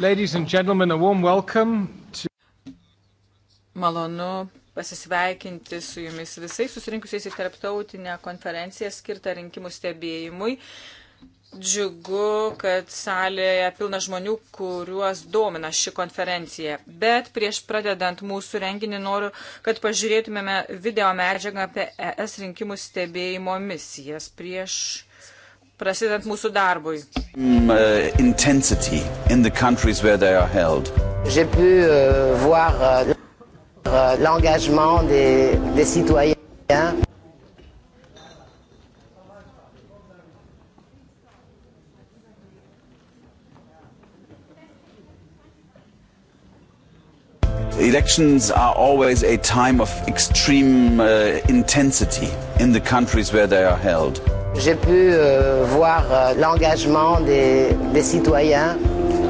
Ladies and gentlemen, a warm welcome to... Malonu pasisveikinti su jumis visais susirinkusiais į tarptautinę konferenciją skirtą rinkimų stebėjimui. Džiugu, kad salėje pilna žmonių, kuriuos domina ši konferencija. Bet prieš pradedant mūsų renginį noriu, kad pažiūrėtumėme video medžiagą apie ES rinkimų stebėjimo misijas prieš prasidant mūsų darbui. Elections are always a time of extreme uh, intensity in the countries where they are held. J'ai pu euh, voir euh, l'engagement des, des citoyens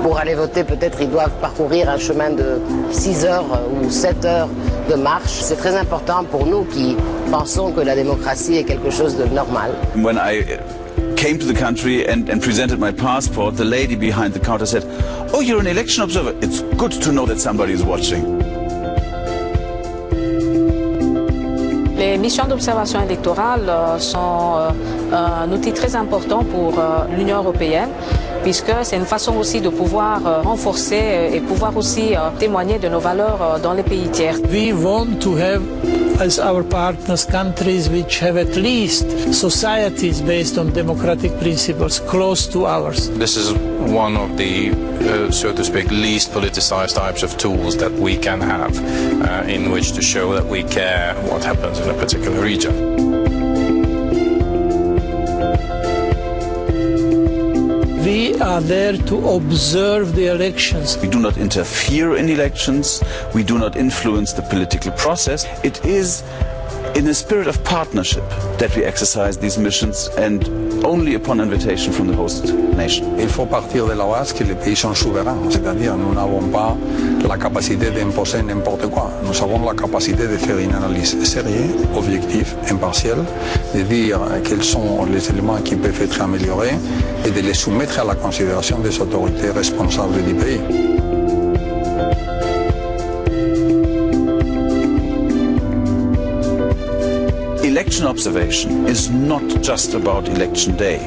pour aller voter, peut-être ils doivent parcourir un chemin de 6 heures euh, ou 7 heures de marche. C'est très important pour nous qui pensons que la démocratie est quelque chose de normal. When I uh, came to the country and, and presented my passport, the lady behind the counter said, "Oh, you're an election observer. It's good to know that somebody is watching." Les missions d'observation électorale euh, sont euh, euh, un outil très important pour l'Union européenne puisque c'est une façon aussi de pouvoir euh, renforcer euh, et pouvoir aussi euh, témoigner de nos valeurs dans les pays tiers. We want to have as our partners countries which have at least societies based on democratic principles close to ours. This is one of the, uh, so to speak, least politicized types of tools that we can have uh, in which to show that we care what happens in a particular region. we are there to observe the elections. We do not interfere in elections. We do not influence the political process. It is in a spirit of partnership that we exercise these missions and only upon invitation from the host nation. Il faut partir de la base que les pays sont souverains, c'est-à-dire nous n'avons pas la capacité d'imposer n'importe quoi. Nous avons la capacité de faire une analyse sérieuse, objective, impartielle, de dire quels sont les éléments qui peuvent être améliorés et de les soumettre à la considération des autorités responsables du pays. election observation is not just about election day.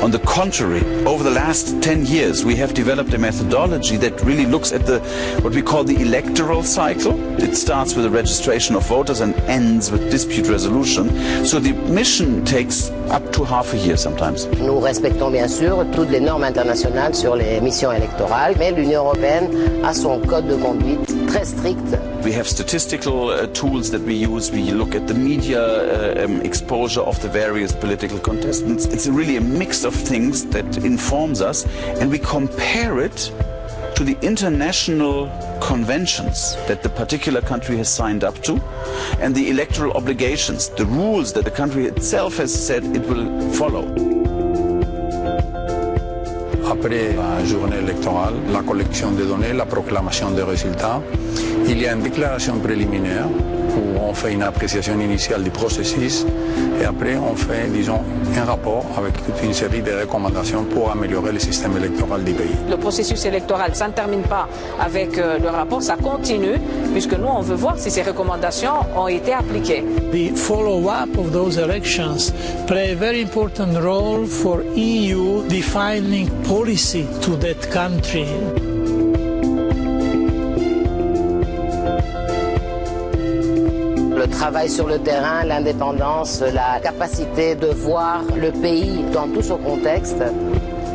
On the contrary, over the last 10 years, we have developed a methodology that really looks at the what we call the electoral cycle. It starts with the registration of voters and ends with dispute resolution. So the mission takes up to half a year sometimes. Nous respectons bien sûr toutes les normes internationales sur les missions électorales, mais l'Union européenne a son code de conduite très strict We have statistical uh, tools that we use. We look at the media uh, um, exposure of the various political contestants. It's really a mix of things that informs us, and we compare it to the international conventions that the particular country has signed up to and the electoral obligations, the rules that the country itself has said it will follow. Après la journée électorale, la collection des données, la proclamation des résultats, il y a une déclaration préliminaire où on fait une appréciation initiale du processus et après on fait, disons, un rapport avec toute une série de recommandations pour améliorer le système électoral du pays. Le processus électoral, ça ne termine pas avec euh, le rapport, ça continue puisque nous on veut voir si ces recommandations ont été appliquées. The follow-up of those elections play a very important role for EU defining policy to that country. travail sur le terrain, l'indépendance, la capacité de voir le pays dans tout son contexte,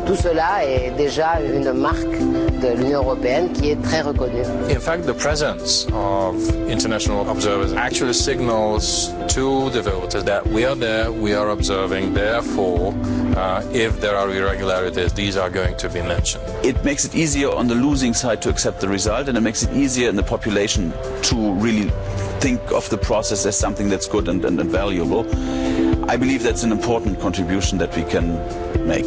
tout cela est déjà une marque de l'Union européenne qui est très reconnue. In fact, the presence of international observers actually signals to the voters that we are there, we are observing, therefore, uh, if there are irregularities, these are going to be mentioned. It makes it easier on the losing side to accept the result, and it makes it easier in the population to really think of the process as something that's good and, and, and valuable. I believe that's an important contribution that we can make.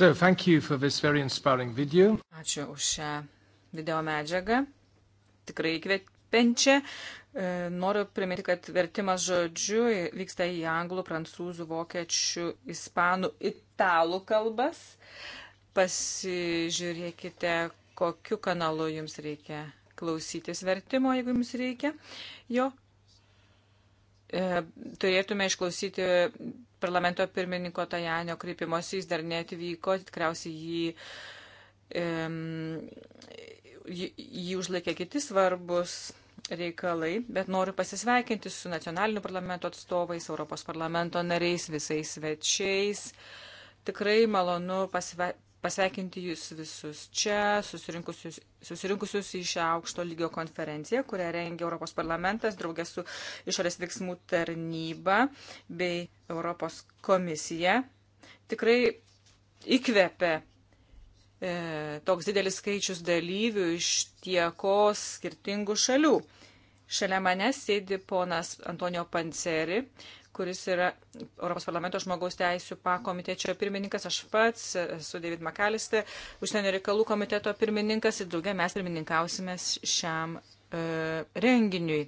So, thank you for this very inspiring video. Ačiū už šią video medžiagą. Tikrai įkvepiančią. E, noriu priminti, kad vertimas žodžiu vyksta į anglų, prancūzų, vokiečių, ispanų, italų kalbas. Pasižiūrėkite, kokiu kanalu jums reikia klausytis vertimo, jeigu jums reikia jo. E, turėtume išklausyti parlamento pirmininko Tajanio kreipimosi, jis dar neatvyko, tikriausiai jį, jį, jį užlaikė kiti svarbus reikalai, bet noriu pasisveikinti su nacionaliniu parlamento atstovais, Europos parlamento nariais, visais svečiais. Tikrai malonu pasve pasveikinti jūs visus čia, susirinkusius, susirinkusius į šią aukšto lygio konferenciją, kurią rengia Europos parlamentas draugės su išorės veiksmų tarnyba bei Europos komisija. Tikrai įkvepia e, toks didelis skaičius dalyvių iš tiekos skirtingų šalių. Šalia manęs sėdi ponas Antonio Panceri, kuris yra Europos parlamento žmogaus teisų pakomitečio pirmininkas, aš pats esu David McAllister, užsienio reikalų komiteto pirmininkas ir draugė mes pirmininkausime šiam e, renginiui.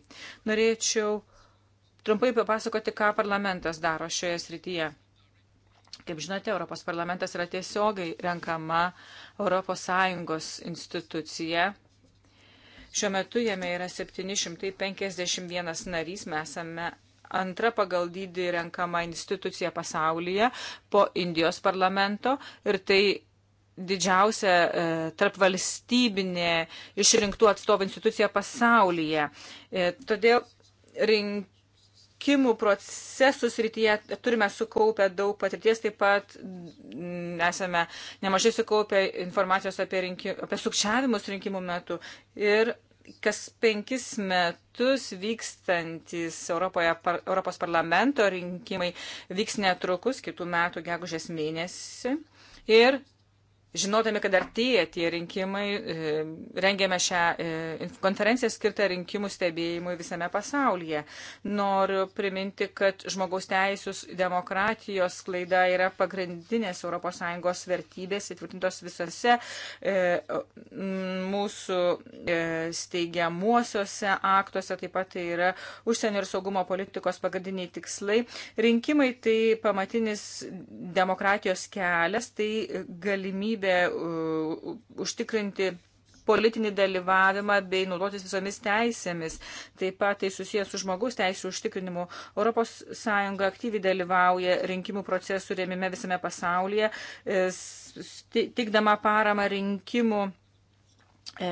Norėčiau trumpai papasakoti, ką parlamentas daro šioje srityje. Kaip žinote, Europos parlamentas yra tiesiogiai renkama ES institucija. Šiuo metu jame yra 751 narys, mes esame antra pagal dydį renkama institucija pasaulyje po Indijos parlamento ir tai didžiausia e, tarpvalstybinė išrinktų atstovų institucija pasaulyje. E, todėl rink rinkimų procesų srityje turime sukaupę daug patirties, taip pat esame nemažai sukaupę informacijos apie, rinki, apie sukčiavimus rinkimų metu. Ir kas penkis metus vykstantis Europoje, par, Europos parlamento rinkimai vyks netrukus kitų metų gegužės mėnesį. Ir Žinodami, kad artėja tie rinkimai, e, rengėme šią e, konferenciją skirtą rinkimų stebėjimui visame pasaulyje. Noriu priminti, kad žmogaus teisės demokratijos klaida yra pagrindinės ES vertybės įtvirtintos visose e, mūsų steigiamuosiuose aktuose, taip pat tai yra užsienio ir saugumo politikos pagrindiniai tikslai. Rinkimai tai pamatinis demokratijos kelias, tai galimybė galimybė užtikrinti politinį dalyvavimą bei naudotis visomis teisėmis. Taip pat tai susijęs su žmogaus teisų užtikrinimu. ES aktyviai dalyvauja rinkimų procesų rėmime visame pasaulyje, e, tikdama paramą rinkimų e,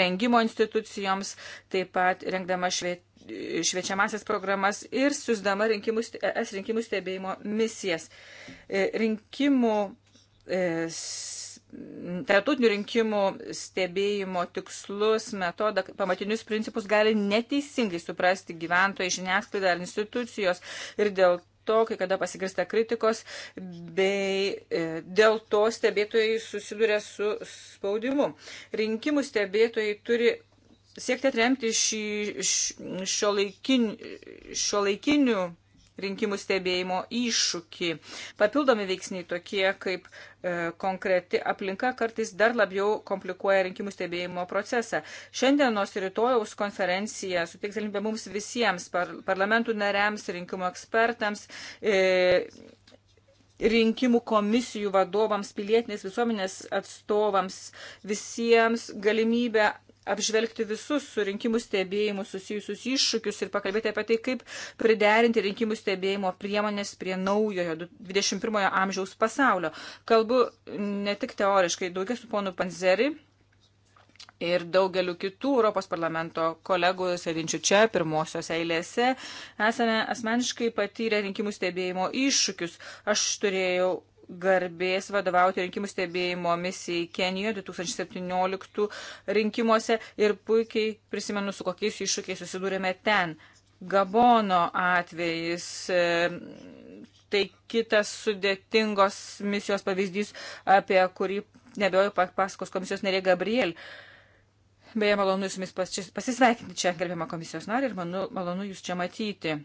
rengimo institucijoms, taip pat rengdama švietimo šviečiamasias programas ir siusdama rinkimus, es rinkimų stebėjimo misijas. E, rinkimų E, tarptautinių rinkimų stebėjimo tikslus, metodą, pamatinius principus gali neteisingai suprasti gyventojai, žiniasklaida ar institucijos ir dėl to, kai kada pasigirsta kritikos, bei e, dėl to stebėtojai susiduria su spaudimu. Rinkimų stebėtojai turi siekti atremti šį šio, laikin, šio laikinių rinkimų stebėjimo iššūkį. Papildomi veiksniai tokie kaip e, konkreti aplinka kartais dar labiau komplikuoja rinkimų stebėjimo procesą. Šiandienos ir rytojaus konferencija suteiks galimybę mums visiems, par, parlamentų nariams, rinkimų ekspertams. E, rinkimų komisijų vadovams, pilietinės visuomenės atstovams, visiems galimybę apžvelgti visus su rinkimų stebėjimu susijusius iššūkius ir pakalbėti apie tai, kaip priderinti rinkimų stebėjimo priemonės prie naujojo 21 amžiaus pasaulio. Kalbu ne tik teoriškai, daugia su ponu Panzeri ir daugeliu kitų Europos parlamento kolegų sėdinčių čia pirmosios eilėse. Esame asmeniškai patyrę rinkimų stebėjimo iššūkius. Aš turėjau garbės vadovauti rinkimų stebėjimo misijai Kenijoje 2017 rinkimuose ir puikiai prisimenu, su kokiais iššūkiais susidūrėme ten. Gabono atvejais, e, tai kitas sudėtingos misijos pavyzdys, apie kurį nebejoju papasakos komisijos narė Gabriel. Beje, malonu Jūs pasisveikinti čia, gerbimo komisijos narį, ir manu, malonu Jūs čia matyti.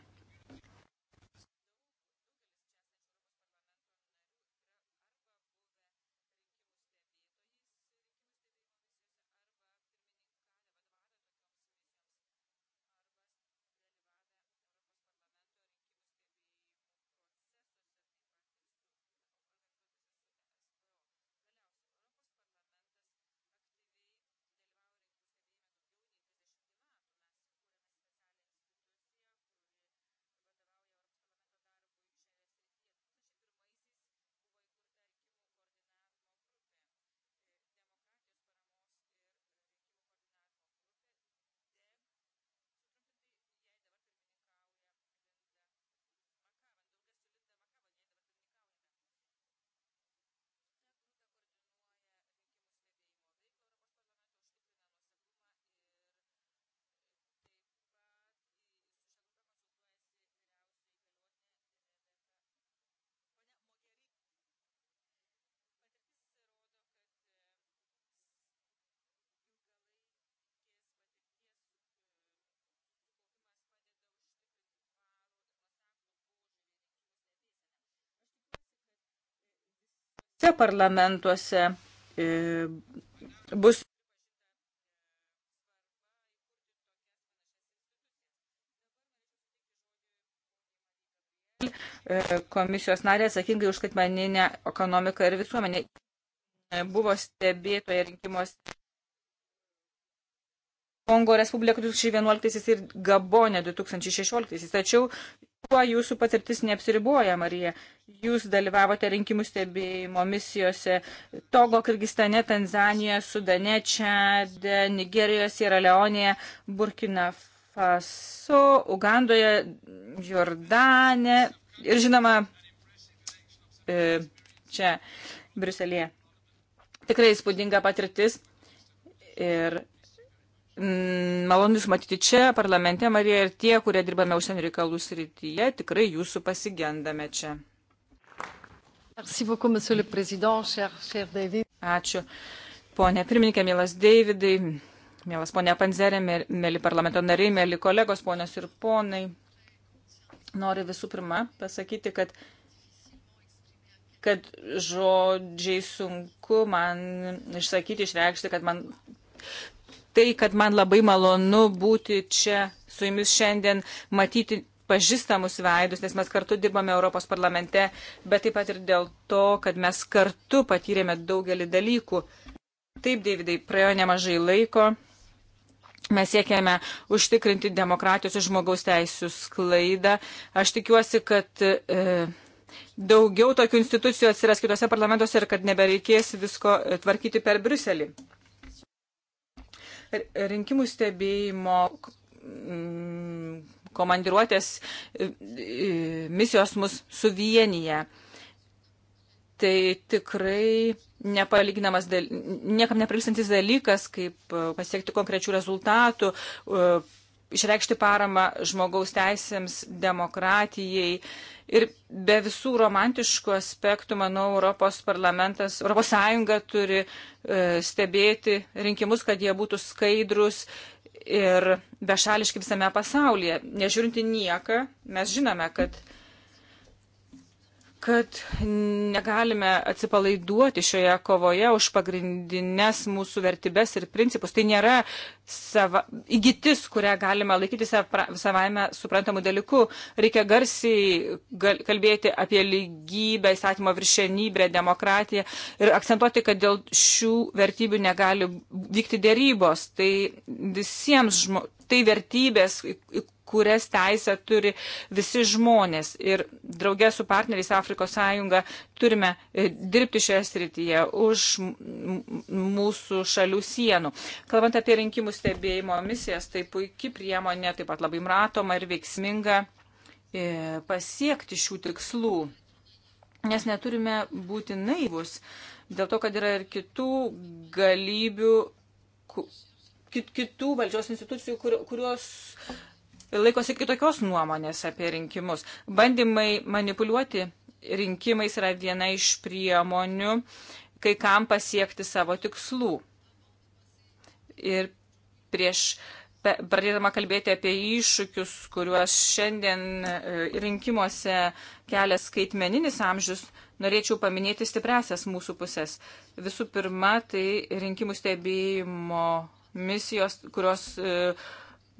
kitose parlamentuose e, bus e, komisijos narė atsakingai už skaitmeninę ekonomiką ir visuomenę. Buvo stebėtoje rinkimuose Kongo Respublika 2011 ir Gabonė 2016. Tačiau kuo jūsų patirtis neapsiriboja, Marija? Jūs dalyvavote rinkimų stebėjimo misijose Togo, Kirgistane, Tanzanijoje, Sudane, Čade, Nigerijoje, Sierra Leonėje, Burkina Faso, Ugandoje, Jordane ir žinoma e, čia Briuselėje. Tikrai įspūdinga patirtis ir Mm, malonu Jūs matyti čia, parlamente, Marija, ir tie, kurie dirbame užsienio reikalų srityje, tikrai Jūsų pasigendame čia. Ačiū. Pone pirmininkė, mielas Davidai, mielas ponė Panzerė, mėly parlamento nariai, mėly kolegos, ponios ir ponai. Noriu visų pirma pasakyti, kad, kad žodžiai sunku man išsakyti, išreikšti, kad man tai, kad man labai malonu būti čia su jumis šiandien, matyti pažįstamus veidus, nes mes kartu dirbame Europos parlamente, bet taip pat ir dėl to, kad mes kartu patyrėme daugelį dalykų. Taip, Davidai, praėjo nemažai laiko. Mes siekiame užtikrinti demokratijos ir žmogaus teisų sklaidą. Aš tikiuosi, kad e, daugiau tokių institucijų atsiras kitose parlamentuose ir kad nebereikės visko e, tvarkyti per Briuselį rinkimų stebėjimo mm, komandiruotės e, e, misijos mus suvienyje. Tai tikrai nepalyginamas, niekam neprilgstantis dalykas, kaip e, pasiekti konkrečių rezultatų, išreikšti paramą žmogaus teisėms, demokratijai. Ir be visų romantiškų aspektų, manau, Europos parlamentas, Europos Sąjunga turi e, stebėti rinkimus, kad jie būtų skaidrus ir bešališki visame pasaulyje. Nežiūrinti nieką, mes žinome, kad kad negalime atsipalaiduoti šioje kovoje už pagrindinės mūsų vertybės ir principus. Tai nėra sava, įgytis, kurią galima laikyti savaime suprantamų dalykų. Reikia garsiai gal, kalbėti apie lygybę, įstatymo viršenybę, demokratiją ir akcentuoti, kad dėl šių vertybių negali vykti dėrybos. Tai visiems žmonėms, tai vertybės, kurias teisę turi visi žmonės. Ir draugė su partneriais Afrikos sąjunga turime e, dirbti šioje srityje už mūsų šalių sienų. Kalbant apie rinkimų stebėjimo misijas, tai puikia priemonė, taip pat labai matoma ir veiksminga e, pasiekti šių tikslų. Nes neturime būti naivus, dėl to, kad yra ir kitų galybių, kitų valdžios institucijų, kur, kurios laikosi kitokios nuomonės apie rinkimus. Bandymai manipuliuoti rinkimais yra viena iš priemonių kai kam pasiekti savo tikslų. Ir prieš pradėdama kalbėti apie iššūkius, kuriuos šiandien e, rinkimuose kelia skaitmeninis amžius, norėčiau paminėti stipresias mūsų pusės. Visų pirma, tai rinkimų stebėjimo misijos, kurios e,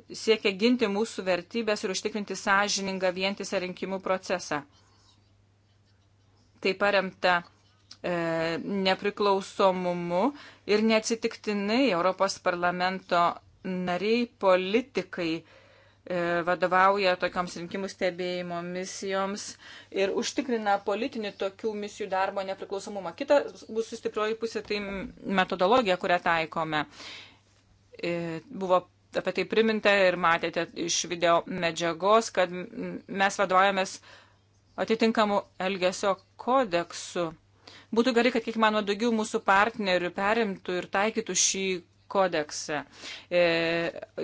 siekia ginti mūsų vertybės ir užtikrinti sąžiningą vientisą rinkimų procesą. Tai paremta e, nepriklausomumu ir neatsitiktinai Europos parlamento nariai, politikai e, vadovauja tokioms rinkimų stebėjimo misijoms ir užtikrina politinį tokių misijų darbo nepriklausomumą. Kita bus sustiprioji pusė tai metodologija, kurią taikome. E, buvo apie tai priminta ir matėte iš video medžiagos, kad mes vadovavomės atitinkamų elgesio kodeksų. Būtų gerai, kad kiek mano daugiau mūsų partnerių perimtų ir taikytų šį kodeksą, e,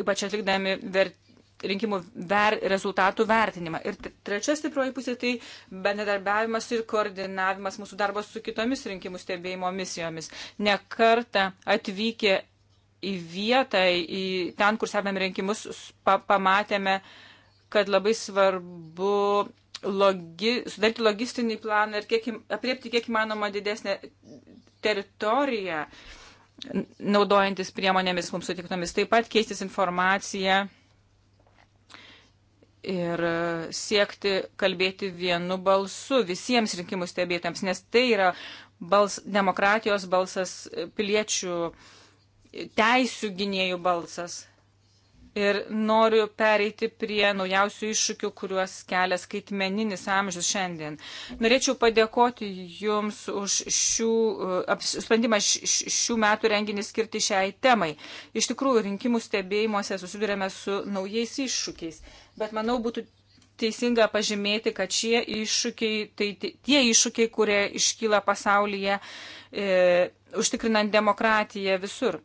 ypač atlikdami vertimą rinkimų ver, rezultatų vertinimą. Ir trečia stiprioji pusė tai bendradarbiavimas ir koordinavimas mūsų darbo su kitomis rinkimų stebėjimo misijomis. Nekarta atvykę į vietą, į ten, kur stebėm rinkimus, pa pamatėme, kad labai svarbu logi, sudaryti logistinį planą ir kiek, apriepti kiek įmanoma didesnę teritoriją, naudojantis priemonėmis mums sutiktomis. Taip pat keistis informaciją ir siekti kalbėti vienu balsu visiems rinkimų stebėtams, nes tai yra bals, demokratijos balsas piliečių uh, teisų gynėjų balsas. Ir noriu pereiti prie naujausių iššūkių, kuriuos kelia skaitmeninis amžius šiandien. Norėčiau padėkoti Jums už šių, e, sprendimą šių metų renginį skirti šiai temai. Iš tikrųjų, rinkimų stebėjimuose susidurėme su naujais iššūkiais, bet manau būtų teisinga pažymėti, kad šie iššūkiai, tai tie iššūkiai, kurie iškyla pasaulyje, uh, e, užtikrinant demokratiją visur.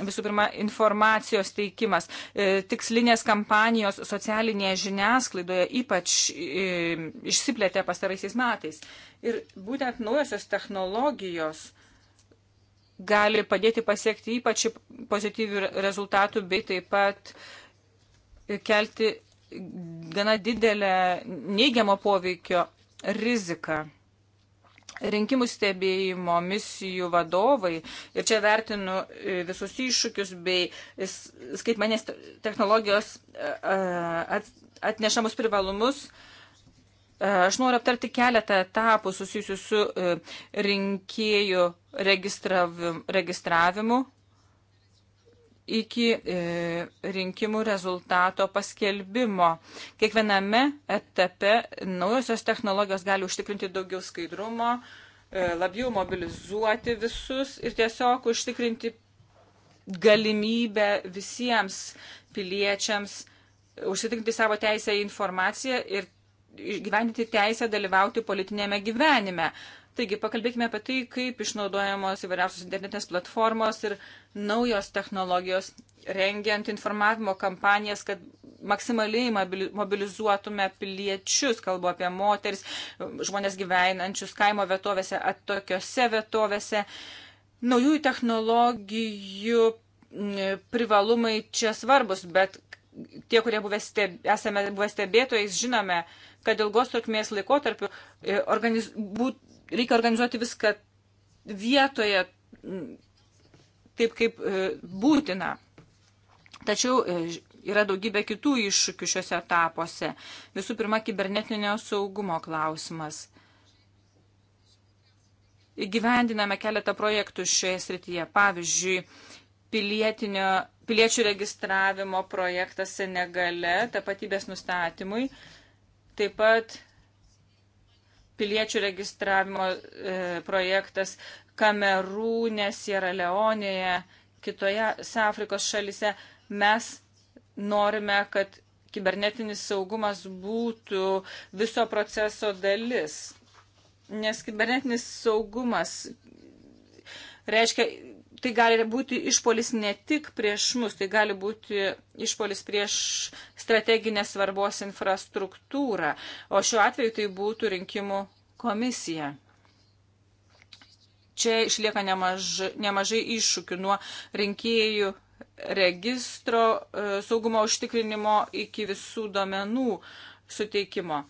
Visų pirma, informacijos teikimas, e, tikslinės kampanijos socialinėje žiniasklaidoje ypač e, išsiplėtė pastaraisiais metais. Ir būtent naujosios technologijos gali padėti pasiekti ypač pozityvių rezultatų, bei taip pat e, kelti gana didelę neigiamo poveikio riziką rinkimų stebėjimo misijų vadovai. Ir čia vertinu e, visus iššūkius bei skaitmanės technologijos e, atnešamus privalumus. E, aš noriu aptarti keletą etapų susijusių su rinkėjų registravimu iki e, rinkimų rezultato paskelbimo. Kiekviename etape naujosios technologijos gali užtikrinti daugiau skaidrumo, e, labiau mobilizuoti visus ir tiesiog užtikrinti galimybę visiems piliečiams užsitikrinti savo teisę į informaciją ir gyventi teisę dalyvauti politinėme gyvenime. Taigi, pakalbėkime apie tai, kaip išnaudojamos įvairiausios internetinės platformos ir naujos technologijos, rengiant informavimo kampanijas, kad maksimaliai mobilizuotume piliečius, kalbu apie moteris, žmonės gyvenančius kaimo vietovėse, atokiose vietovėse. Naujųjų technologijų privalumai čia svarbus, bet tie, kurie buvę steb, esame buvę stebėtojais, žinome, kad ilgos trukmės laikotarpiu e, organiz, būt, reikia organizuoti viską vietoje taip, kaip e, būtina. Tačiau e, yra daugybė kitų iššūkių šiuose etapuose. Visų pirma, kibernetinio saugumo klausimas. Įgyvendiname keletą projektų šioje srityje. Pavyzdžiui, piliečių registravimo projektas Senegale tapatybės nustatymui. Taip pat piliečių registravimo e, projektas Kamerūne, Sierra Leonėje, kitoje Afrikos šalise. Mes norime, kad kibernetinis saugumas būtų viso proceso dalis. Nes kibernetinis saugumas reiškia tai gali būti išpolis ne tik prieš mus, tai gali būti išpolis prieš strateginės svarbos infrastruktūrą, o šiuo atveju tai būtų rinkimų komisija. Čia išlieka nemažai, nemažai iššūkių nuo rinkėjų registro e, saugumo užtikrinimo iki visų domenų suteikimo.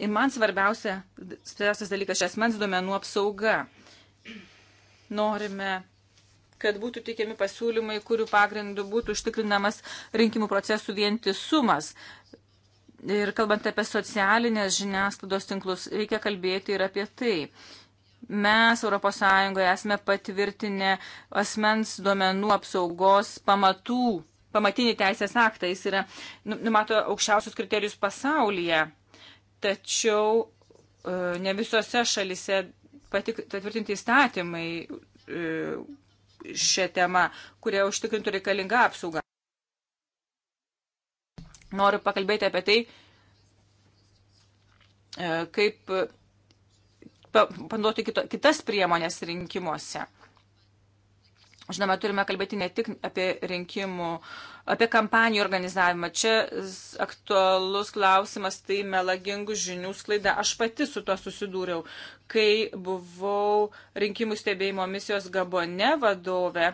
Ir man svarbiausia, svarbiausias dalykas šias mens duomenų apsauga. Norime kad būtų teikiami pasiūlymai, kurių pagrindų būtų užtikrinamas rinkimų procesų vientisumas. Ir kalbant apie socialinės žiniasklaidos tinklus, reikia kalbėti ir apie tai. Mes ES esame patvirtinę asmens duomenų apsaugos pamatų, pamatinį teisės aktą. Jis yra, nu, numato aukščiausius kriterijus pasaulyje. Tačiau e, ne visose šalise patvirtinti įstatymai e, šią temą, kurie užtikrintų reikalingą apsaugą. Noriu pakalbėti apie tai, e, kaip panaudoti kitas priemonės rinkimuose. Žinoma, turime kalbėti ne tik apie rinkimų, apie kampanijų organizavimą. Čia aktualus klausimas tai melagingų žinių sklaida. Aš pati su to susidūriau, kai buvau rinkimų stebėjimo misijos Gabone vadovė.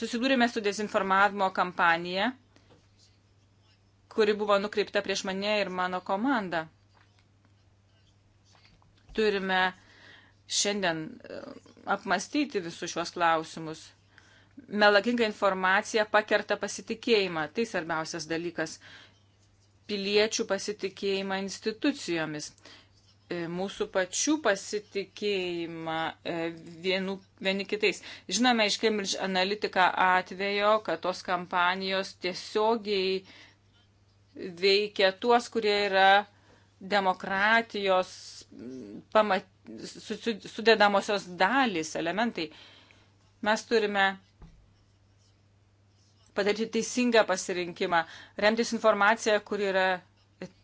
Susidūrėme su dezinformavimo kampanija, kuri buvo nukreipta prieš mane ir mano komandą. Turime šiandien apmastyti visus šiuos klausimus. Melaginga informacija pakerta pasitikėjimą. Tai svarbiausias dalykas - piliečių pasitikėjimą institucijomis, e, mūsų pačių pasitikėjimą e, vienų, vieni kitais. Žinome iš Cambridge Analytica atvejo, kad tos kampanijos tiesiogiai veikia tuos, kurie yra demokratijos pamat, su, su, sudėdamosios dalys, elementai. Mes turime padaryti teisingą pasirinkimą, remtis informaciją, kuri yra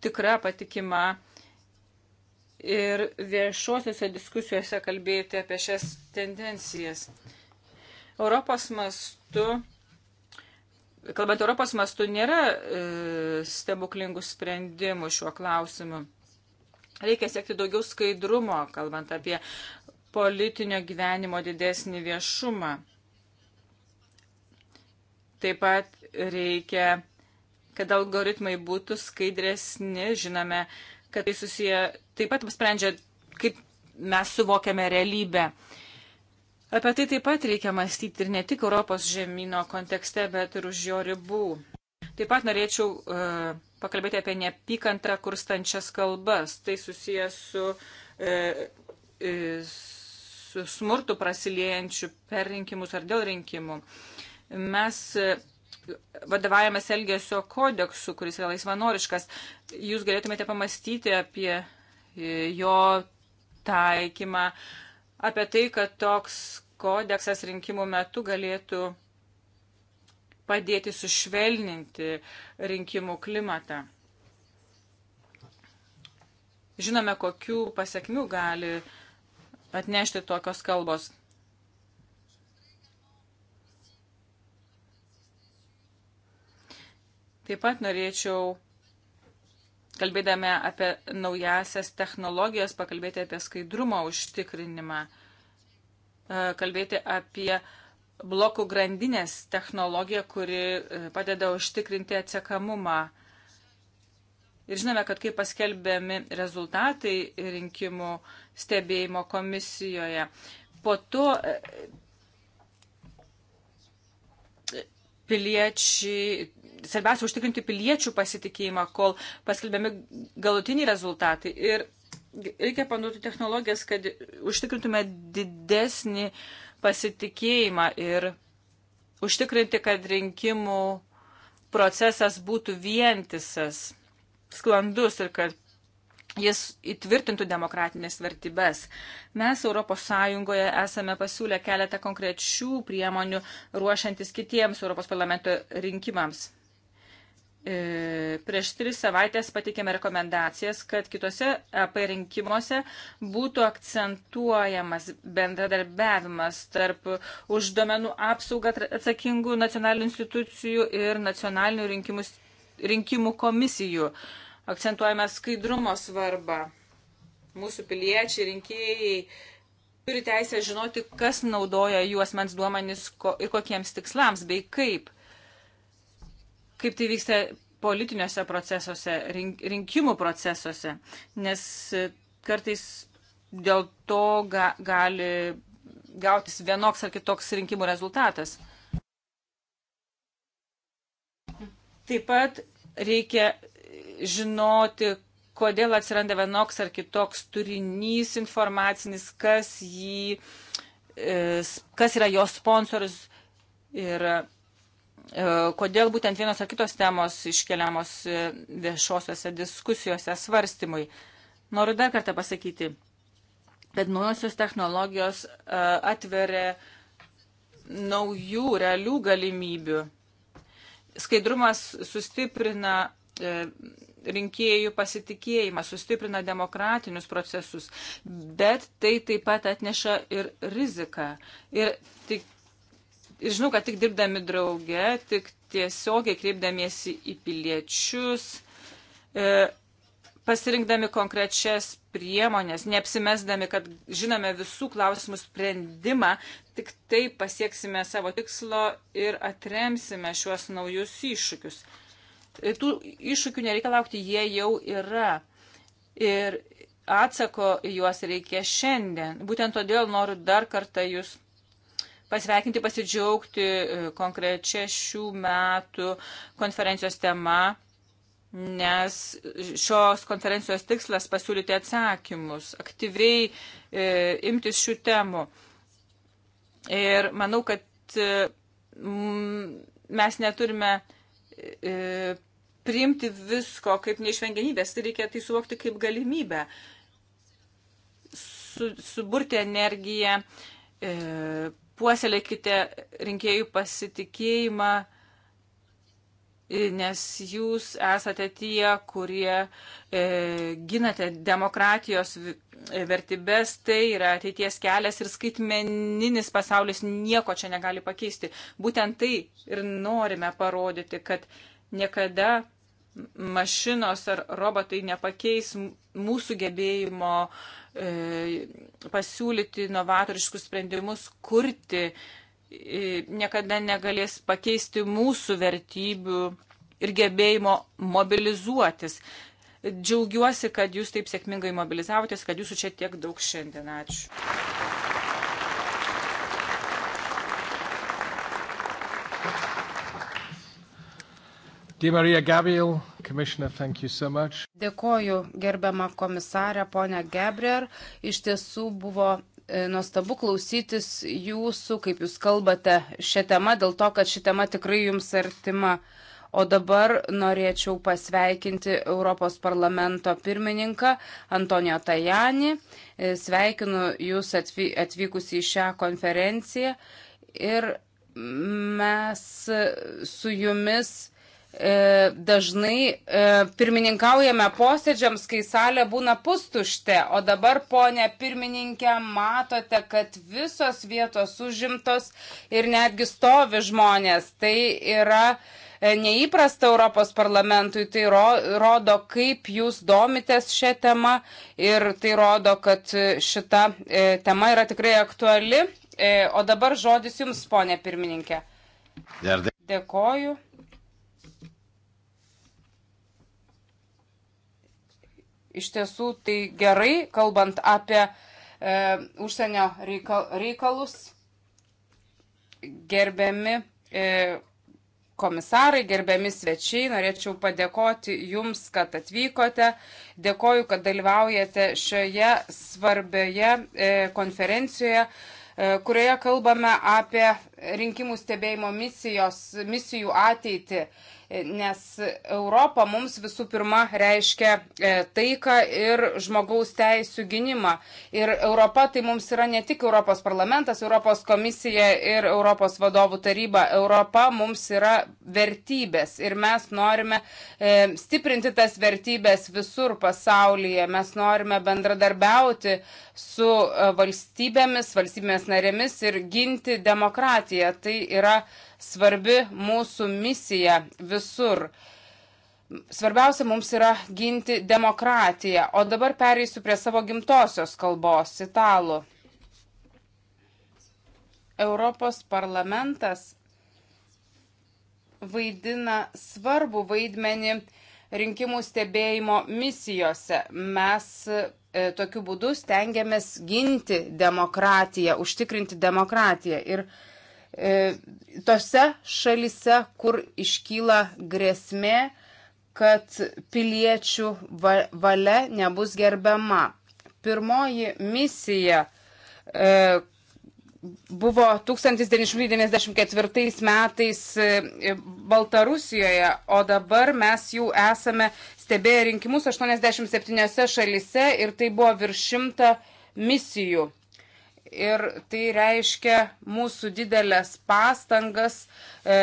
tikra, patikima ir viešuosiuose diskusijuose kalbėti apie šias tendencijas. Europos mastu, kalbant Europos mastu, nėra e, stebuklingų sprendimų šiuo klausimu. Reikia siekti daugiau skaidrumo, kalbant apie politinio gyvenimo didesnį viešumą. Taip pat reikia, kad algoritmai būtų skaidresni, žinome, kad tai susiję, taip pat sprendžia, kaip mes suvokiame realybę. Apie tai taip pat reikia mąstyti ir ne tik Europos žemynų kontekste, bet ir už jo ribų. Taip pat norėčiau uh, pakalbėti apie neapykantą kurstančias kalbas. Tai susijęs su, e, e, su smurtu prasiliejančiu per rinkimus ar dėl rinkimų. Mes e, vadovavimės Elgesio kodeksu, kuris yra laisvanoriškas. Jūs galėtumėte pamastyti apie e, jo taikymą, apie tai, kad toks kodeksas rinkimų metu galėtų padėti sušvelninti rinkimų klimatą. Žinome, kokių pasiekmių gali atnešti tokios kalbos. Taip pat norėčiau, kalbėdami apie naujasias technologijas, pakalbėti apie skaidrumo užtikrinimą, kalbėti apie uh, blokų grandinės technologija, kuri e, padeda užtikrinti atsekamumą. Ir žinome, kad kai paskelbėmi rezultatai rinkimų stebėjimo komisijoje, po to e, e, piliečiai, svarbiausia užtikrinti piliečių pasitikėjimą, kol paskelbėmi galutiniai rezultatai. Ir reikia panaudoti technologijas, kad užtikrintume didesnį uh, pasitikėjimą ir užtikrinti, kad rinkimų procesas būtų vientisas, sklandus ir kad jis įtvirtintų demokratinės vertybės. Mes ES esame pasiūlę keletą konkrečių priemonių ruošiantis kitiems ES rinkimams. E, prieš tris savaitės patikėme rekomendacijas, kad kitose AP e rinkimuose būtų akcentuojamas bendradarbiavimas tarp už domenų apsaugą atsakingų nacionalinių institucijų ir nacionalinių rinkimus, rinkimų komisijų. Akcentuojame skaidrumo svarbą. Mūsų piliečiai, rinkėjai turi teisę žinoti, kas naudoja jų asmens duomenys ir kokiems tikslams bei kaip kaip tai vyksta politiniuose procesuose, rink, rinkimų procesuose, nes e, kartais dėl to ga, gali gautis vienoks ar kitoks rinkimų rezultatas. Taip pat reikia žinoti, kodėl atsiranda vienoks ar kitoks turinys informacinis, kas, jį, e, kas yra jo sponsorius ir E, kodėl būtent vienos ar kitos temos iškeliamos e, viešosiuose diskusijuose svarstymui. Noriu dar kartą pasakyti, kad naujosios technologijos e, atveria naujų, realių galimybių. Skaidrumas sustiprina rinkėjų pasitikėjimą, sustiprina demokratinius procesus, bet tai taip pat atneša ir riziką. Ir tik Ir žinau, kad tik dirbdami drauge, tik tiesiogiai kreipdamiesi į piliečius, e, pasirinkdami konkrečias priemonės, neapsimesdami, kad žinome visų klausimų sprendimą, tik tai pasieksime savo tikslo ir atremsime šiuos naujus iššūkius. Tų iššūkių nereikia laukti, jie jau yra. Ir atsako juos reikia šiandien. Būtent todėl noriu dar kartą jūs pasveikinti, pasidžiaugti e, konkrečia šių metų konferencijos tema, nes šios konferencijos tikslas pasiūlyti atsakymus, aktyviai e, imtis šių temų. Ir manau, kad e, mes neturime e, priimti visko kaip neišvengiamybės, tai reikia tai suvokti kaip galimybę. Su, suburti energiją, e, puoselėkite rinkėjų pasitikėjimą, nes jūs esate tie, kurie e, ginate demokratijos e, vertybės, tai yra ateities kelias ir skaitmeninis pasaulis nieko čia negali pakeisti. Būtent tai ir norime parodyti, kad niekada mašinos ar robotai nepakeis mūsų gebėjimo e, pasiūlyti novatoriškus sprendimus, kurti, e, niekada negalės pakeisti mūsų vertybių ir gebėjimo mobilizuotis. Džiaugiuosi, kad jūs taip sėkmingai mobilizavotės, kad jūsų čia tiek daug šiandien. Ačiū. Marija Gabriel, thank you so much. Dėkoju gerbiamą komisarę, ponę Gabriel. Iš tiesų buvo e, nuostabu klausytis jūsų, kaip jūs kalbate šią temą, dėl to, kad ši tema tikrai jums artima. O dabar norėčiau pasveikinti Europos parlamento pirmininką Antonijo Tajani. E, sveikinu jūs atvykus į šią konferenciją ir mes su jumis E, dažnai e, pirmininkaujame posėdžiams, kai salė būna pustušte, o dabar, ponė pirmininkė, matote, kad visos vietos užimtos ir netgi stovi žmonės. Tai yra e, neįprasta Europos parlamentui, tai ro, rodo, kaip jūs domitės šią temą ir tai rodo, kad šita e, tema yra tikrai aktuali. E, o dabar žodis jums, ponė pirmininkė. Dėkoju. iš tiesų tai gerai, kalbant apie e, užsienio reikal, reikalus, gerbiami e, komisarai, gerbiami svečiai, norėčiau padėkoti Jums, kad atvykote, dėkoju, kad dalyvaujate šioje svarbioje e, konferencijoje e, kurioje kalbame apie rinkimų stebėjimo misijos, misijų ateitį nes Europa mums visų pirma reiškia e, taiką ir žmogaus teisų gynimą. Ir Europa tai mums yra ne tik Europos parlamentas, Europos komisija ir Europos vadovų taryba. Europa mums yra vertybės ir mes norime e, stiprinti tas vertybės visur pasaulyje. Mes norime bendradarbiauti su e, valstybėmis, valstybėmis narėmis ir ginti demokratiją. Tai yra svarbi mūsų misija visur. Svarbiausia mums yra ginti demokratiją, o dabar pereisiu prie savo gimtosios kalbos, italų. Europos parlamentas vaidina svarbu vaidmenį rinkimų stebėjimo misijose. Mes e, tokiu būdu stengiamės ginti demokratiją, užtikrinti demokratiją. Ir E, tose šalise, kur iškyla grėsmė, kad piliečių valia nebus gerbiama. Pirmoji misija e, buvo 1994 metais e, Baltarusijoje, o dabar mes jau esame stebėję rinkimus 87 šalise ir tai buvo virš šimta misijų ir tai reiškia mūsų didelės pastangas, e,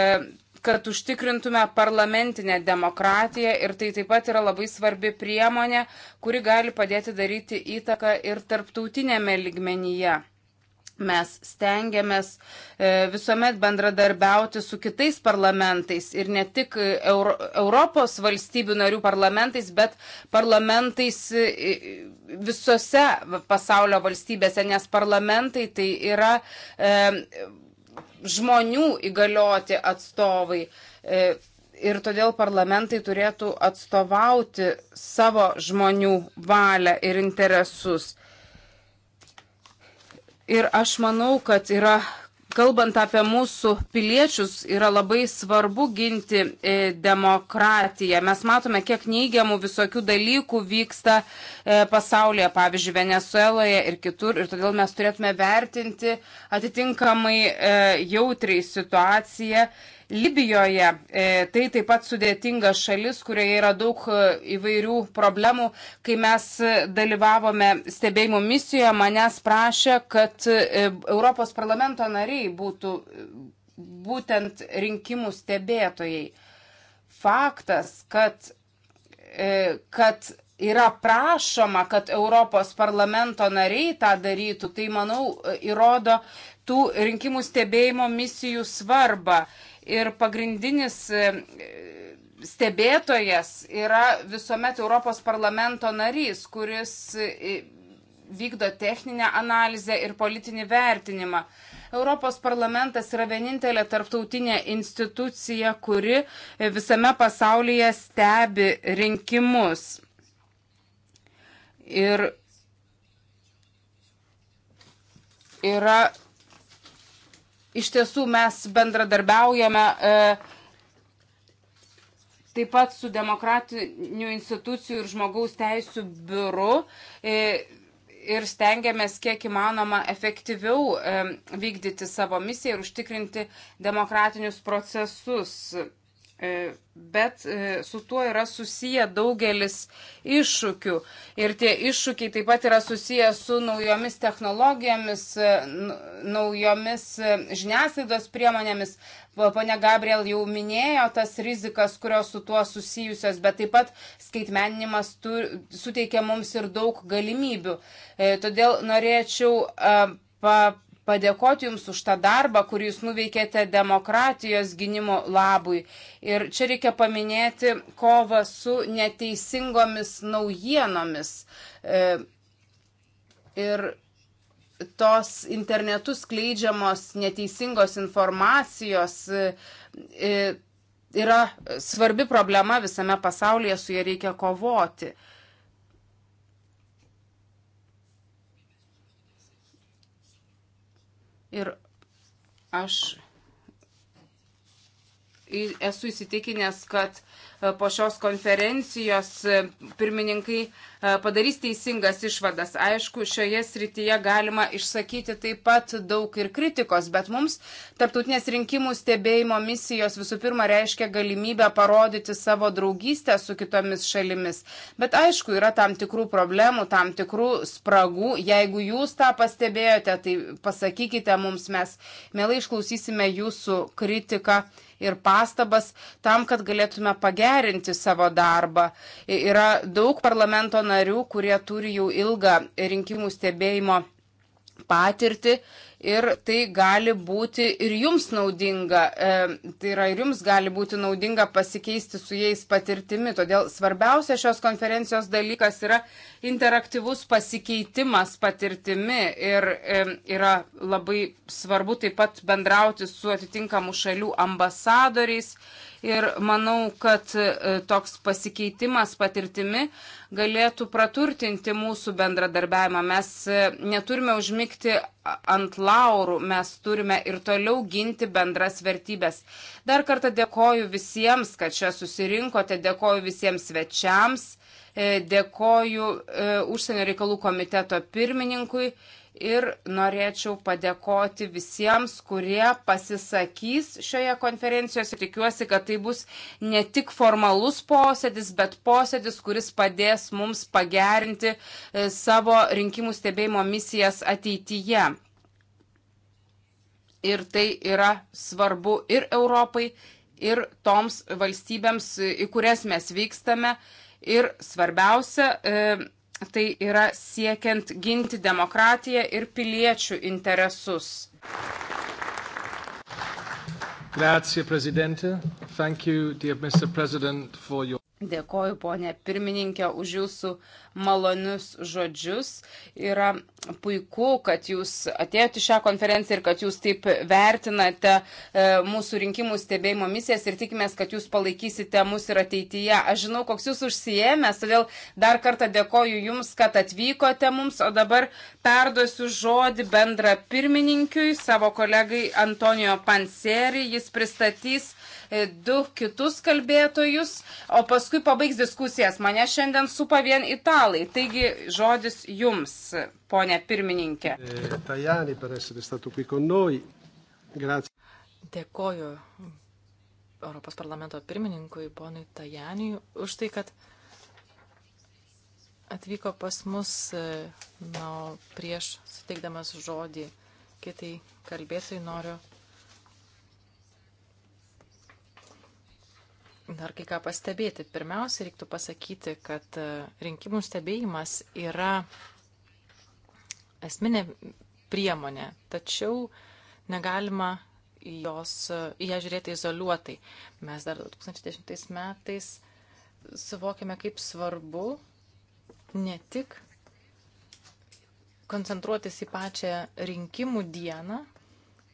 kad užtikrintume parlamentinę demokratiją ir tai taip pat yra labai svarbi priemonė, kuri gali padėti daryti įtaką ir tarptautinėme ligmenyje mes stengiamės e, visuomet bendradarbiauti su kitais parlamentais ir ne tik e, Euro, Europos valstybių narių parlamentais, bet parlamentais e, visose pasaulio valstybėse, nes parlamentai tai yra e, žmonių įgalioti atstovai. E, ir todėl parlamentai turėtų atstovauti savo žmonių valią ir interesus. Ir aš manau, kad yra, kalbant apie mūsų piliečius, yra labai svarbu ginti e, demokratiją. Mes matome, kiek neigiamų visokių dalykų vyksta e, pasaulyje, pavyzdžiui, Venezueloje ir kitur. Ir todėl mes turėtume vertinti atitinkamai e, jautriai situaciją Libijoje e, tai taip pat sudėtinga šalis, kurioje yra daug e, įvairių problemų. Kai mes dalyvavome stebėjimo misijoje, manęs prašė, kad e, Europos parlamento nariai būtų būtent rinkimų stebėtojai. Faktas, kad, kad yra prašoma, kad Europos parlamento nariai tą darytų, tai manau įrodo tų rinkimų stebėjimo misijų svarbą ir pagrindinis e, stebėtojas yra visuomet Europos parlamento narys, kuris e, vykdo techninę analizę ir politinį vertinimą. Europos parlamentas yra vienintelė tarptautinė institucija, kuri e, visame pasaulyje stebi rinkimus. Ir yra Iš tiesų mes bendradarbiaujame e, taip pat su demokratinių institucijų ir žmogaus teisų biuru e, ir stengiamės kiek įmanoma efektyviau e, vykdyti savo misiją ir užtikrinti demokratinius procesus E, bet e, su tuo yra susiję daugelis iššūkių. Ir tie iššūkiai taip pat yra susiję su naujomis technologijomis, e, naujomis žiniasklaidos priemonėmis. Pone Gabriel jau minėjo tas rizikas, kurios su tuo susijusios, bet taip pat skaitmeninimas tu, suteikia mums ir daug galimybių. Todėl norėčiau pa, padėkoti Jums už tą darbą, kurį Jūs nuveikėte demokratijos gynimo labui. Ir čia reikia paminėti kovą su neteisingomis naujienomis. E, ir tos internetu skleidžiamos neteisingos informacijos e, e, yra svarbi problema visame pasaulyje, su ja reikia kovoti. Ir aš esu įsitikinęs, kad e, po šios konferencijos e, pirmininkai e, padarys teisingas išvadas. Aišku, šioje srityje galima išsakyti taip pat daug ir kritikos, bet mums tarptautinės rinkimų stebėjimo misijos visų pirma reiškia galimybę parodyti savo draugystę su kitomis šalimis. Bet aišku, yra tam tikrų problemų, tam tikrų spragų. Jeigu jūs tą pastebėjote, tai pasakykite mums, mes mielai išklausysime jūsų kritiką ir pastabas tam, kad galėtume pagerinti savo darbą. Yra daug parlamento narių, kurie turi jau ilgą rinkimų stebėjimo patirtį ir tai gali būti ir jums naudinga. E, tai yra ir jums gali būti naudinga pasikeisti su jais patirtimi. Todėl svarbiausia šios konferencijos dalykas yra interaktyvus pasikeitimas patirtimi ir e, yra labai svarbu taip pat bendrauti su atitinkamų šalių ambasadoriais. E, ir manau, kad e, toks pasikeitimas patirtimi galėtų praturtinti mūsų bendradarbiavimą. Mes e, neturime užmygti ant laurų, mes turime ir toliau ginti bendras vertybės. Dar kartą dėkoju visiems, kad čia susirinkote, dėkoju visiems svečiams, e, dėkoju užsienio reikalų komiteto pirmininkui ir norėčiau padėkoti visiems, kurie pasisakys šioje konferencijos. Tikiuosi, kad tai bus ne tik formalus posėdis, bet posėdis, kuris padės mums pagerinti e, savo rinkimų stebėjimo misijas ateityje. Ir tai yra svarbu ir Europai, ir toms valstybėms, į kurias mes vykstame. Ir svarbiausia, e, tai yra siekiant ginti demokratiją ir piliečių interesus. Grazie, Presidente. Thank you, dear Mr. President, for your Dėkoju, ponė pirmininkė, už jūsų malonius žodžius. Yra puiku, kad jūs atėjote į šią konferenciją ir kad jūs taip vertinate e, mūsų rinkimų stebėjimo misijas ir tikimės, kad jūs palaikysite mus ir ateityje. Aš žinau, koks jūs užsijėmęs, todėl dar kartą dėkoju jums, kad atvykote mums, o dabar perduosiu žodį bendra pirmininkiui, savo kolegai Antonijo Panseri. Jis pristatys E, du kitus kalbėtojus, o paskui pabaigs diskusijas. Mane šiandien supa vien italai. Taigi žodis jums, ponė pirmininkė. E, Tajani, per essere stato qui con noi. Grazie. Dėkoju Europos parlamento pirmininkui, ponui Tajaniui, už tai, kad atvyko pas mus, e, na, prieš suteikdamas žodį kitai kalbėtojai noriu dar kai ką pastebėti. Pirmiausia, reiktų pasakyti, kad e, rinkimų stebėjimas yra esminė priemonė, tačiau negalima jos, e, į ją žiūrėti izoliuotai. Mes dar 2010 metais suvokėme, kaip svarbu ne tik koncentruotis į pačią rinkimų dieną,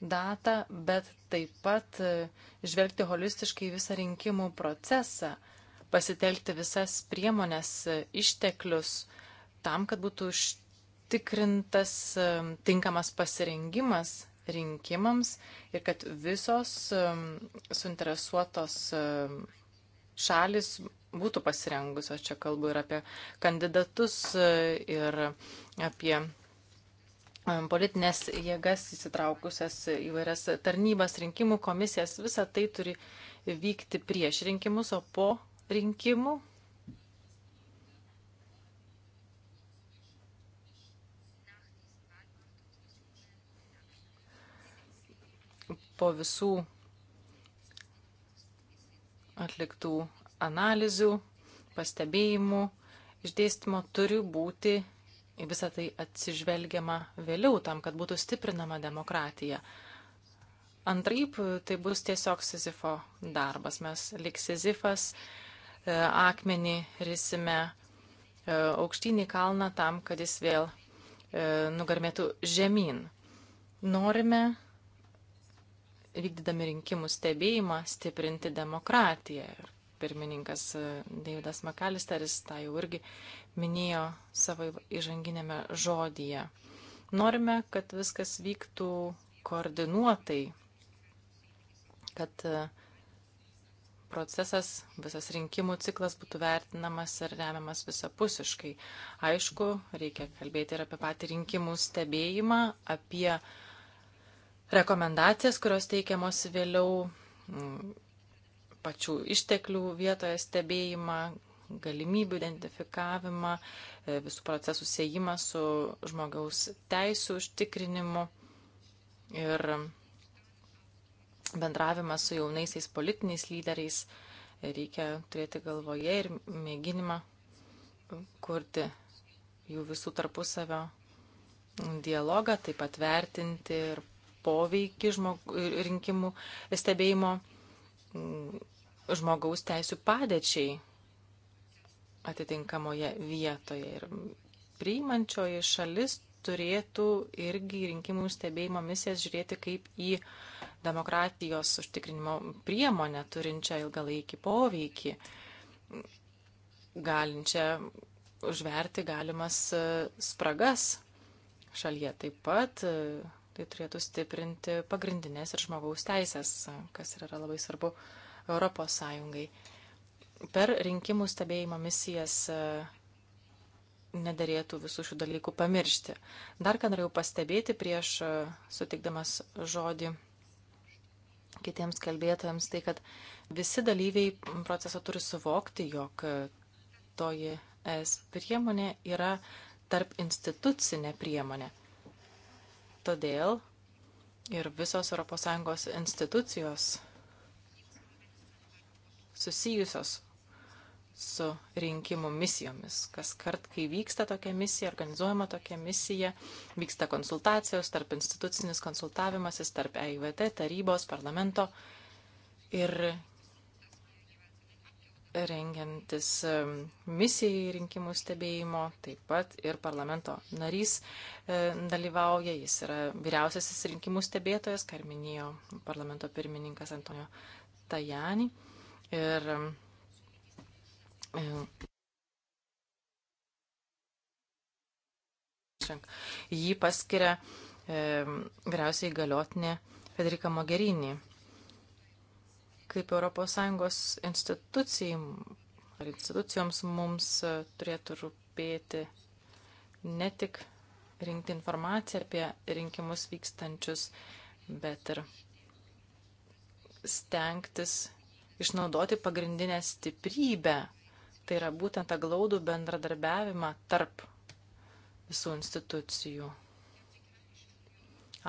datą, bet taip pat e, žvelgti holistiškai visą rinkimų procesą, pasitelkti visas priemonės, e, išteklius tam, kad būtų užtikrintas e, tinkamas pasirengimas rinkimams ir kad visos suinteresuotos šalis būtų pasirengusios. Čia kalbu ir apie kandidatus, ir apie politinės jėgas įsitraukusias įvairias tarnybas, rinkimų komisijas, visa tai turi vykti prieš rinkimus, o po rinkimų. Po visų atliktų analizių, pastebėjimų, išdėstymo turi būti į visą tai atsižvelgiama vėliau tam, kad būtų stiprinama demokratija. Antraip, tai bus tiesiog Sizifo darbas. Mes lik Sizifas e, akmenį risime e, aukštynį kalną tam, kad jis vėl e, nugarmėtų žemyn. Norime, vykdydami rinkimų stebėjimą, stiprinti demokratiją. Ir pirmininkas e, Davidas Makalisteris tą jau irgi minėjo savo įžanginėme žodyje. Norime, kad viskas vyktų koordinuotai, kad e, procesas, visas rinkimų ciklas būtų vertinamas ir remiamas visapusiškai. Aišku, reikia kalbėti ir apie patį rinkimų stebėjimą, apie rekomendacijas, kurios teikiamos vėliau pačių išteklių vietoje stebėjimą, galimybių identifikavimą, e, visų procesų siejimą su žmogaus teisų užtikrinimu ir bendravimą su jaunaisiais politiniais lyderiais. Reikia turėti galvoje ir mėginimą kurti jų visų tarpusavio dialogą, taip pat vertinti ir poveikį žmog... rinkimų stebėjimo žmogaus teisų padėčiai atitinkamoje vietoje. Ir priimančioji šalis turėtų irgi rinkimų stebėjimo misijas žiūrėti kaip į demokratijos užtikrinimo priemonę turinčią ilgalaikį poveikį, galinčią užverti galimas e, spragas šalyje. Taip pat e, tai turėtų stiprinti pagrindinės ir žmogaus teisės, kas yra labai svarbu Europos Sąjungai. Per rinkimų stebėjimo misijas e, nederėtų visų šių dalykų pamiršti. Dar ką norėjau pastebėti prieš e, sutikdamas žodį kitiems kalbėtojams, tai kad visi dalyviai proceso turi suvokti, jog e, toji es priemonė yra tarp institucinė priemonė. Todėl ir visos ES institucijos susijusios su rinkimų misijomis. Kas kart, kai vyksta tokia misija, organizuojama tokia misija, vyksta konsultacijos, tarp institucinis konsultavimasis, tarp EIVT, tarybos, parlamento ir rengiantis misijai rinkimų stebėjimo, taip pat ir parlamento narys e, dalyvauja, jis yra vyriausiasis rinkimų stebėtojas, ką ir minėjo parlamento pirmininkas Antonio Tajani. Ir jį paskiria e, vyriausiai galiotinė Federika Mogherini. Kaip ES institucijai ar institucijoms mums e, turėtų rūpėti ne tik rinkti informaciją apie rinkimus vykstančius, bet ir stengtis išnaudoti pagrindinę stiprybę. Tai yra būtent tą glaudų bendradarbiavimą tarp visų institucijų.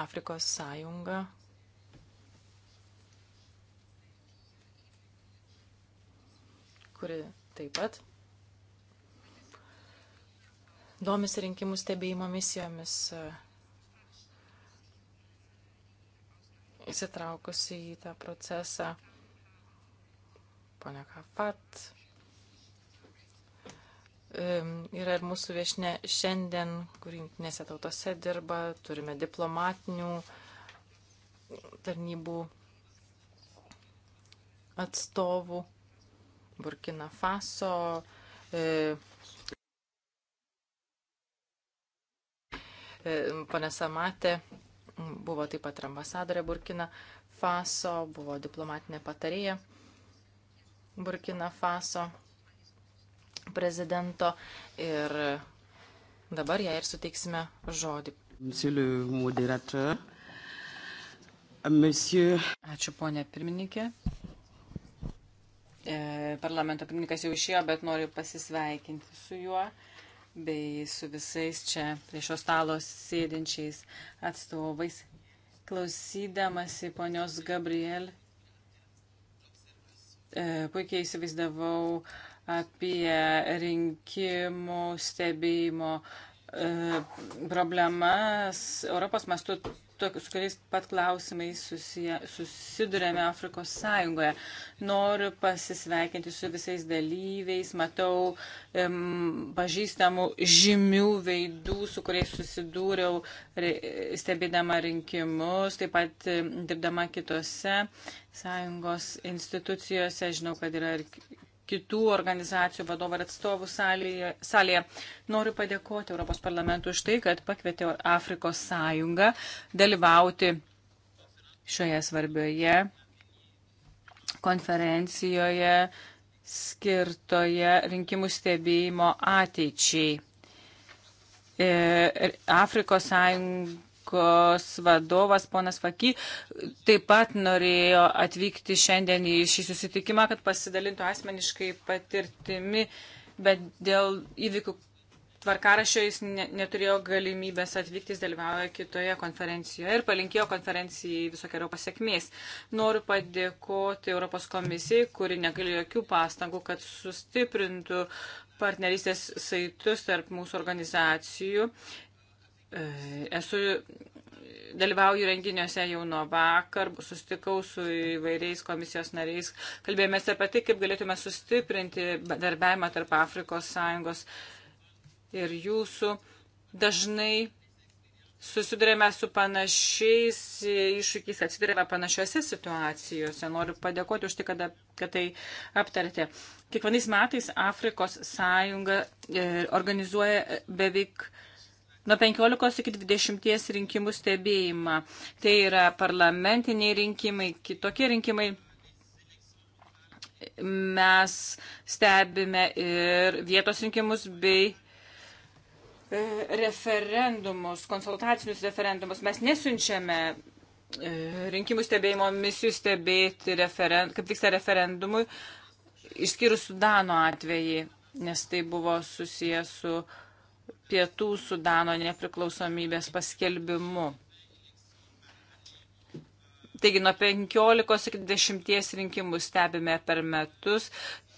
Afrikos sąjunga. kuri taip pat domisi rinkimų stebėjimo misijomis, e, įsitraukusi į tą procesą ponia Kafat. Yra ir mūsų viešne šiandien, kur jungtinėse tautose dirba, turime diplomatinių tarnybų atstovų, Burkina Faso, e, e Pane Samatė buvo taip pat ambasadorė Burkina Faso, buvo diplomatinė patarėja Burkina Faso prezidento ir dabar ją ir suteiksime žodį. Monsieur... Ačiū ponė pirmininkė. E, parlamento pirmininkas jau išėjo, bet noriu pasisveikinti su juo bei su visais čia prie šio stalo sėdinčiais atstovais. Klausydamasi ponios Gabriel E, puikiai įsivaizdavau apie rinkimų stebėjimo e, problemas. Europos mastu tokius, kuriais pat klausimais susiję, susidurėme Afrikos Sąjungoje. Noriu pasisveikinti su visais dalyviais, matau um, pažįstamų žymių veidų, su kuriais susidūriau stebėdama rinkimus, taip pat dirbdama kitose sąjungos institucijose. Žinau, kad yra ir kitų organizacijų vadovų ir atstovų salėje. salėje. Noriu padėkoti Europos parlamentui už tai, kad pakvietė Afrikos sąjungą dalyvauti šioje svarbioje konferencijoje skirtoje rinkimų stebėjimo ateičiai. E, Afrikos sąjunga bankos vadovas ponas Faky taip pat norėjo atvykti šiandien į šį susitikimą, kad pasidalintų asmeniškai patirtimi, bet dėl įvykių tvarkarašio jis ne, neturėjo galimybės atvykti, jis dalyvauja kitoje konferencijoje ir palinkėjo konferencijai visokiojo pasiekmės. Noriu padėkoti Europos komisijai, kuri negalėjo jokių pastangų, kad sustiprintų partnerystės saitus tarp mūsų organizacijų E, esu dalyvauju renginiuose jau nuo vakar, sustikau su įvairiais komisijos nariais, kalbėjomės apie tai, kaip galėtume sustiprinti darbiavimą tarp Afrikos sąjungos ir jūsų. Dažnai susidurėme su panašiais iššūkiais, atsidurėme panašiose situacijose. Noriu padėkoti už tai, kad, kad tai aptarėte. Kiekvienais metais Afrikos sąjunga e, organizuoja beveik nuo 15 iki 20 rinkimų stebėjimą. Tai yra parlamentiniai rinkimai, kitokie rinkimai. Mes stebime ir vietos rinkimus bei e, referendumus, konsultacinius referendumus. Mes nesiunčiame e, rinkimų stebėjimo misijų stebėti, referen, kaip vyksta referendumui, išskyrus Sudano atvejį, nes tai buvo susijęs su uh, pietų Sudano nepriklausomybės paskelbimu. Taigi nuo 15 iki 10 rinkimų stebime per metus.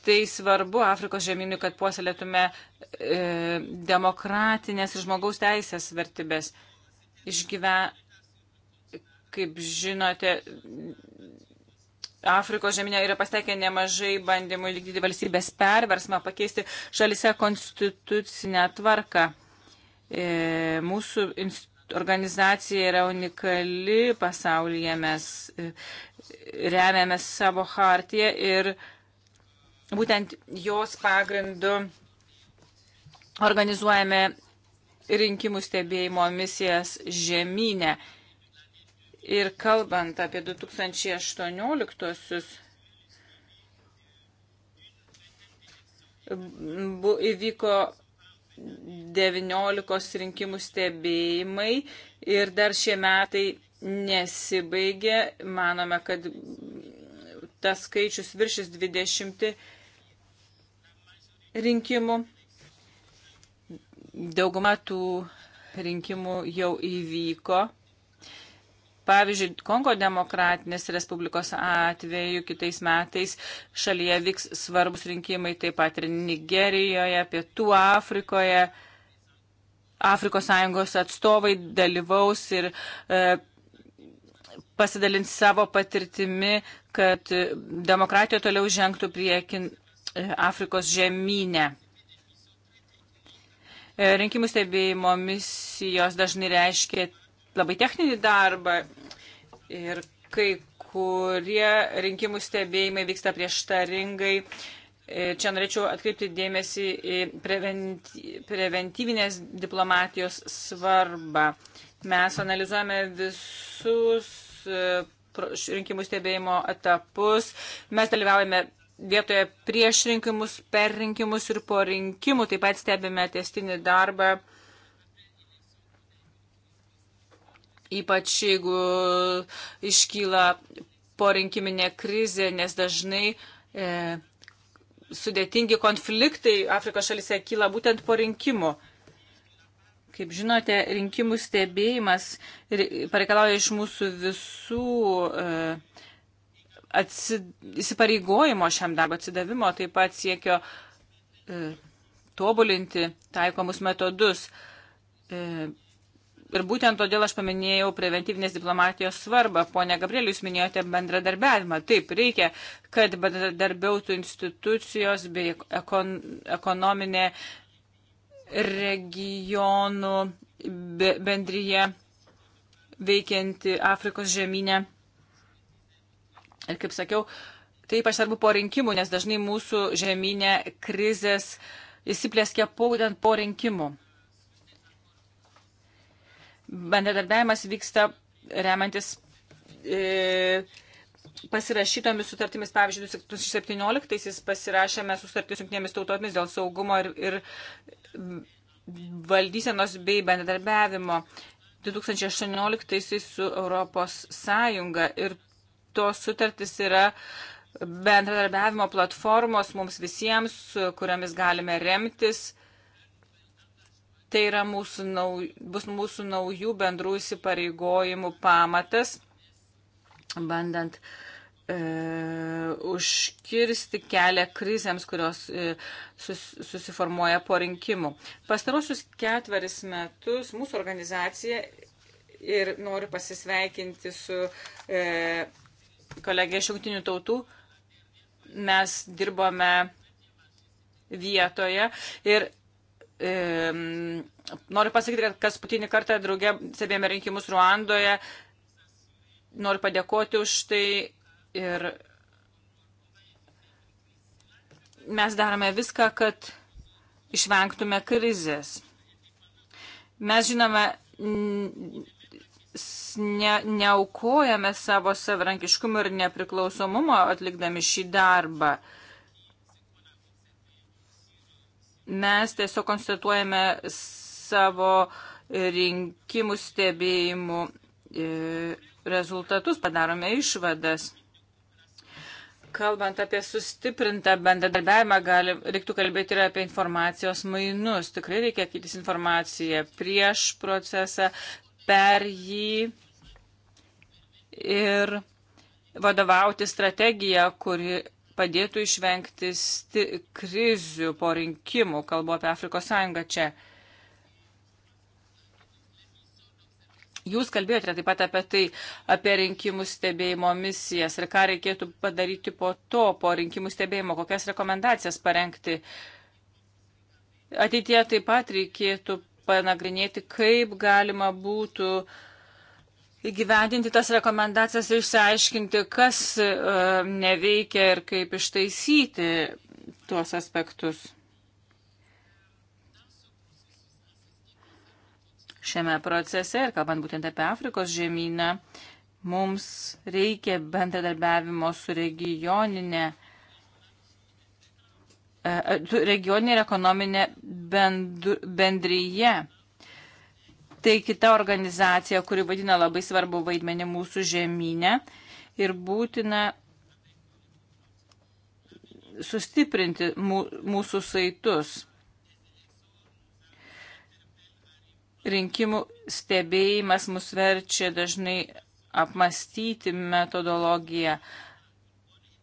Tai svarbu Afrikos žemynui, kad puoselėtume e, demokratinės ir žmogaus teisės vertybės. Išgyve, kaip žinote, Afrikos žemynė yra pasiekę nemažai bandymų įvykdyti valstybės perversmą, pakeisti šalise konstitucinę tvarką. E, mūsų organizacija yra unikali pasaulyje, mes e, remiame savo hartiją ir būtent jos pagrindu organizuojame rinkimų stebėjimo misijas žemynę. Ir kalbant apie 2018-osius, įvyko 19 rinkimų stebėjimai ir dar šie metai nesibaigė. Manome, kad tas skaičius viršis 20 rinkimų. Dauguma tų rinkimų jau įvyko. Pavyzdžiui, Kongo demokratinės Respublikos atveju kitais metais šalyje vyks svarbus rinkimai, taip pat ir Nigerijoje, Pietų Afrikoje. Afrikos Sąjungos atstovai dalyvaus ir e, pasidalins savo patirtimi, kad demokratija toliau žengtų priekin e, Afrikos žemynę. E, rinkimų stebėjimo misijos dažnai reiškia labai techninį darbą ir kai kurie rinkimų stebėjimai vyksta prieštaringai. E, čia norėčiau atkreipti dėmesį į preventyvinės diplomatijos svarbą. Mes analizuojame visus e, rinkimų stebėjimo etapus. Mes dalyvaujame vietoje prieš rinkimus, per rinkimus ir po rinkimų. Taip pat stebime testinį darbą ypač jeigu iškyla porinkiminė krizė, nes dažnai e, sudėtingi konfliktai Afrikos šalise kyla būtent po rinkimų. Kaip žinote, rinkimų stebėjimas pareikalauja iš mūsų visų e, atsid, įsipareigojimo šiam darbo atsidavimo, taip pat siekio e, tobulinti taikomus metodus. E, Ir būtent todėl aš paminėjau preventyvinės diplomatijos svarbą. Pone Gabrieliu, jūs minėjote bendradarbiavimą. Taip, reikia, kad bendradarbiautų institucijos bei ekon, ekonominė regionų bendryje veikianti Afrikos žemynė. Ir kaip sakiau, taip aš svarbu po rinkimų, nes dažnai mūsų žemynė krizės įsiplėskia būtent po rinkimų. Bendradarbiavimas vyksta remiantis e, pasirašytomis sutartimis, pavyzdžiui, 2017-aisiais pasirašėme sutartį su jungtinėmis tautomis dėl saugumo ir, ir valdysenos bei bendradarbiavimo 2018-aisiais su Europos Sąjunga ir tos sutartys yra bendradarbiavimo platformos mums visiems, kuriomis galime remtis Tai yra mūsų nau, bus mūsų naujų bendrų įsipareigojimų pamatas, bandant e, užkirsti kelią krizėms, kurios e, sus, susiformuoja po rinkimų. Pastarosius ketveris metus mūsų organizacija ir noriu pasisveikinti su e, kolegė iš Junktinių tautų. Mes dirbome vietoje ir E, noriu pasakyti, kad kas putinį kartą draugė stebėjome rinkimus Ruandoje. Noriu padėkoti už tai ir mes darome viską, kad išvengtume krizės. Mes žinome, ne, neaukojame savo savarankiškumo ir nepriklausomumo atlikdami šį darbą. E, Mes tiesiog konstatuojame savo rinkimų stebėjimų e, rezultatus, padarome išvadas. Kalbant apie sustiprintą bendradarbiavimą, gali, reiktų kalbėti ir apie informacijos mainus. Tikrai reikia keitis informaciją prieš procesą, per jį ir vadovauti strategiją, kuri padėtų išvengti krizių po rinkimų, kalbu apie Afrikos sąjungą čia. Jūs kalbėjote taip pat apie tai, apie rinkimų stebėjimo misijas ir ką reikėtų padaryti po to, po rinkimų stebėjimo, kokias rekomendacijas parengti. Ateitie taip pat reikėtų panagrinėti, kaip galima būtų uh, įgyvendinti tas rekomendacijas ir išsiaiškinti, kas e, neveikia ir kaip ištaisyti tuos aspektus. Šiame procese ir kalbant būtent apie Afrikos žemyną, mums reikia bendradarbiavimo su regioninė e, e, regioninė ir ekonominė bendryje tai kita organizacija, kuri vadina labai svarbu vaidmenį mūsų žemynę ir būtina sustiprinti mūsų saitus. Rinkimų stebėjimas mus verčia dažnai apmastyti metodologiją,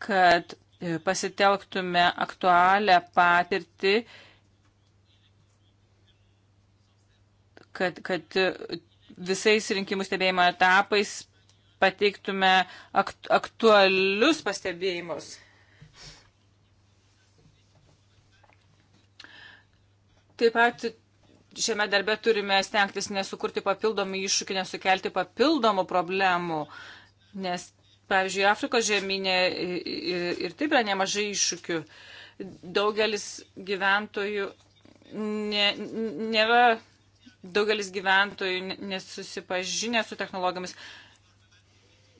kad pasitelktume aktualią patirtį kad, kad e, visais rinkimų stebėjimo etapais pateiktume aktu, aktualius pastebėjimus. Taip pat šiame darbe turime stengtis nesukurti papildomų iššūkių, nesukelti papildomų problemų, nes, pavyzdžiui, Afrikos žemynė ir, ir taip yra nemažai iššūkių. Daugelis gyventojų ne, nėra daugelis gyventojų nesusipažinę su technologijomis.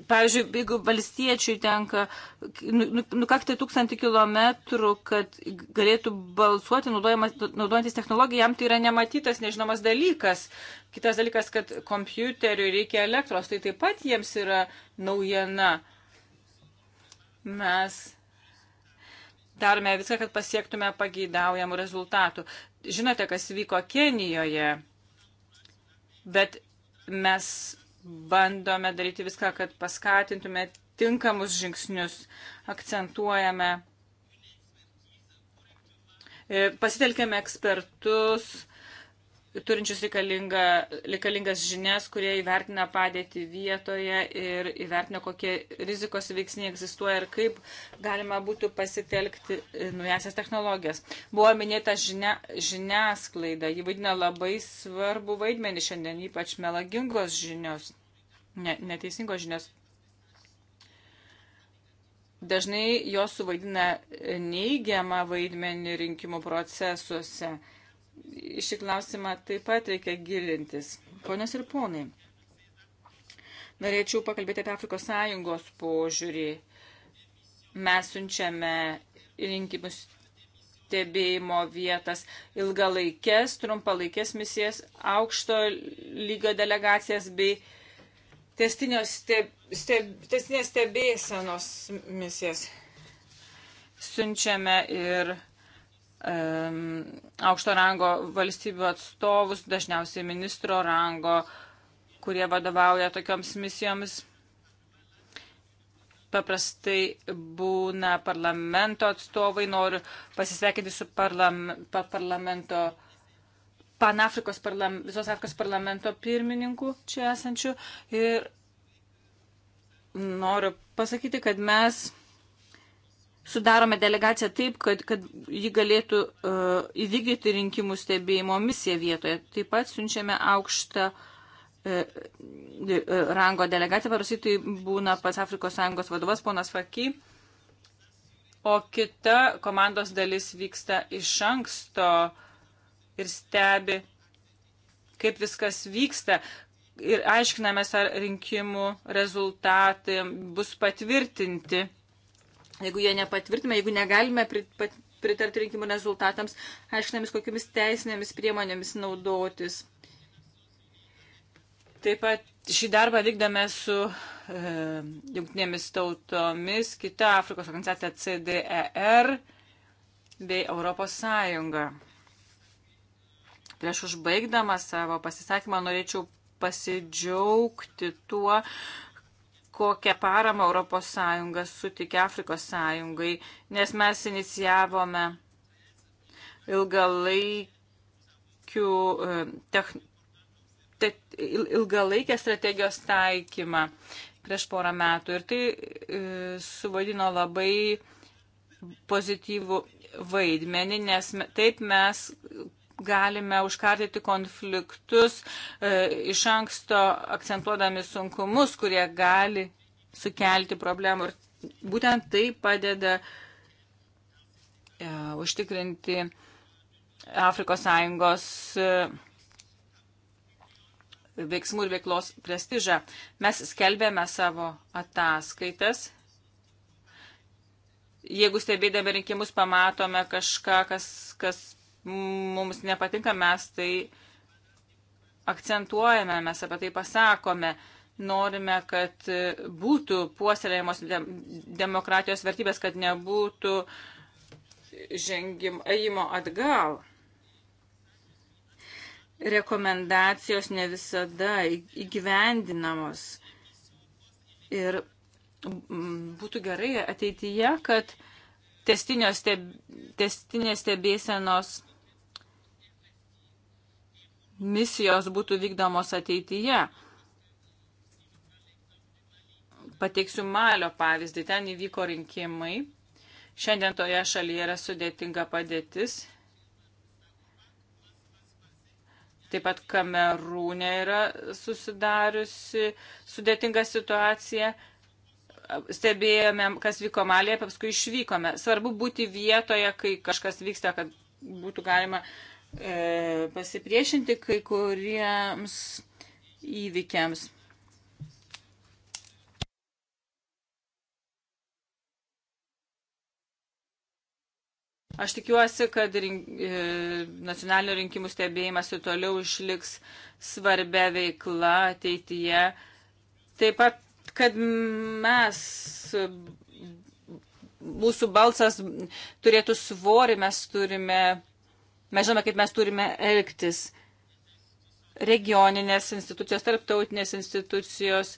Pavyzdžiui, jeigu valstiečiui tenka nu, nu, nukakti tūkstantį kilometrų, kad galėtų balsuoti naudojantis technologiją, jam tai yra nematytas, nežinomas dalykas. Kitas dalykas, kad kompiuteriui reikia elektros, tai taip pat jiems yra naujiena. Mes darome viską, kad pasiektume pageidaujamų rezultatų. Žinote, kas vyko Kenijoje? bet mes bandome daryti viską, kad paskatintume tinkamus žingsnius, akcentuojame, e, pasitelkėme ekspertus, turinčius reikalinga, reikalingas žinias, kurie įvertina padėtį vietoje ir įvertina, kokie rizikos veiksniai egzistuoja ir kaip galima būtų pasitelkti e, naujasias technologijas. Buvo minėta žinia, žiniasklaida, ji vaidina labai svarbu vaidmenį šiandien, ypač melagingos žinios, ne, neteisingos žinios. Dažnai jos suvaidina neįgiamą vaidmenį rinkimų procesuose į šį klausimą taip pat reikia gilintis. Ponios ir ponai, norėčiau pakalbėti apie Afrikos sąjungos požiūrį. Mes sunčiame rinkimus stebėjimo vietas, ilgalaikės, trumpalaikės misijas, aukšto lygio delegacijas bei testinės steb, steb, stebėsenos misijas. Siunčiame ir um, aukšto rango valstybių atstovus, dažniausiai ministro rango, kurie vadovauja tokioms misijoms. Paprastai būna parlamento atstovai, noriu pasisveikinti su parlam, pa parlamento, Panafrikos parlam, visos Afrikos parlamento pirmininku čia esančiu ir noriu pasakyti, kad mes sudarome delegaciją taip, kad, kad ji galėtų uh, įvykdyti rinkimų stebėjimo misiją vietoje. Taip pat siunčiame aukštą uh, rango delegaciją, varusitai tai būna pats Afrikos Sąjungos vadovas ponas Faky, o kita komandos dalis vyksta iš anksto ir stebi, kaip viskas vyksta. Ir aiškinamės, ar rinkimų rezultatai bus patvirtinti jeigu jie nepatvirtime, jeigu negalime pritarti rinkimų rezultatams, aiškinamės, kokiamis teisinėmis priemonėmis naudotis. Taip pat šį darbą vykdome su e, jungtinėmis tautomis, kita Afrikos organizacija CDER bei Europos Sąjunga. Prieš užbaigdama savo pasisakymą norėčiau pasidžiaugti tuo, kokią paramą ES sutikė Afrikos sąjungai, nes mes inicijavome ilgalaikių e, techn... te... ilgalaikę strategijos taikymą prieš porą metų. Ir tai e, suvadino labai pozityvų vaidmenį, nes taip mes galime užkardyti konfliktus e, iš anksto akcentuodami sunkumus, kurie gali sukelti problemų. Ir būtent tai padeda e, užtikrinti Afrikos Sąjungos e, veiksmų ir veiklos prestižą. Mes skelbėme savo ataskaitas jeigu stebėdami rinkimus pamatome kažką, kas, kas mums nepatinka, mes tai akcentuojame, mes apie tai pasakome. Norime, kad būtų puoselėjamos demokratijos vertybės, kad nebūtų žengimo, ėjimo atgal rekomendacijos ne visada įgyvendinamos. Ir būtų gerai ateityje, kad testinės steb, stebėsenos misijos būtų vykdomos ateityje. Pateiksiu Malio pavyzdį. Ten įvyko rinkimai. Šiandien toje šalyje yra sudėtinga padėtis. Taip pat Kamerūne yra susidariusi sudėtinga situacija. Stebėjome, kas vyko Malėje, paskui išvykome. Svarbu būti vietoje, kai kažkas vyksta, kad būtų galima uh, E, pasipriešinti kai kuriems įvykiams. Aš tikiuosi, kad rink, e, nacionalinio rinkimų stebėjimas ir toliau išliks svarbia veikla ateityje. Taip pat, kad mes, mūsų balsas turėtų svorį, mes turime Mes žinome, kaip mes turime elgtis. Regioninės institucijos, tarptautinės institucijos,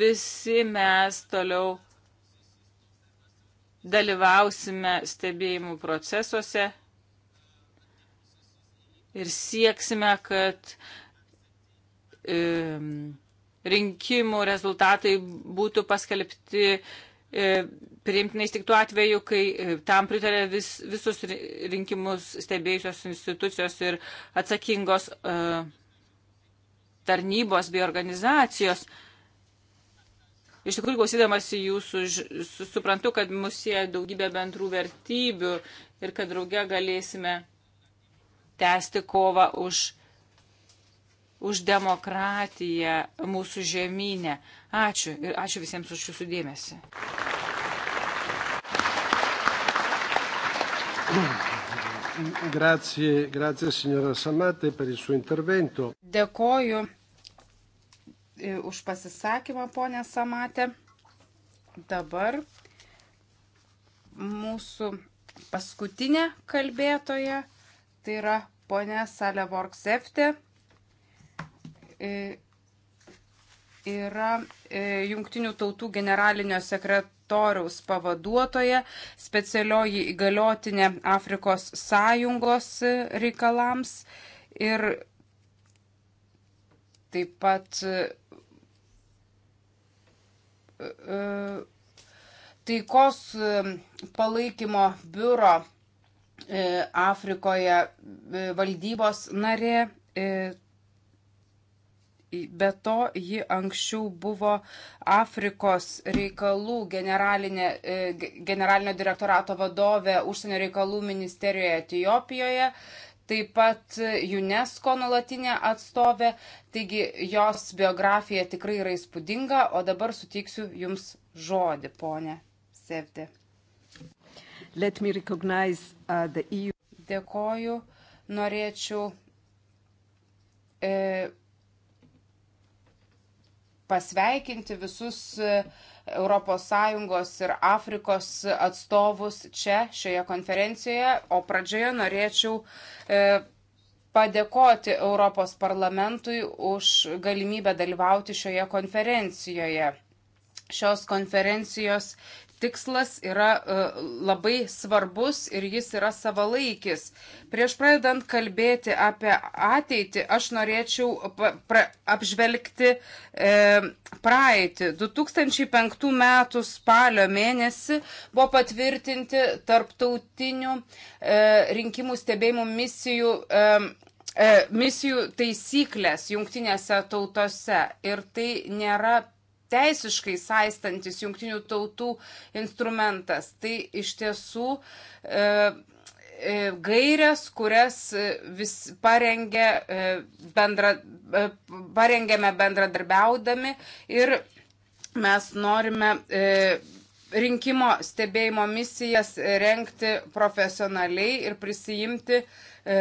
visi mes toliau dalyvausime stebėjimų procesuose ir sieksime, kad e, rinkimų rezultatai būtų paskelbti E, priimtinais tik tuo atveju, kai e, tam pritarė vis, visus rinkimus stebėjusios institucijos ir atsakingos uh, tarnybos bei organizacijos. Iš tikrųjų, klausydamas į jūsų, suprantu, kad mus sieja daugybė bendrų vertybių ir kad drauge galėsime tęsti kovą už už demokratiją mūsų žemynę. Ačiū ir ačiū visiems už jūsų dėmesį. Grazie, grazie signora Samate per il suo intervento. Dėkoju e, už pasisakymą, ponė Samate. Dabar mūsų paskutinė kalbėtoja, tai yra ponė Salevorksefte. E, yra e, Junktinių tautų generalinio sekretoriaus pavaduotoja, specialioji įgaliotinė Afrikos sąjungos reikalams ir taip pat e, taikos palaikymo biuro Afrikoje valdybos narė Be to, ji anksčiau buvo Afrikos reikalų generalinė, e, generalinio direktorato vadovė užsienio reikalų ministerijoje Etijopijoje, taip pat UNESCO nulatinė atstovė, taigi jos biografija tikrai yra įspūdinga, o dabar suteiksiu Jums žodį, ponė Sevdi. Uh, e Dėkoju, norėčiau e, pasveikinti visus ES ir Afrikos atstovus čia šioje konferencijoje, o pradžioje norėčiau e, padėkoti Europos parlamentui už galimybę dalyvauti šioje konferencijoje. Šios konferencijos tikslas yra e, labai svarbus ir jis yra savalaikis. Prieš pradedant kalbėti apie ateitį, aš norėčiau pra, apžvelgti e, praeitį. 2005 m. spalio mėnesį buvo patvirtinti tarptautinių e, rinkimų stebėjimų misijų. E, e misijų taisyklės jungtinėse tautose ir tai nėra teisiškai saistantis jungtinių tautų instrumentas. Tai iš tiesų e, e, gairias, kurias e, vis parengė, e, bendra, e, parengėme bendradarbiaudami ir mes norime e, rinkimo stebėjimo misijas renkti profesionaliai ir prisijimti e,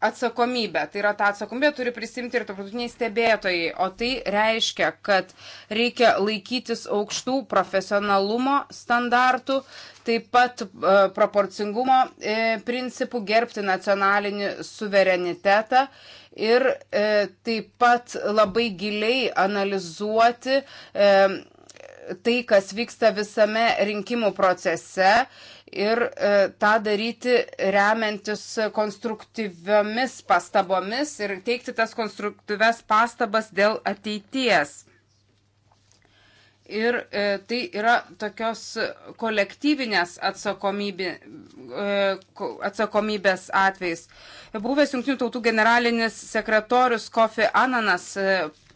atsakomybę. Tai yra ta atsakomybė turi prisimti ir tarptautiniai stebėtojai. O tai reiškia, kad reikia laikytis aukštų profesionalumo standartų, taip pat e, proporcingumo e, principų, gerbti nacionalinį suverenitetą ir e, taip pat labai giliai analizuoti e, tai, kas vyksta visame rinkimų procese ir e, tą daryti remiantis konstruktyviomis pastabomis ir teikti tas konstruktyves pastabas dėl ateities. Ir e, tai yra tokios kolektyvinės atsakomybė, e, atsakomybės atvejs. Buvęs Junktinių tautų generalinis sekretorius Kofi Ananas e,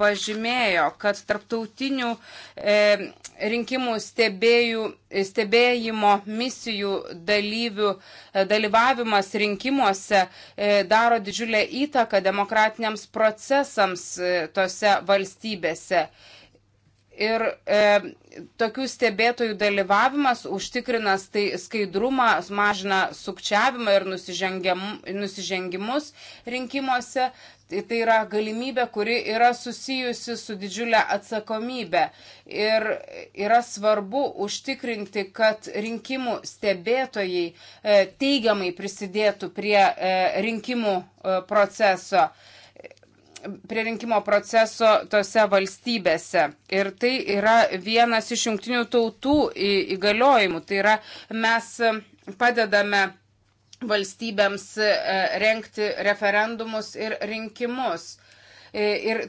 pažymėjo, kad tarptautinių e, rinkimų stebėjų, stebėjimo misijų dalyvių e, dalyvavimas rinkimuose e, daro didžiulę įtaką demokratiniams procesams e, tose valstybėse. E, Ir e, tokių stebėtojų dalyvavimas užtikrina tai skaidrumą, mažina sukčiavimą ir nusižengimus rinkimuose. Tai, tai yra galimybė, kuri yra susijusi su didžiulė atsakomybė. Ir yra svarbu užtikrinti, kad rinkimų stebėtojai e, teigiamai prisidėtų prie e, rinkimų e, proceso. E, prie rinkimo proceso tose valstybėse. Ir tai yra vienas iš jungtinių tautų įgaliojimų. Tai yra mes padedame valstybėms e, renkti referendumus ir rinkimus. E, ir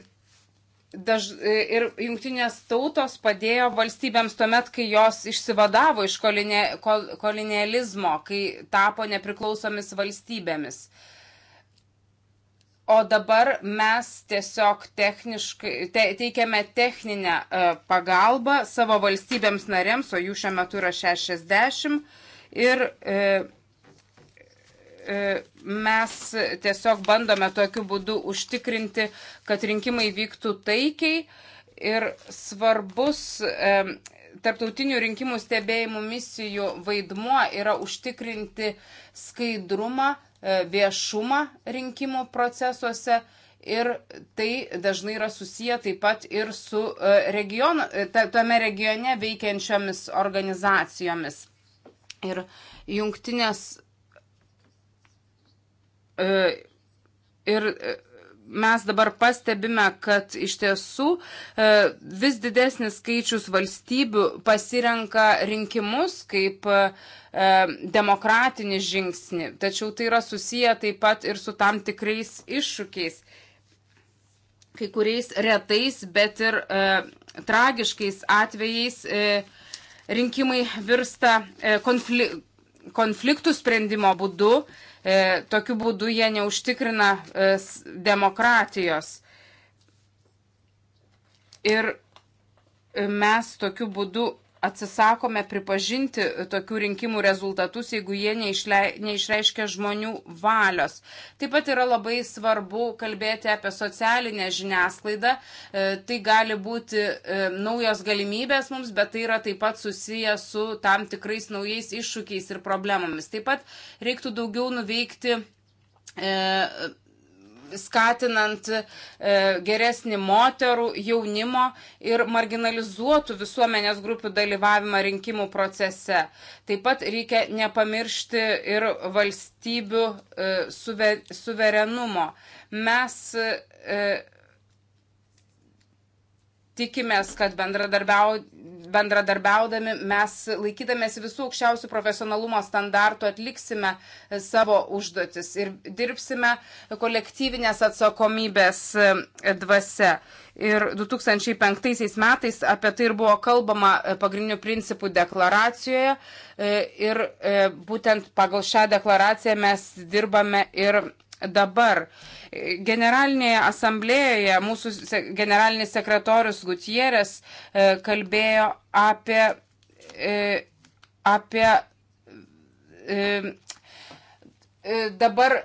daž, e, ir jungtinės tautos padėjo valstybėms tuomet, kai jos išsivadavo iš koline, kol, kolonializmo, kai tapo nepriklausomis valstybėmis. Uh, O dabar mes tiesiog techniškai te, teikiame techninę e, pagalbą savo valstybėms narėms, o jų šiuo metu yra 60. Ir e, e, mes tiesiog bandome tokiu būdu užtikrinti, kad rinkimai vyktų taikiai ir svarbus e, tarptautinių rinkimų stebėjimų misijų vaidmuo yra užtikrinti skaidrumą, E, viešumą rinkimų procesuose ir tai dažnai yra susiję taip pat ir su e, regionu, e, tame regione veikiančiomis organizacijomis. Ir jungtinės ir mes dabar pastebime, kad iš tiesų e, vis didesnis skaičius valstybių pasirenka rinkimus kaip e, demokratinį žingsnį. Tačiau tai yra susiję taip pat ir su tam tikrais iššūkiais. Kai kuriais retais, bet ir e, tragiškais atvejais e, rinkimai virsta e, konfli konfliktų sprendimo būdu. E, E, tokiu būdu jie neužtikrina e, demokratijos. Ir mes tokiu būdu atsisakome pripažinti tokių rinkimų rezultatus, jeigu jie neišle, neišreiškia žmonių valios. Taip pat yra labai svarbu kalbėti apie socialinę žiniasklaidą. E, tai gali būti e, naujos galimybės mums, bet tai yra taip pat susiję su tam tikrais naujais iššūkiais ir problemomis. Taip pat reiktų daugiau nuveikti. E, skatinant e, geresnį moterų, jaunimo ir marginalizuotų visuomenės grupių dalyvavimą rinkimų procese. Taip pat reikia nepamiršti ir valstybių e, suverenumo. Mes e, tikimės, kad bendradarbiau, bendradarbiaudami mes laikydamės visų aukščiausių profesionalumo standartų atliksime e, savo užduotis ir dirbsime kolektyvinės atsakomybės e, dvasia. Ir 2005 metais apie tai ir buvo kalbama e, pagrindinių principų deklaracijoje ir būtent pagal šią deklaraciją mes dirbame ir dabar. Generalinėje asamblėjoje mūsų generalinis sekretorius Gutierrez e, kalbėjo apie, e, apie e, dabar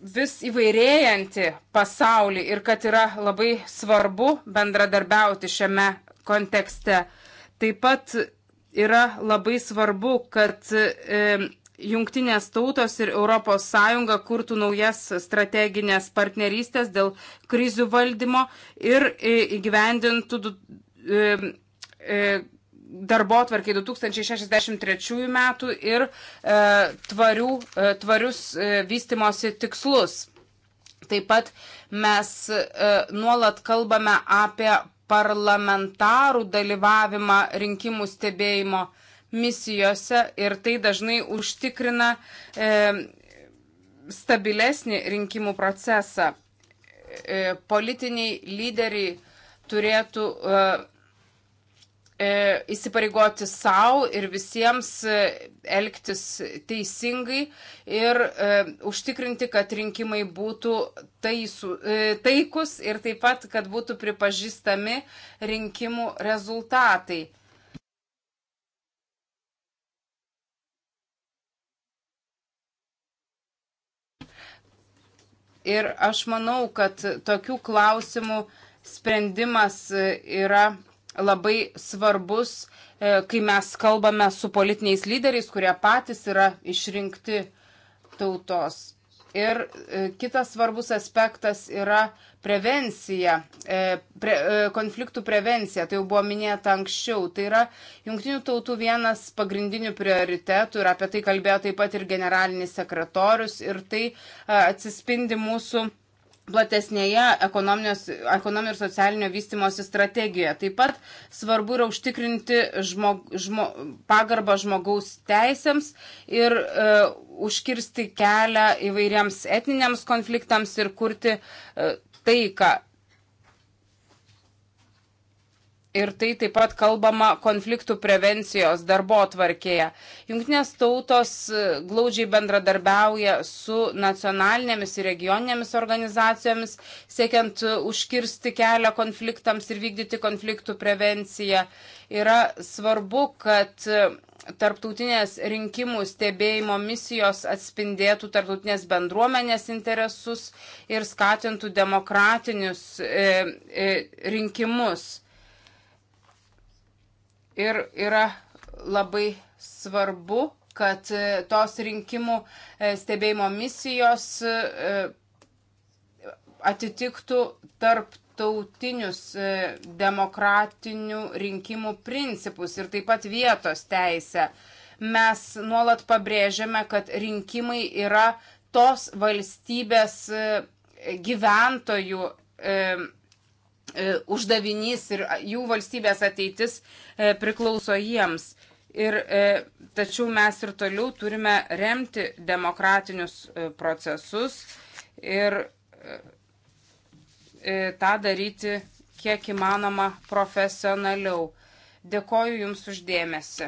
vis įvairėjantį pasaulį ir kad yra labai svarbu bendradarbiauti šiame kontekste. Taip pat yra labai svarbu, kad jungtinės tautos ir ES kurtų naujas strateginės partnerystės dėl krizių valdymo ir e, įgyvendintų darbo atvarkiai 2063 metų ir e, tvarių, e, tvarius vystimosi tikslus. Taip pat mes nuolat kalbame apie parlamentarų dalyvavimą rinkimų stebėjimo uh, misijose ir tai dažnai užtikrina e, stabilesnį rinkimų procesą. E, politiniai lyderiai turėtų e, e, įsipareigoti savo ir visiems e, elgtis teisingai ir e, užtikrinti, kad rinkimai būtų taisu, e, taikus ir taip pat, kad būtų pripažįstami rinkimų rezultatai. Ir aš manau, kad tokių klausimų sprendimas e, yra labai svarbus, e, kai mes kalbame su politiniais lyderiais, kurie patys yra išrinkti tautos. Ir e, kitas svarbus aspektas yra prevencija, e, pre, e, konfliktų prevencija, tai jau buvo minėta anksčiau. Tai yra jungtinių tautų vienas pagrindinių prioritetų ir apie tai kalbėjo taip pat ir generalinis sekretorius ir tai e, atsispindi mūsų platesnėje ekonominio ir socialinio vystimosi strategijoje. Taip pat svarbu yra užtikrinti žmog, žmo, pagarbą žmogaus teisėms ir e, užkirsti kelią įvairiems etniniams konfliktams ir kurti e, taiką. Ir tai taip pat kalbama konfliktų prevencijos darbo tvarkėje. Junktinės tautos e, glaudžiai bendradarbiauja su nacionalinėmis ir regioninėmis organizacijomis, siekiant e, užkirsti kelią konfliktams ir vykdyti konfliktų prevenciją. Yra svarbu, kad e, tarptautinės rinkimų stebėjimo misijos atspindėtų tarptautinės bendruomenės interesus ir skatintų demokratinius e, e, rinkimus. Ir yra labai svarbu, kad e, tos rinkimų e, stebėjimo misijos e, atitiktų tarptautinės tarptautinius e, demokratinių rinkimų principus ir taip pat vietos teisę. Mes nuolat pabrėžiame, kad rinkimai yra tos valstybės e, gyventojų e, uždavinys ir jų valstybės ateitis priklauso jiems. Ir tačiau mes ir toliau turime remti demokratinius procesus ir E, tą daryti kiek įmanoma profesionaliau. Dėkoju Jums uždėmesi.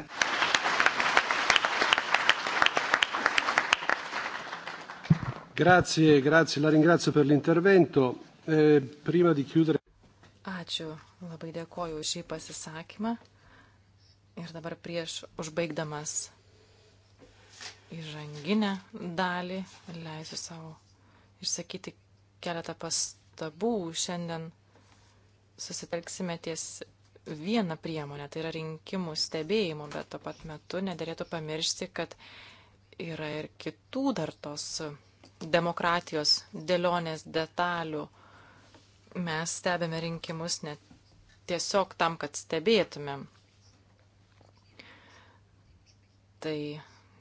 Grazie, grazie, la ringrazio per l'intervento. Eh, prima di chiudere. Ačiū, labai dėkoju už šį pasisakymą. Ir dabar prieš užbaigdamas įžanginę dalį leisiu savo išsakyti keletą pastabų pastabų. Šiandien susitelksime ties vieną priemonę, tai yra rinkimų stebėjimo, bet tuo pat metu nedarėtų pamiršti, kad yra ir kitų dar tos demokratijos dėlionės detalių. Mes stebėme rinkimus ne tiesiog tam, kad stebėtumėm. Tai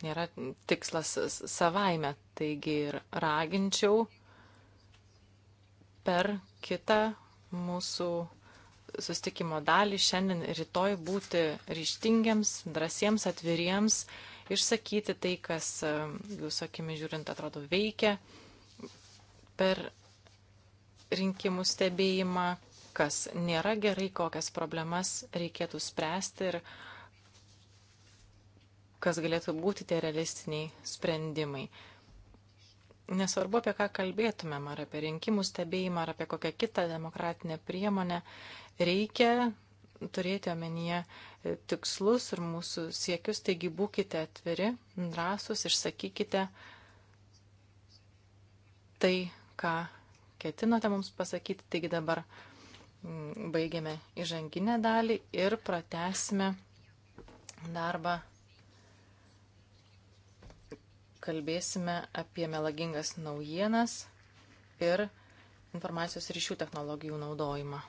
nėra tikslas savaime, taigi ir raginčiau per kitą mūsų sustikimo dalį šiandien ir rytoj būti ryštingiems, drąsiems, atviriems, išsakyti tai, kas e, jūsų akimi žiūrint atrodo veikia per rinkimų stebėjimą, kas nėra gerai, kokias problemas reikėtų spręsti ir kas galėtų būti tie realistiniai sprendimai nesvarbu, apie ką kalbėtumėm, ar apie rinkimų stebėjimą, ar apie kokią kitą demokratinę priemonę, reikia turėti omenyje e, tikslus ir mūsų siekius, taigi būkite atviri, drąsus, išsakykite tai, ką ketinote mums pasakyti. Taigi dabar baigiame įžanginę dalį ir pratesime darbą kalbėsime apie melagingas naujienas ir informacijos ryšių technologijų naudojimą.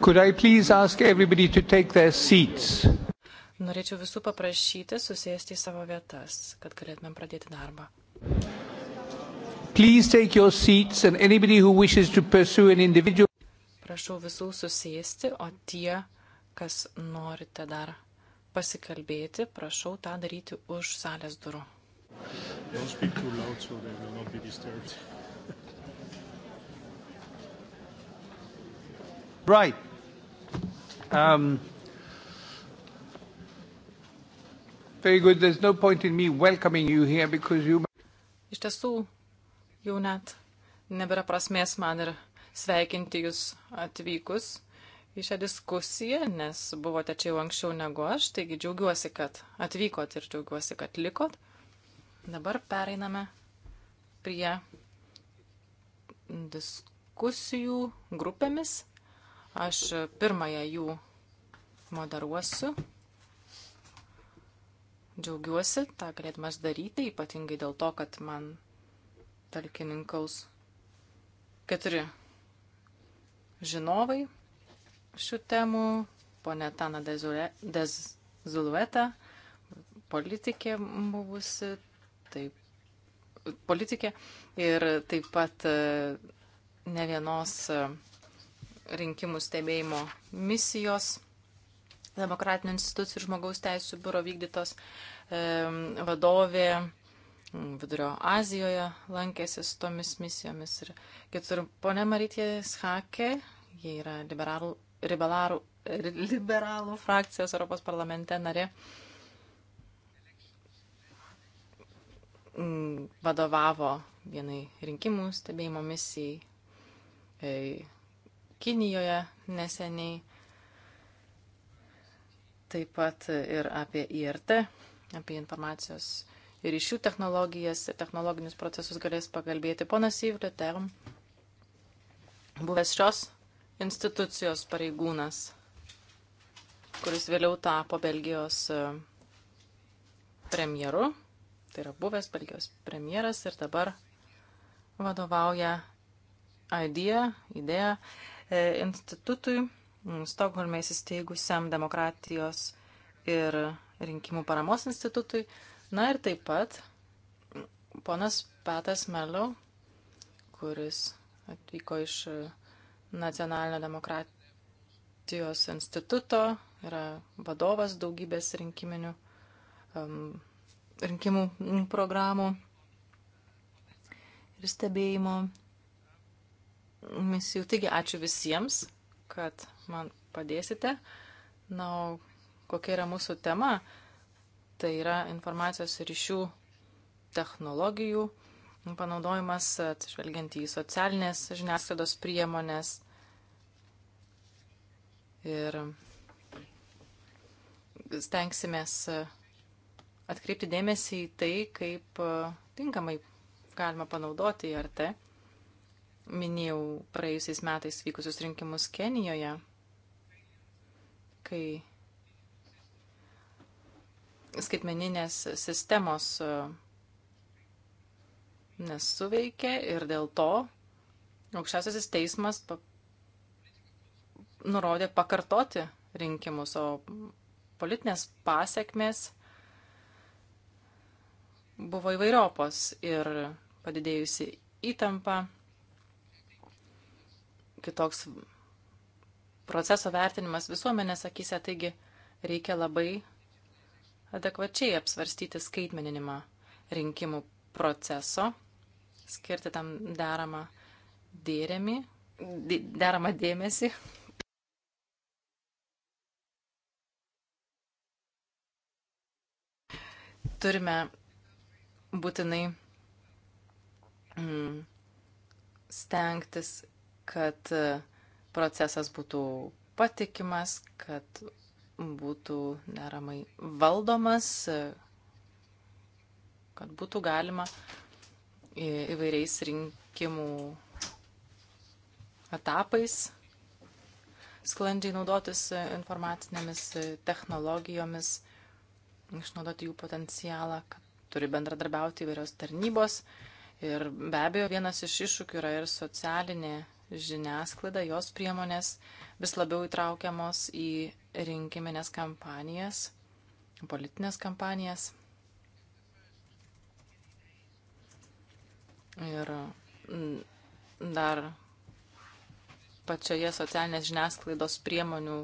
Could I please ask everybody to take their seats? Norėčiau visų paprašyti susėsti į savo vietas, kad galėtumėm pradėti darbą. Please take your seats and anybody who wishes to pursue an individual. Prašau visų susėsti, o tie, kas norite dar pasikalbėti, prašau tą daryti už salės durų. Don't speak too loud so they will not be disturbed. Right. Um, very good. There's no point in me welcoming you here because you. Iš tiesų, jau net nebėra prasmės man ir sveikinti jūs atvykus į šią diskusiją, nes buvote čia jau anksčiau negu aš, taigi džiaugiuosi, kad atvykot ir džiaugiuosi, kad likot. Dabar pereiname prie diskusijų grupėmis Aš pirmąją jų moderuosiu. Džiaugiuosi tą galėdamas daryti, ypatingai dėl to, kad man talkininkaus keturi žinovai šių temų. Pone Tana Dezulueta, politikė buvusi, taip, politikė ir taip pat e, ne vienos e, rinkimų stebėjimo misijos demokratinių institucijų ir žmogaus teisų biuro vykdytos e, vadovė Vidurio Azijoje lankėsi su tomis misijomis ir kitur. Pone Marytė Schake, jie yra liberalų, liberalų, liberalų frakcijos Europos parlamente narė, vadovavo vienai rinkimų stebėjimo misijai e, Kinijoje neseniai, taip pat ir apie IRT, apie informacijos ir ryšių technologijas ir technologinius procesus galės pakalbėti ponas Yvri Term, buvęs šios institucijos pareigūnas, kuris vėliau tapo Belgijos e, premjeru, tai yra buvęs Belgijos premjeras ir dabar vadovauja idėja, idėja E, institutui, Stokholme įsisteigusiam demokratijos ir rinkimų paramos institutui. Na ir taip pat ponas Petas Melo, kuris atvyko iš Nacionalinio demokratijos instituto, yra vadovas daugybės rinkiminių, um, rinkimų programų ir stebėjimo misijų. Taigi ačiū visiems, kad man padėsite. Na, o kokia yra mūsų tema? Tai yra informacijos ryšių technologijų panaudojimas, atžvelgiant į socialinės žiniasklaidos priemonės. Ir stengsimės atkreipti dėmesį į tai, kaip tinkamai galima panaudoti IRT. Tai minėjau praėjusiais metais vykusius rinkimus Kenijoje, kai skaitmeninės sistemos e, nesuveikė ir dėl to aukščiausiasis teismas pa nurodė pakartoti rinkimus, o politinės pasiekmes buvo įvairiopos ir padidėjusi įtampa kitoks proceso vertinimas visuomenės akise, taigi reikia labai adekvačiai apsvarstyti skaitmeninimą rinkimų proceso, skirti tam deramą, dėrėmi, deramą dėmesį. Turime būtinai mm, stengtis kad e, procesas būtų patikimas, kad būtų deramai valdomas, e, kad būtų galima e, įvairiais rinkimų etapais sklandžiai naudotis informacinėmis technologijomis, išnaudoti jų potencialą, kad turi bendradarbiauti įvairios tarnybos. Ir be abejo, vienas iš iššūkių yra ir socialinė žiniasklaida, jos priemonės vis labiau įtraukiamos į rinkiminės kampanijas, politinės kampanijas. Ir mm, dar pačioje socialinės žiniasklaidos priemonių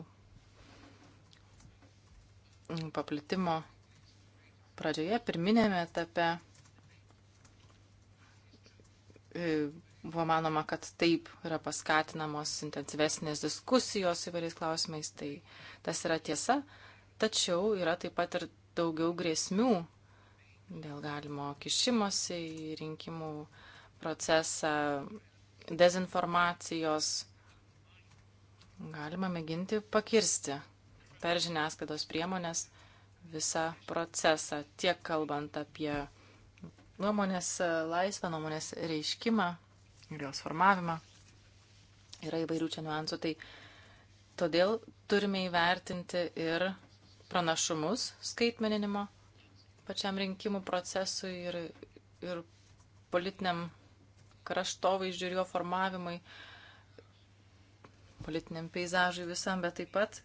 mm, paplitimo pradžioje, pirminėme etape Buvo manoma, kad taip yra paskatinamos intensyvesnės diskusijos įvairiais klausimais, tai tas yra tiesa, tačiau yra taip pat ir daugiau grėsmių dėl galimo kišimosi į rinkimų procesą, dezinformacijos. Galima mėginti pakirsti per žiniasklaidos priemonės visą procesą, tiek kalbant apie nuomonės laisvę, nuomonės reiškimą ir jos formavimą. Yra įvairių čia niuansų, tai todėl turime įvertinti ir pranašumus skaitmeninimo pačiam rinkimų procesui ir, ir politiniam kraštovaizdžiui ir jo formavimui, politiniam peizažui visam, bet taip pat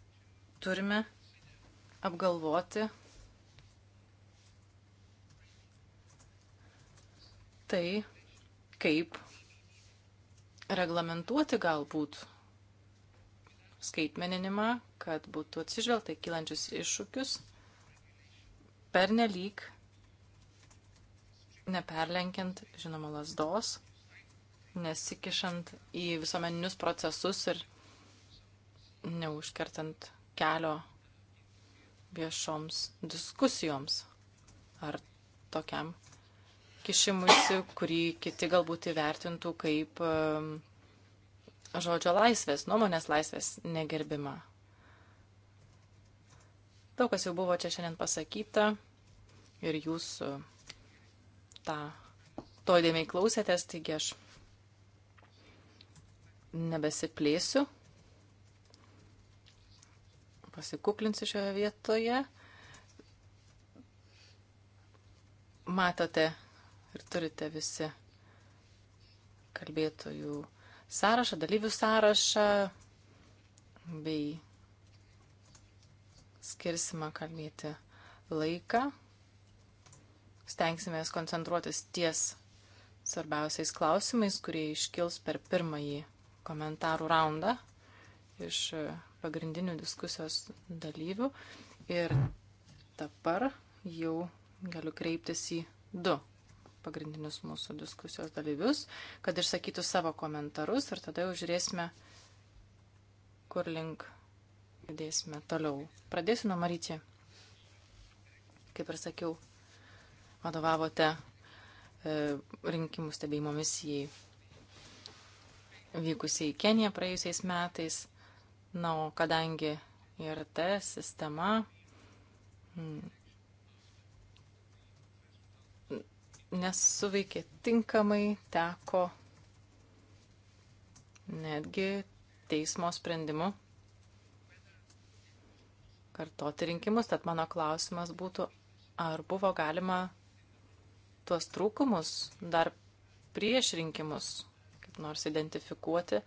turime apgalvoti tai, kaip reglamentuoti galbūt skaitmeninimą, kad būtų atsižvelgta į kylančius iššūkius, pernelyg neperlenkiant, žinoma, lasdos, nesikišant į visuomeninius procesus ir neužkertant kelio viešoms diskusijoms ar tokiam kišimusi, kurį kiti galbūt įvertintų kaip žodžio laisvės, nuomonės laisvės negerbimą. Daug kas jau buvo čia šiandien pasakyta ir jūs e, tą to įdėmiai klausėtės, taigi aš nebesiplėsiu. Pasikuklinsiu šioje vietoje. Matote ir turite visi kalbėtojų sąrašą, dalyvių sąrašą bei skirsime kalbėti laiką. Stengsime koncentruotis ties svarbiausiais klausimais, kurie iškils per pirmąjį komentarų raundą iš pagrindinių diskusijos dalyvių. Ir dabar jau galiu kreiptis į du pagrindinius mūsų diskusijos dalyvius, kad išsakytų savo komentarus ir tada jau žiūrėsime, kur link judėsime toliau. Pradėsiu nuo Marytė. Kaip ir sakiau, vadovavote e, rinkimų stebėjimo misijai vykusiai į Keniją praėjusiais metais. Na, o kadangi ir ta sistema nesuveikė tinkamai, teko netgi teismo sprendimu kartoti rinkimus. Tad mano klausimas būtų, ar buvo galima tuos trūkumus dar prieš rinkimus kaip nors identifikuoti,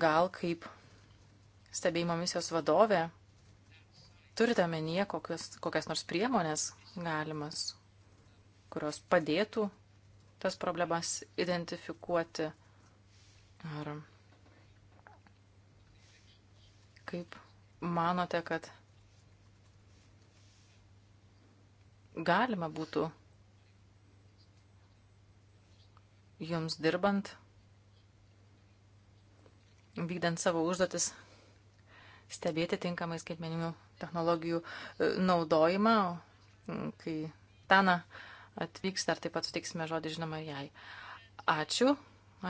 gal kaip stebėjimo misijos vadovė turite menyje kokias, kokias nors priemonės galimas, kurios padėtų tas problemas identifikuoti ar kaip manote, kad galima būtų jums dirbant, vykdant savo užduotis, stebėti tinkamai skaitmeninių technologijų e, naudojimą, kai Tana atvyks, dar taip pat sutiksime žodį, žinoma, jai. Ačiū,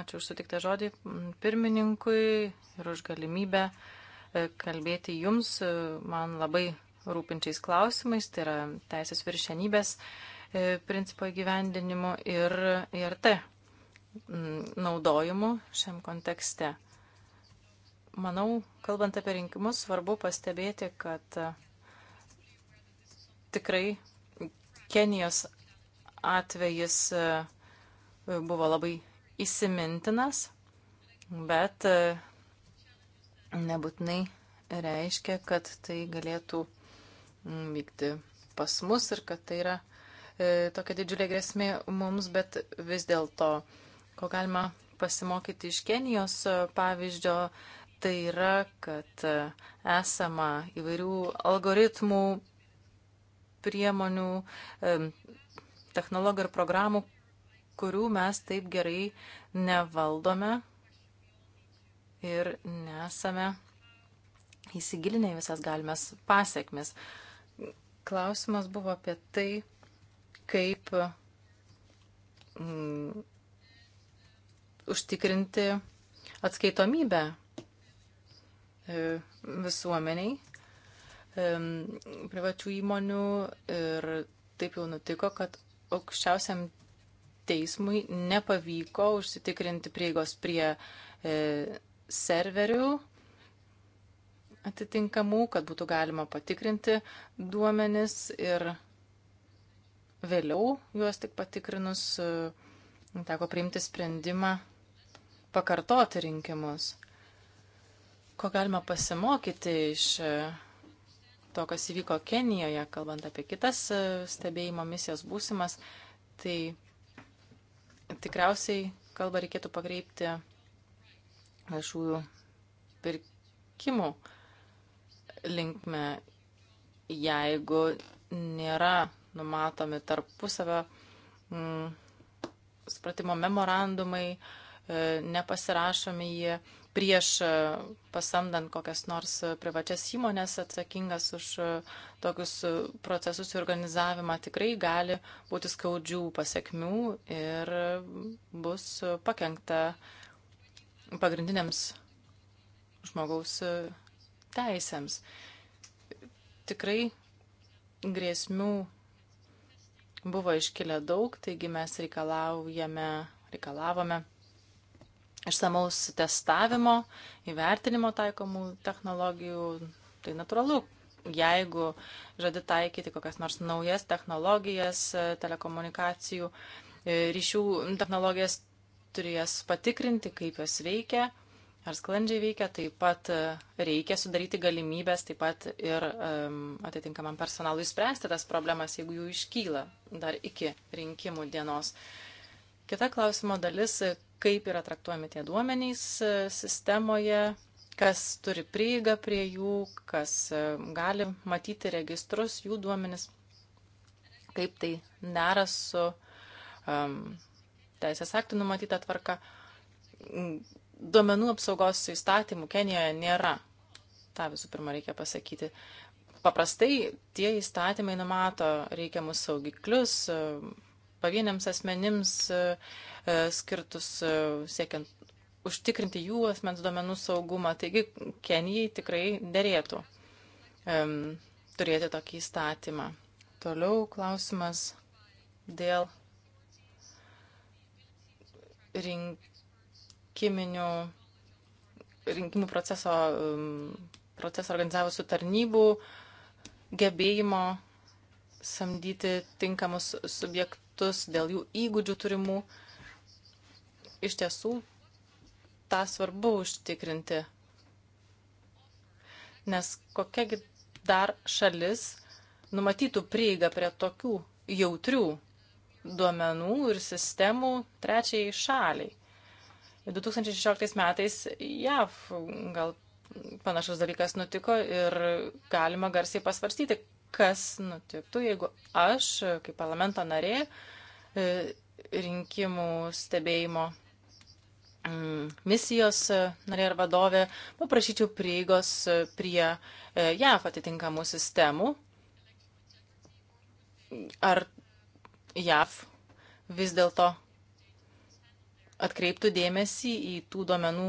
ačiū už sutiktą žodį pirmininkui ir už galimybę e, kalbėti jums e, man labai rūpinčiais klausimais, tai yra teisės viršenybės e, principo įgyvendinimu ir IRT naudojimu šiam kontekste. Manau, kalbant apie rinkimus, svarbu pastebėti, kad tikrai Kenijos atvejis e, buvo labai įsimintinas, bet e, nebūtinai reiškia, kad tai galėtų mm, vykti pas mus ir kad tai yra e, tokia didžiulė grėsmė mums, bet vis dėlto, ko galima pasimokyti iš Kenijos pavyzdžio, tai yra, kad esama įvairių algoritmų, priemonių, technologijų ir programų, kurių mes taip gerai nevaldome ir nesame įsigilinę į visas galimas pasiekmes. Klausimas buvo apie tai, kaip mm, užtikrinti atskaitomybę e, visuomeniai, e, privačių įmonių ir taip jau nutiko, kad aukščiausiam teismui nepavyko užsitikrinti prieigos prie e, serverių atitinkamų, kad būtų galima patikrinti duomenis ir vėliau juos tik patikrinus e, teko priimti sprendimą pakartoti rinkimus. Ko galima pasimokyti iš e, to, kas įvyko Kenijoje, kalbant apie kitas e, stebėjimo misijas būsimas, tai tikriausiai kalbą reikėtų pakreipti viešųjų pirkimų linkme, jeigu nėra numatomi tarpusavio mm, supratimo memorandumai, e, nepasirašomi jie prieš e, pasamdant kokias nors e, privačias įmonės atsakingas už e, tokius procesus ir organizavimą, tikrai gali būti skaudžių pasiekmių ir bus pakengta pagrindiniams žmogaus teisėms. Tikrai grėsmių buvo iškilę daug, taigi mes reikalaujame, reikalavome išsamaus testavimo, įvertinimo taikomų technologijų, tai natūralu. Jeigu žadi taikyti kokias nors naujas technologijas, e, telekomunikacijų, e, ryšių technologijas, turi jas patikrinti, kaip jos veikia, ar sklandžiai veikia, taip pat e, reikia sudaryti galimybės, taip pat ir um, atitinkamam personalui spręsti tas problemas, jeigu jų iškyla dar iki rinkimų dienos. Kita klausimo dalis kaip yra traktuojami tie duomenys e, sistemoje, kas turi prieigą prie jų, kas e, gali matyti registrus, jų duomenis, kaip tai dera su um, teisės aktų numatyta tvarka. Mm, duomenų apsaugos įstatymų Kenijoje nėra. Ta visų pirma reikia pasakyti. Paprastai tie įstatymai numato reikiamus saugiklius, um, pavieniams asmenims e, e, skirtus e, siekiant užtikrinti jų asmens duomenų saugumą. Taigi Kenijai tikrai dėrėtų um, turėti tokį įstatymą. Toliau klausimas dėl rinkiminių, rinkimų proceso, um, proceso organizavusių tarnybų gebėjimo samdyti tinkamus subjektus kitus, dėl jų įgūdžių turimų. Iš tiesų, tą svarbu užtikrinti. Nes kokiagi dar šalis numatytų prieigą prie tokių jautrių duomenų ir sistemų trečiai šaliai. 2016 metais JAV gal panašus dalykas nutiko ir galima garsiai pasvarstyti, kas nutiktų, jeigu aš, kaip parlamento narė, e, rinkimų stebėjimo mm, misijos e, narė ar vadovė, paprašyčiau prieigos e, prie JAF atitinkamų sistemų. Ar JAF vis dėlto atkreiptų dėmesį į tų duomenų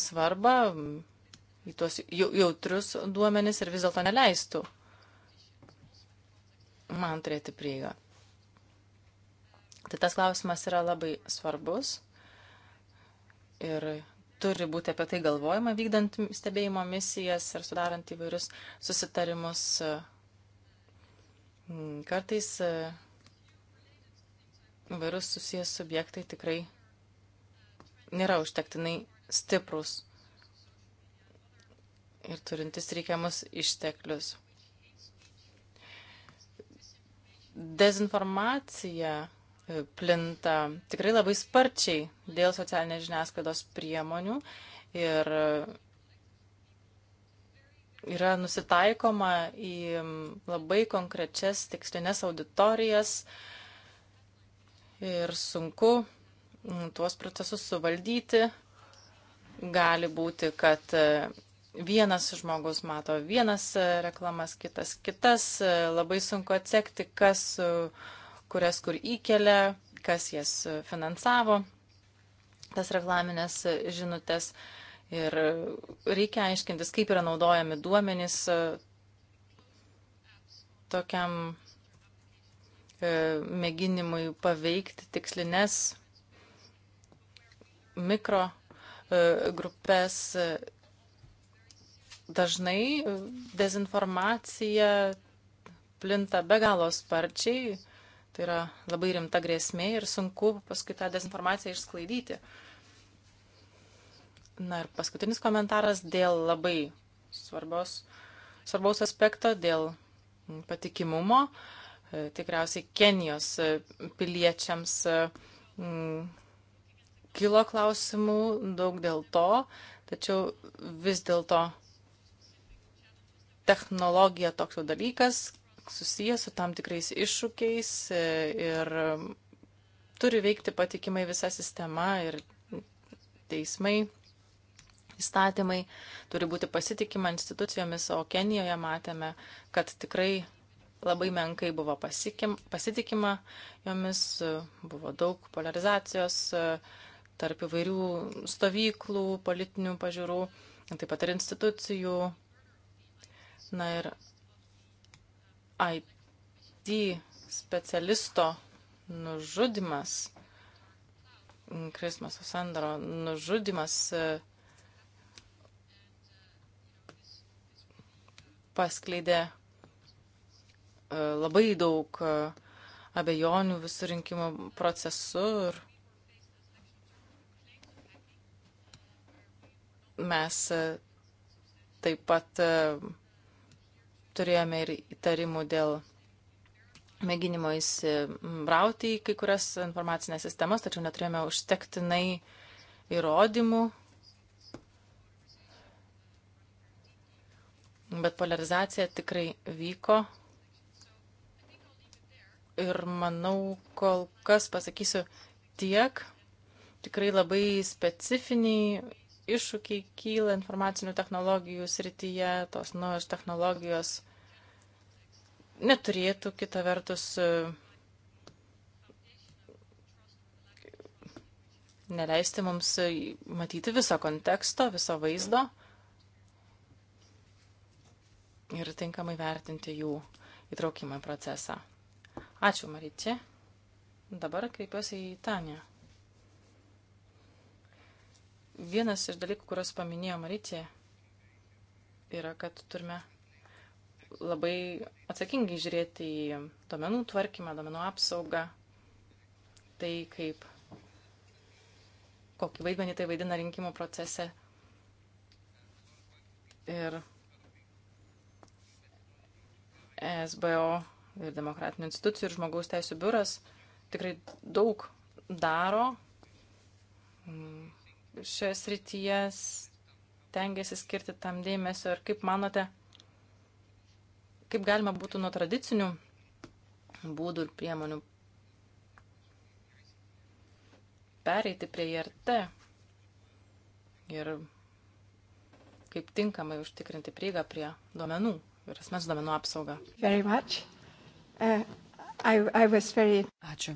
svarbą, į tuos jautrius duomenis ir vis dėlto neleistų man turėti prieigą. Tai tas klausimas yra labai svarbus ir turi būti apie tai galvojama, vykdant stebėjimo misijas ir sudarant įvairius susitarimus. Kartais mm, įvairūs susijęs subjektai tikrai nėra užtektinai stiprus ir turintis reikiamus išteklius. Dezinformacija e, plinta tikrai labai sparčiai dėl socialinės žiniasklaidos priemonių ir e, yra nusitaikoma į labai konkrečias tikslinės auditorijas ir sunku tuos procesus suvaldyti. Gali būti, kad e, Vienas žmogus mato vienas e, reklamas, kitas kitas. E, Labai sunku atsekti, kas e, kurias kur įkelia, kas jas finansavo, tas reklaminės žinutės. Ir reikia aiškintis, kaip yra naudojami duomenys tokiam mėginimui paveikti tikslinės mikro grupės Dažnai e, dezinformacija plinta be galo sparčiai, tai yra labai rimta grėsmė ir sunku paskui tą dezinformaciją išsklaidyti. Na ir paskutinis komentaras dėl labai svarbios, svarbaus aspekto, dėl patikimumo. E, tikriausiai Kenijos e, piliečiams kilo klausimų daug dėl to, tačiau vis dėlto technologija toks jau dalykas, susijęs su tam tikrais iššūkiais e, ir turi veikti patikimai visa sistema ir teismai, įstatymai, turi būti pasitikima institucijomis, o Kenijoje matėme, kad tikrai labai menkai buvo pasikim, pasitikima jomis, e, buvo daug polarizacijos e, tarp įvairių stovyklų, politinių pažiūrų, taip pat ir institucijų, Na ir IT specialisto nužudimas, Krismaso Sandro nužudimas e, paskleidė e, labai daug e, abejonių visų rinkimų procesu ir mes taip pat turėjome ir įtarimų dėl mėginimo įsibrauti į kai kurias informacinės sistemas, tačiau neturėjome užtektinai įrodymų. Bet polarizacija tikrai vyko. Ir manau, kol kas pasakysiu tiek. Tikrai labai specifiniai iššūkiai kyla informacinių technologijų srityje, tos naujos technologijos neturėtų kita vertus e, neleisti mums e, matyti viso konteksto, viso vaizdo ir tinkamai vertinti jų įtraukimą į procesą. Ačiū, Maryčia. Dabar kreipiuosi į Taniją. Vienas iš dalykų, kuriuos paminėjo Marytė, yra, kad turime labai atsakingai žiūrėti į domenų tvarkymą, domenų apsaugą, tai kaip, kokį vaidmenį tai vaidina rinkimų procese. Ir SBO ir demokratinių institucijų ir žmogaus teisų biuras tikrai daug daro, šioje srityje tengiasi skirti tam dėmesio ir kaip manote, kaip galima būtų nuo tradicinių būdų ir priemonių pereiti prie IRT ir kaip tinkamai užtikrinti prieigą prie duomenų ir asmens duomenų apsaugą. Very much. Uh, I, I was very... Ačiū.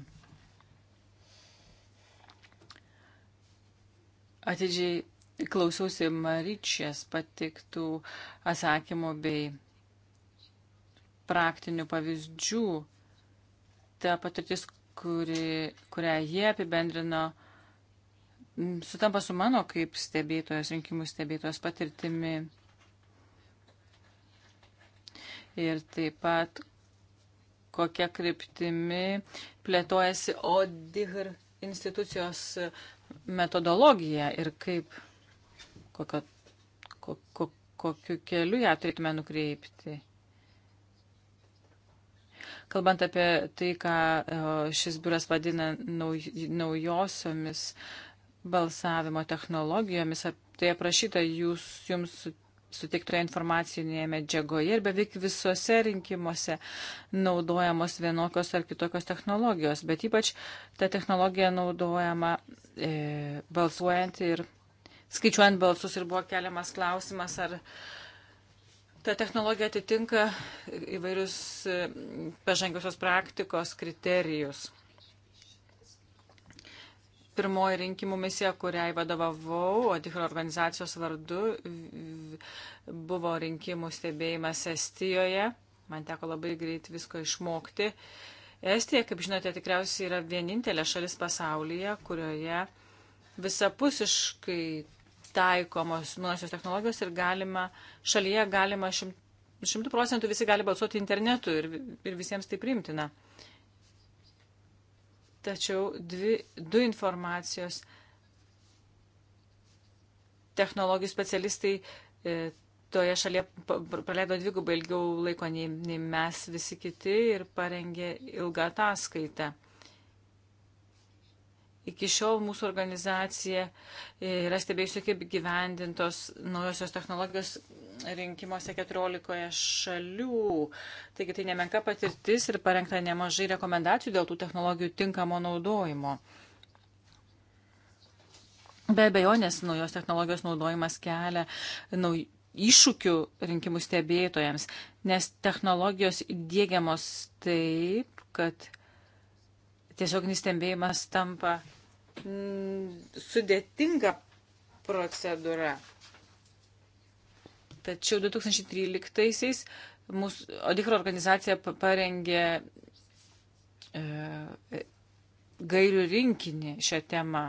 atidžiai klausiausi Maryčės patiktų atsakymų bei praktinių pavyzdžių. Ta patirtis, kuri, kurią jie apibendrino, sutampa su mano kaip stebėtojos, rinkimų stebėtojos patirtimi. Ir taip pat kokia kryptimi plėtojasi ODIHR institucijos metodologiją ir kaip, kokio, ko, ko, kokiu keliu ją turėtume nukreipti. Kalbant apie tai, ką e, šis biuras vadina nauj, naujosiomis balsavimo technologijomis, tai aprašyta jūs, jums sutiktoje informacinėje medžiagoje ir beveik visuose rinkimuose naudojamos vienokios ar kitokios technologijos, bet ypač ta technologija naudojama e, balsuojant ir skaičiuojant balsus ir buvo keliamas klausimas, ar ta technologija atitinka įvairius e, pažangiosios praktikos kriterijus pirmoji rinkimų misija, kuriai vadovavau, o tikro organizacijos vardu, buvo rinkimų stebėjimas Estijoje. Man teko labai greit visko išmokti. Estija, kaip žinote, tikriausiai yra vienintelė šalis pasaulyje, kurioje visapusiškai taikomos nuosios technologijos ir galima, šalyje galima šimtų procentų visi gali balsuoti internetu ir, ir visiems tai primtina. Tačiau dvi, du informacijos technologijų specialistai e, toje šalyje praleido dvigubai ilgiau laiko nei, nei mes visi kiti ir parengė ilgą ataskaitą. Iki šiol mūsų organizacija e, yra stebėjusi, kaip gyvendintos naujosios technologijos rinkimuose 14 šalių. Taigi tai nemenka patirtis ir parengta nemažai rekomendacijų dėl tų technologijų tinkamo naudojimo. Be abejonės, naujos technologijos naudojimas kelia nauj, iššūkių rinkimų stebėtojams, nes technologijos dėgiamos taip, kad tiesioginis stebėjimas tampa Mm, sudėtinga procedūra. Tačiau 2013-aisiais mūsų Odikro organizacija parengė e, gairių rinkinį šią temą.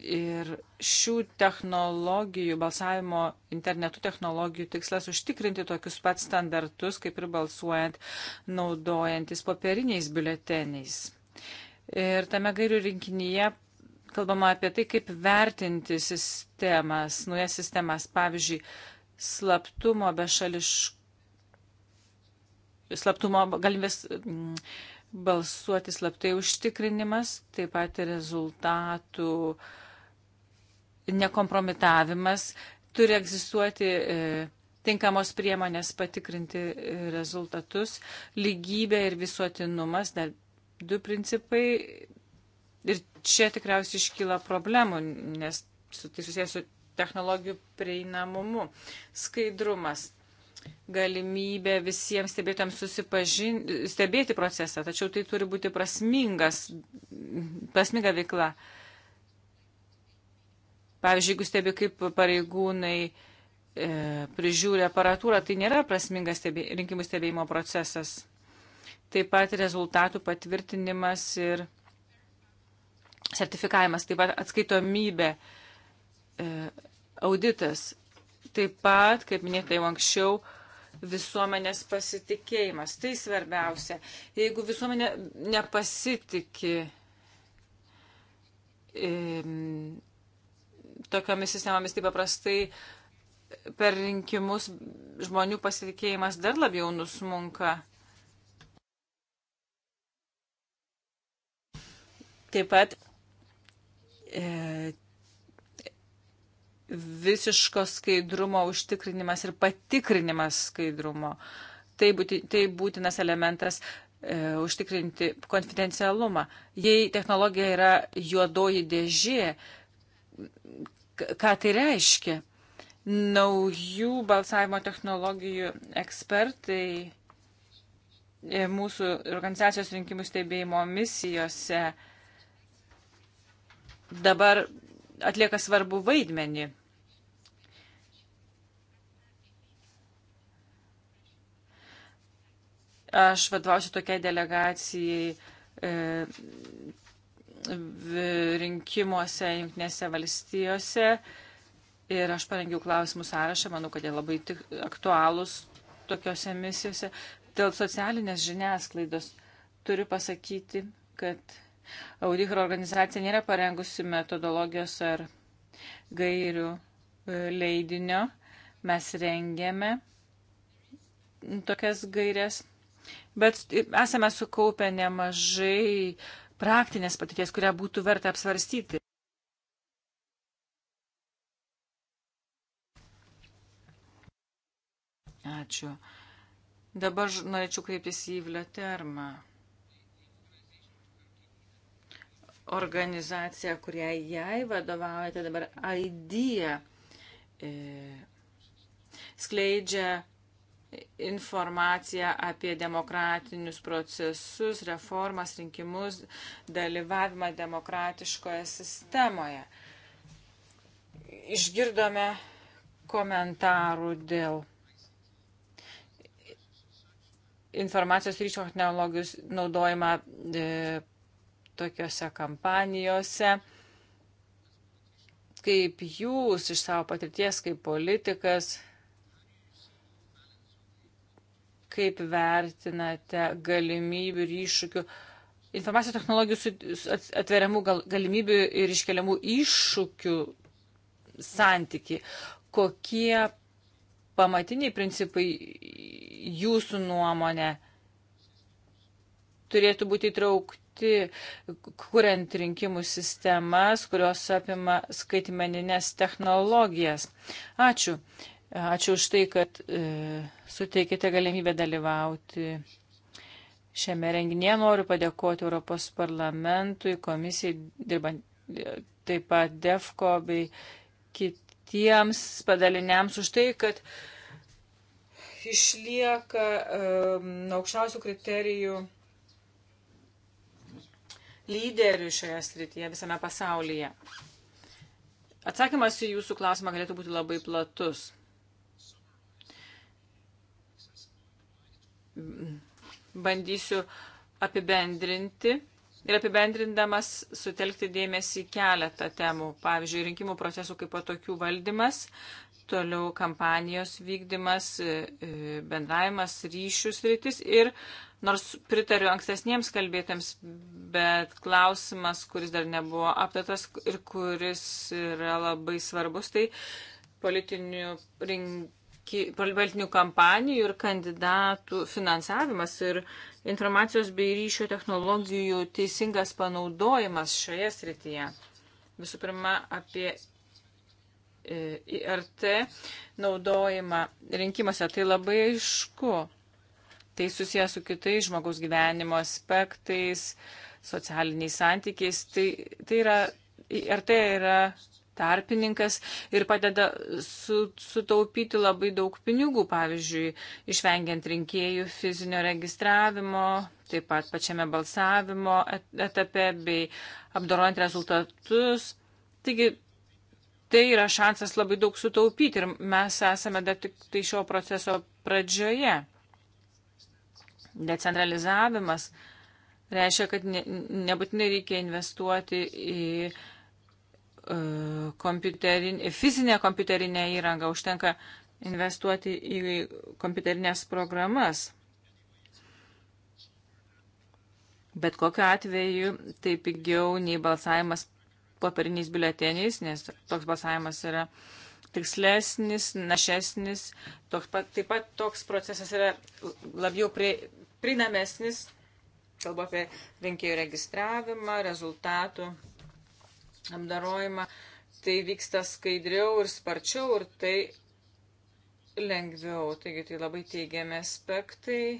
Ir šių technologijų, balsavimo internetu technologijų tikslas užtikrinti tokius pat standartus, kaip ir balsuojant naudojantis popieriniais biuleteniais. Ir tame gairių rinkinyje kalbama apie tai, kaip vertinti sistemas, naujas sistemas, pavyzdžiui, slaptumo bešališkumo, slaptumo galimės mm, balsuoti slaptai užtikrinimas, taip pat rezultatų nekompromitavimas, turi egzistuoti e, tinkamos priemonės patikrinti e, rezultatus, lygybė ir visuotinumas, dar du principai ir čia tikriausiai iškyla problemų, nes su, tai susijęs su technologijų prieinamumu. Skaidrumas galimybė visiems stebėtams susipažin, stebėti procesą, tačiau tai turi būti prasmingas, prasminga veikla. Pavyzdžiui, jeigu stebi, kaip pareigūnai e, prižiūri aparatūrą, tai nėra prasmingas stebė, rinkimų stebėjimo procesas taip pat rezultatų patvirtinimas ir sertifikavimas, taip pat atskaitomybė, e, auditas, taip pat, kaip minėta jau anksčiau, visuomenės pasitikėjimas. Tai svarbiausia. Jeigu visuomenė nepasitikė tokiamis sistemomis, tai paprastai per rinkimus žmonių pasitikėjimas dar labiau nusmunka. Taip pat e, visiško skaidrumo užtikrinimas ir patikrinimas skaidrumo. Tai, būti, tai būtinas elementas e, užtikrinti konfidencialumą. Jei technologija yra juodoji dėžė, ką tai reiškia? Naujų balsavimo technologijų ekspertai e, mūsų organizacijos rinkimų stebėjimo misijose e, dabar atlieka svarbu vaidmenį. Aš vadovausiu tokiai delegacijai e, rinkimuose Junktinėse valstijose ir aš parengiau klausimų sąrašą, manau, kad jie labai tik, aktualūs tokiuose misijose. Dėl socialinės žiniasklaidos turiu pasakyti, kad Audikro organizacija nėra parengusi metodologijos ar gairių e, leidinio. Mes rengėme tokias gairias, bet esame sukaupę nemažai praktinės patirties, kurią būtų verta apsvarstyti. Ačiū. Dabar norėčiau kreiptis į Vletermą. organizacija, kuriai jai vadovaujate dabar, IDEA, e, skleidžia informaciją apie demokratinius procesus, reformas, rinkimus, dalyvavimą demokratiškoje sistemoje. Išgirdome komentarų dėl informacijos ryšio technologijų naudojimą e, tokiuose kampanijose. Kaip jūs iš savo patirties kaip politikas, kaip vertinate galimybių ir iššūkių, informacijos technologijų atveriamų gal, galimybių ir iškeliamų iššūkių santyki. Kokie pamatiniai principai jūsų nuomonė turėtų būti įtraukti? pati, kuriant rinkimų sistemas, kurios apima skaitmeninės technologijas. Ačiū. Ačiū už tai, kad e, suteikite galimybę dalyvauti šiame renginėje. Noriu padėkoti Europos parlamentui, komisijai, dirbant e, taip pat DEFCO bei kitiems padaliniams už tai, kad išlieka e, aukščiausių kriterijų lyderių šioje srityje visame pasaulyje? Atsakymas į jūsų klausimą galėtų būti labai platus. Bandysiu apibendrinti ir apibendrindamas sutelkti dėmesį keletą temų. Pavyzdžiui, rinkimų procesų kaip po tokių valdymas, toliau kampanijos vykdymas, e, e, bendravimas, ryšius rytis ir Nors pritariu ankstesniems kalbėtėms, bet klausimas, kuris dar nebuvo aptatas ir kuris yra labai svarbus, tai politinių, rinki, politinių kampanijų ir kandidatų finansavimas ir informacijos bei ryšio technologijų teisingas panaudojimas šioje srityje. Visų pirma, apie e, IRT naudojimą rinkimuose. Tai labai aišku Tai susijęs su kitais žmogaus gyvenimo aspektais, socialiniais santykiais. Tai, tai yra, ar tai yra tarpininkas ir padeda su, sutaupyti labai daug pinigų, pavyzdžiui, išvengiant rinkėjų fizinio registravimo, taip pat pačiame balsavimo etape bei apdorojant rezultatus. Taigi, tai yra šansas labai daug sutaupyti ir mes esame dar tik tai šio proceso pradžioje. Decentralizavimas reiškia, kad ne, nebūtinai reikia investuoti į e, kompiuterin, fizinę kompiuterinę įrangą, užtenka investuoti į kompiuterinės programas. Bet kokiu atveju tai pigiau nei balsavimas popieriniais biuleteniais, nes toks balsavimas yra tikslesnis, našesnis, toks pat, taip pat toks procesas yra labiau prie, prinamesnis, kalbu apie rinkėjų registravimą, rezultatų apdarojimą. Tai vyksta skaidriau ir sparčiau ir tai lengviau. Taigi tai labai teigiami aspektai.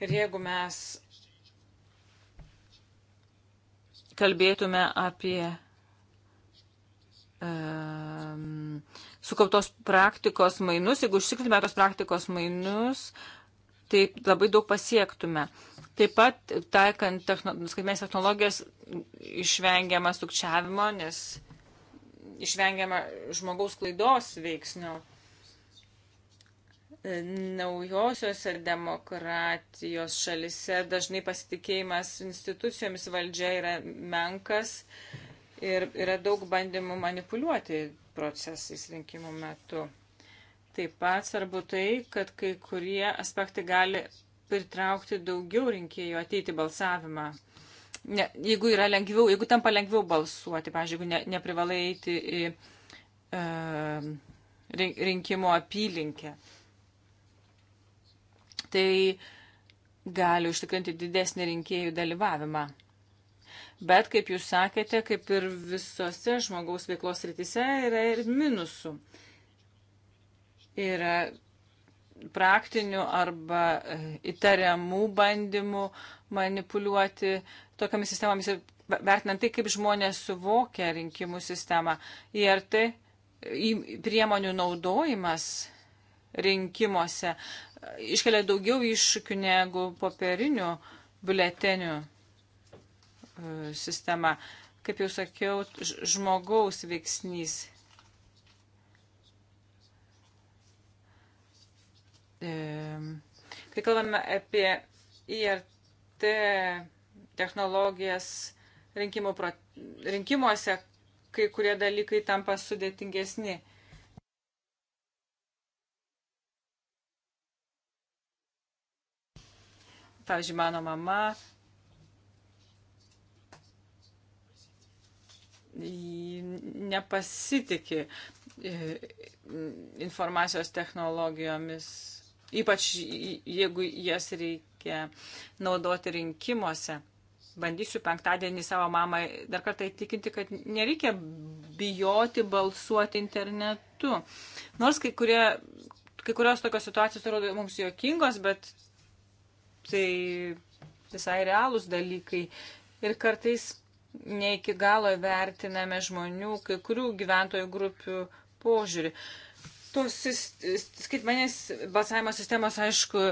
Ir jeigu mes kalbėtume apie um, sukauptos praktikos mainus, jeigu užsikrintume tos praktikos mainus, uh, taip labai daug pasiektume. Taip pat, taikant techno, skaitmės technologijas, išvengiama sukčiavimo, nes išvengiama žmogaus klaidos veiksnio. Naujosios ir demokratijos šalise dažnai pasitikėjimas institucijomis valdžia yra menkas ir yra daug bandymų manipuliuoti procesais rinkimų metu. Taip pat svarbu tai, kad kai kurie aspektai gali pritraukti daugiau rinkėjų ateiti balsavimą. Ne, jeigu yra lengviau, jeigu tampa lengviau balsuoti, pažiūrėjau, jeigu ne, neprivalai eiti į e, rinkimo apylinkę, tai gali užtikrinti didesnį rinkėjų dalyvavimą. Bet, kaip jūs sakėte, kaip ir visose žmogaus veiklos rytise yra ir minusų. E, yra praktinių arba e, įtariamų bandymų manipuliuoti tokiamis sistemomis ir vertinant tai, kaip žmonės suvokia rinkimų sistemą. Ir tai priemonių naudojimas rinkimuose e, iškelia daugiau iššūkių negu popierinių biuletenių e, sistema. Kaip jau sakiau, žmogaus veiksnys Kai kalbame apie IRT technologijas rinkimų, rinkimuose, kai kurie dalykai tampa sudėtingesni. Pavyzdžiui, mano mama nepasitikė e, informacijos technologijomis ypač jeigu jas reikia naudoti rinkimuose. Bandysiu penktadienį savo mamą dar kartą įtikinti, kad nereikia bijoti balsuoti internetu. Nors kai, kurie, kai kurios tokios situacijos atrodo mums juokingos, bet tai visai realūs dalykai. Ir kartais ne iki galo vertiname žmonių, kai kurių gyventojų grupių požiūrį. Uh, Tos skaitmenės balsavimo sistemos, aišku,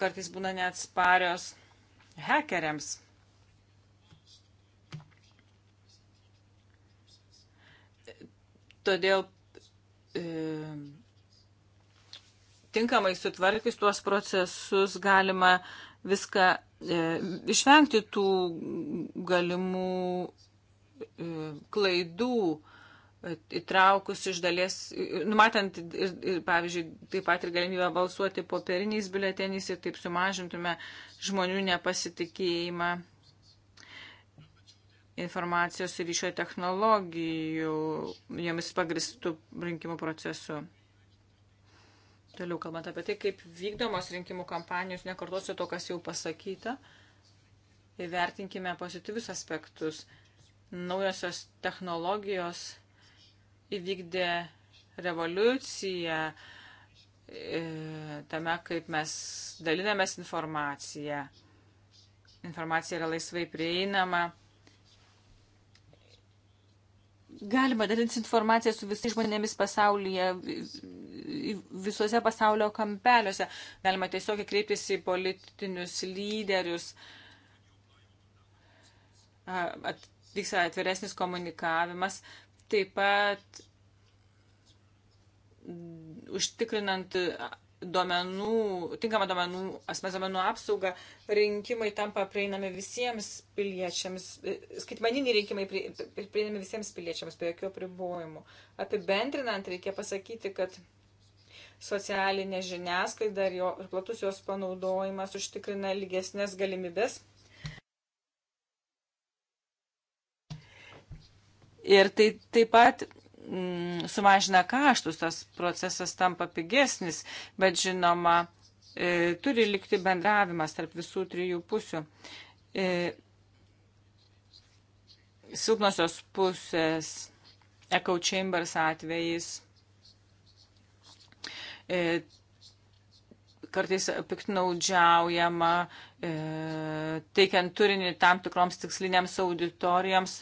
kartais būna neatsparios hekeriams. Todėl e, tinkamai sutvarkius tuos procesus galima viską e, išvengti tų galimų e, klaidų įtraukus iš dalies, numatant, ir, ir, pavyzdžiui, taip pat ir galimybę balsuoti popieriniais biuleteniais ir taip sumažintume žmonių nepasitikėjimą informacijos ir ryšio technologijų, jomis pagristų rinkimų procesų. Toliau kalbant apie tai, kaip vykdomos rinkimų kampanijos, nekartosiu to, kas jau pasakyta, įvertinkime pozityvius aspektus. Naujosios technologijos įvykdė revoliuciją e, tame, kaip mes dalinamės informaciją. Informacija yra laisvai prieinama. Galima dalintis informaciją su visais žmonėmis pasaulyje, visuose pasaulio kampeliuose. Galima tiesiog kreiptis į politinius lyderius. Vyksta atviresnis komunikavimas, Taip pat užtikrinant duomenų, tinkamą duomenų, asmens duomenų apsaugą, rinkimai tampa prieinami visiems piliečiams, e, skaitmaniniai rinkimai prieinami visiems piliečiams, be jokių apribojimų. Apibendrinant, reikia pasakyti, kad socialinė žiniasklaida ir, jo, ir platus jos panaudojimas užtikrina lygesnės galimybės Ir tai taip pat mm, sumažina kaštus, tas procesas tampa pigesnis, bet žinoma, e, turi likti bendravimas tarp visų trijų pusių. E, silpnosios pusės, echo chambers atvejais. E, kartais piknaudžiaujama, e, teikiant turinį tam tikroms tikslinėms auditorijoms,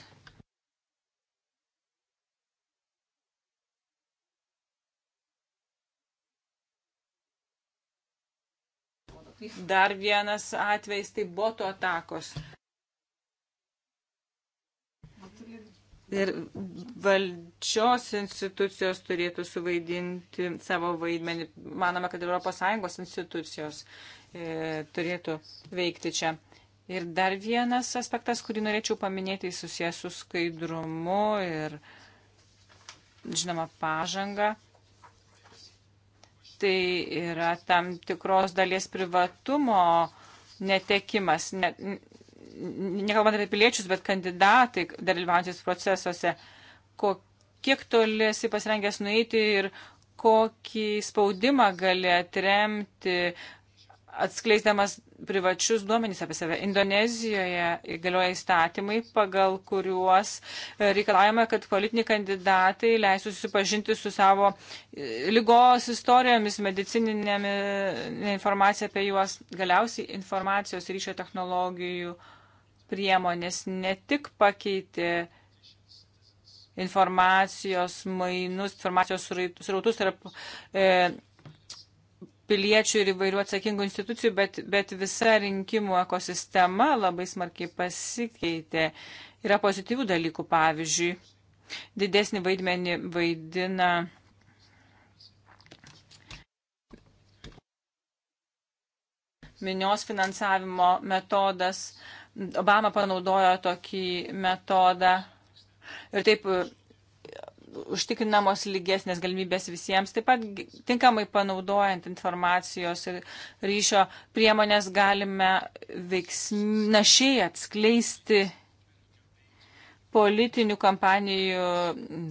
Dar vienas atvejs tai boto atakos. Ir valdžios institucijos turėtų suvaidinti savo vaidmenį. Manome, kad ES institucijos e, turėtų veikti čia. Ir dar vienas aspektas, kurį norėčiau paminėti, susijęs su skaidrumu ir, žinoma, pažanga tai yra tam tikros dalies privatumo netekimas. Ne, nekalbant apie piliečius, bet kandidatai dalyvaujantis procesuose, ko, kiek toli esi pasirengęs nueiti ir kokį spaudimą gali atremti atskleisdamas privačius duomenys apie save. Indonezijoje galioja įstatymai, pagal kuriuos e, reikalavimą, kad politiniai kandidatai leistų susipažinti su savo e, lygos istorijomis, medicininėmis informacija apie juos. Galiausiai informacijos ryšio technologijų priemonės ne tik pakeitė informacijos mainus, informacijos srautus tarp e, piliečių ir įvairių atsakingų institucijų, bet, bet visa rinkimų ekosistema labai smarkiai pasikeitė. Yra pozityvių dalykų, pavyzdžiui, didesnį vaidmenį vaidina. Minios finansavimo metodas. Obama panaudojo tokį metodą ir taip užtikrinamos lygesnės galimybės visiems, taip pat tinkamai panaudojant informacijos ir ryšio priemonės galime veiksnašiai atskleisti politinių kampanijų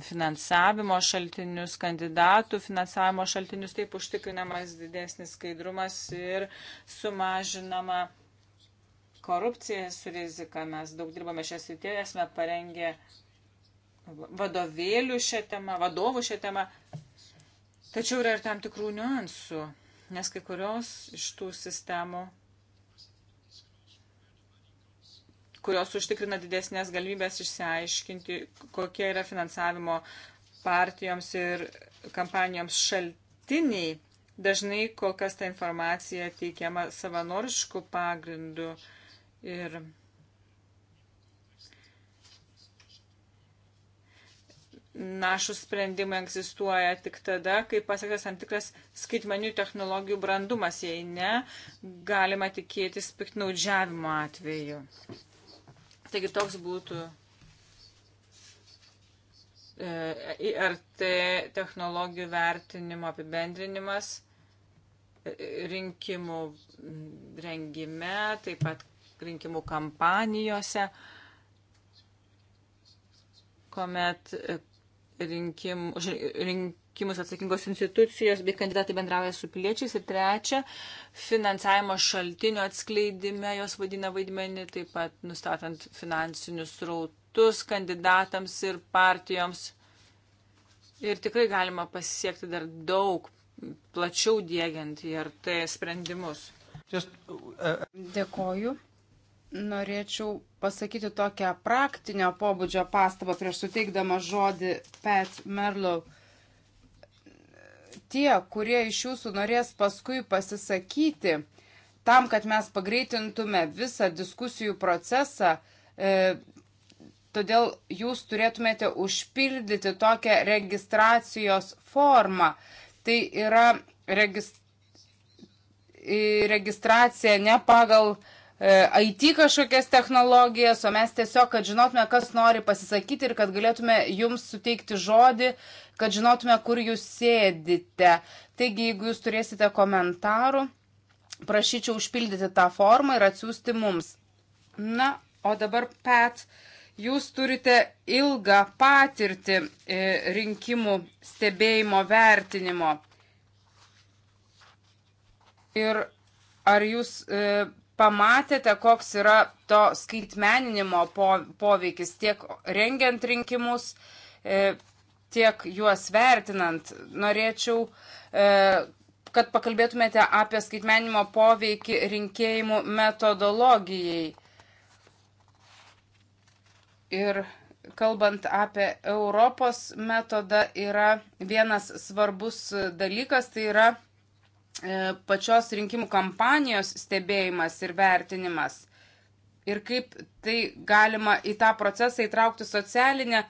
finansavimo šaltinius, kandidatų finansavimo šaltinius, taip užtikrinamas didesnis skaidrumas ir sumažinama korupcija su rizika. Mes daug dirbame šią sritį, esame parengę vadovėlių šią temą, vadovų šią temą. Tačiau yra ir tam tikrų niuansų, nes kai kurios iš tų sistemų, kurios užtikrina didesnės galimybės išsiaiškinti, kokie yra finansavimo partijoms ir kampanijoms šaltiniai, dažnai kol kas ta informacija teikiama savanoriškų pagrindų ir našus sprendimai egzistuoja tik tada, kai pasiektas tam tikras skaitmenių technologijų brandumas. Jei ne, galima tikėtis piktnaudžiavimo atveju. Taigi toks būtų e, IRT technologijų vertinimo apibendrinimas e, rinkimų rengime, taip pat rinkimų kampanijose, kuomet rinkim, už rinkimus atsakingos institucijos bei kandidatai bendrauja su piliečiais. Ir trečia, finansavimo šaltinio atskleidime jos vadina vaidmenį, taip pat nustatant finansinius srautus kandidatams ir partijoms. Ir tikrai galima pasiekti dar daug plačiau dėgiant ir tai sprendimus. Just, uh, uh Dėkoju norėčiau pasakyti tokią praktinio pobūdžio pastabą prieš suteikdama žodį Pat Merlow. Tie, kurie iš jūsų norės paskui pasisakyti, tam, kad mes pagreitintume visą diskusijų procesą, e, todėl jūs turėtumėte užpildyti tokią registracijos formą. Tai yra regist, registracija ne pagal e, E, IT kažkokias technologijas, o mes tiesiog, kad žinotume, kas nori pasisakyti ir kad galėtume jums suteikti žodį, kad žinotume, kur jūs sėdite. Taigi, jeigu jūs turėsite komentarų, prašyčiau užpildyti tą formą ir atsiųsti mums. Na, o dabar Pat, jūs turite ilgą patirtį e, rinkimų stebėjimo vertinimo. Ir ar jūs e, pamatėte, koks yra to skaitmeninimo poveikis tiek rengiant rinkimus, e, tiek juos vertinant. Norėčiau, e, kad pakalbėtumėte apie skaitmenimo poveikį rinkėjimų metodologijai. Ir kalbant apie Europos metodą, yra vienas svarbus dalykas, tai yra E, pačios rinkimų kampanijos stebėjimas ir vertinimas ir kaip tai galima į tą procesą įtraukti socialinę,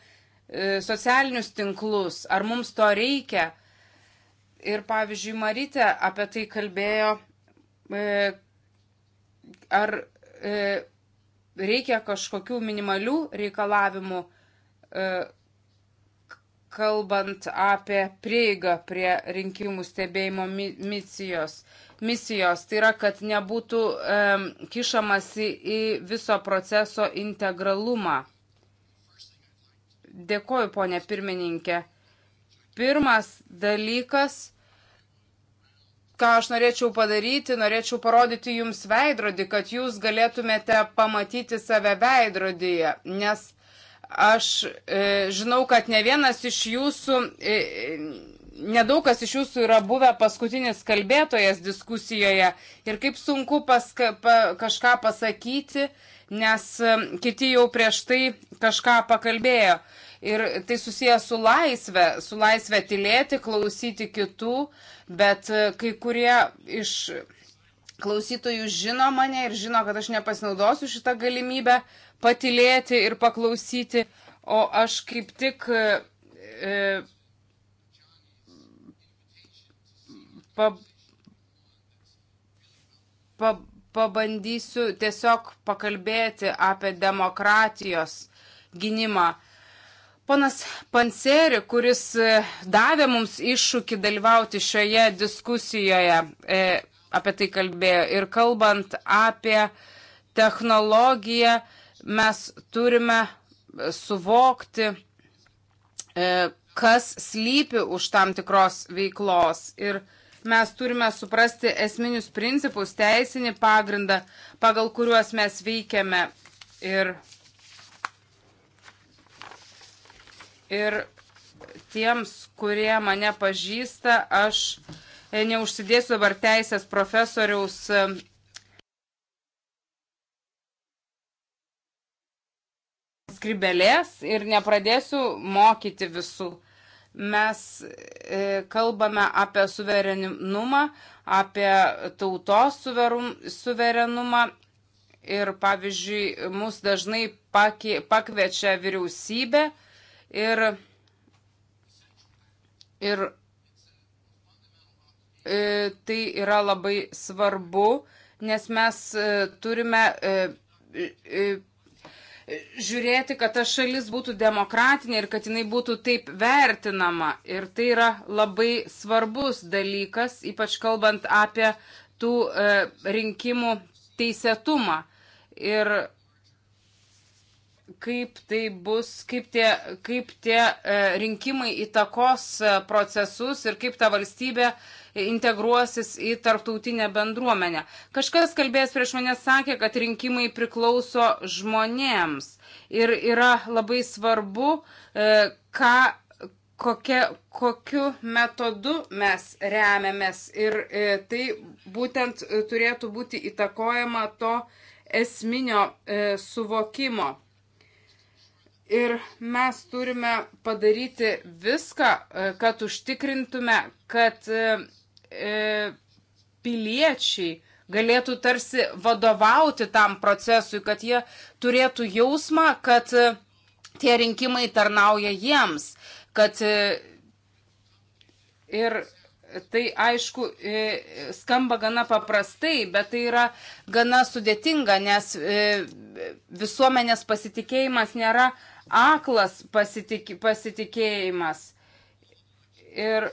e, socialinius tinklus, ar mums to reikia. Ir pavyzdžiui, Marytė apie tai kalbėjo, e, ar reikia kažkokių minimalių reikalavimų kalbant apie prieigą prie rinkimų stebėjimo misijos. misijos. Tai yra, kad nebūtų e, kišamasi į viso proceso integralumą. Dėkoju, ponė pirmininkė. Pirmas dalykas, ką aš norėčiau padaryti, norėčiau parodyti jums veidrodį, kad jūs galėtumėte pamatyti save veidrodyje, nes Aš e, žinau, kad ne vienas iš jūsų, e, nedaug kas iš jūsų yra buvę paskutinis kalbėtojas diskusijoje ir kaip sunku paska, pa, kažką pasakyti, nes e, kiti jau prieš tai kažką pakalbėjo. Ir tai susijęs su laisvė, su laisvė tylėti, klausyti kitų, bet e, kai kurie iš klausytojų žino mane ir žino, kad aš nepasinaudosiu šitą galimybę, patilėti ir paklausyti, o aš kaip tik e, e, pa, pa, pabandysiu tiesiog pakalbėti apie demokratijos gynimą. Ponas Panseri, kuris e, davė mums iššūkį dalyvauti šioje diskusijoje, e, apie tai kalbėjo ir kalbant apie technologiją, Mes turime e, suvokti, e, kas slypi už tam tikros veiklos. Ir mes turime suprasti esminius principus, teisinį pagrindą, pagal kuriuos mes veikiame. Ir, ir tiems, kurie mane pažįsta, aš e, neužsidėsiu dabar teisės profesoriaus skrybelės ir nepradėsiu mokyti visų. Mes e, kalbame apie suverenumą, apie tautos suverenumą ir, pavyzdžiui, mus dažnai pakė, pakviečia vyriausybė ir, ir e, tai yra labai svarbu, nes mes e, turime žiūrėti, kad ta šalis būtų demokratinė ir kad jinai būtų taip vertinama. Ir tai yra labai svarbus dalykas, ypač kalbant apie tų e, rinkimų teisėtumą. Ir kaip tai bus, kaip tie, kaip tie e, rinkimai įtakos e, procesus ir kaip ta valstybė integruosis į tarptautinę bendruomenę. Kažkas kalbėjęs prieš mane sakė, kad rinkimai priklauso žmonėms ir yra labai svarbu, e, ką, kokia, kokiu metodu mes remiamės ir e, tai būtent e, turėtų būti įtakojama to esminio suvokimo. Ir mes turime padaryti viską, kad užtikrintume, kad e, piliečiai galėtų tarsi vadovauti tam procesui, kad jie turėtų jausmą, kad e, tie rinkimai tarnauja jiems, kad e, ir tai aišku e, skamba gana paprastai, bet tai yra gana sudėtinga, nes visuomenės pasitikėjimas nėra aklas pasitik, pasitikėjimas. Ir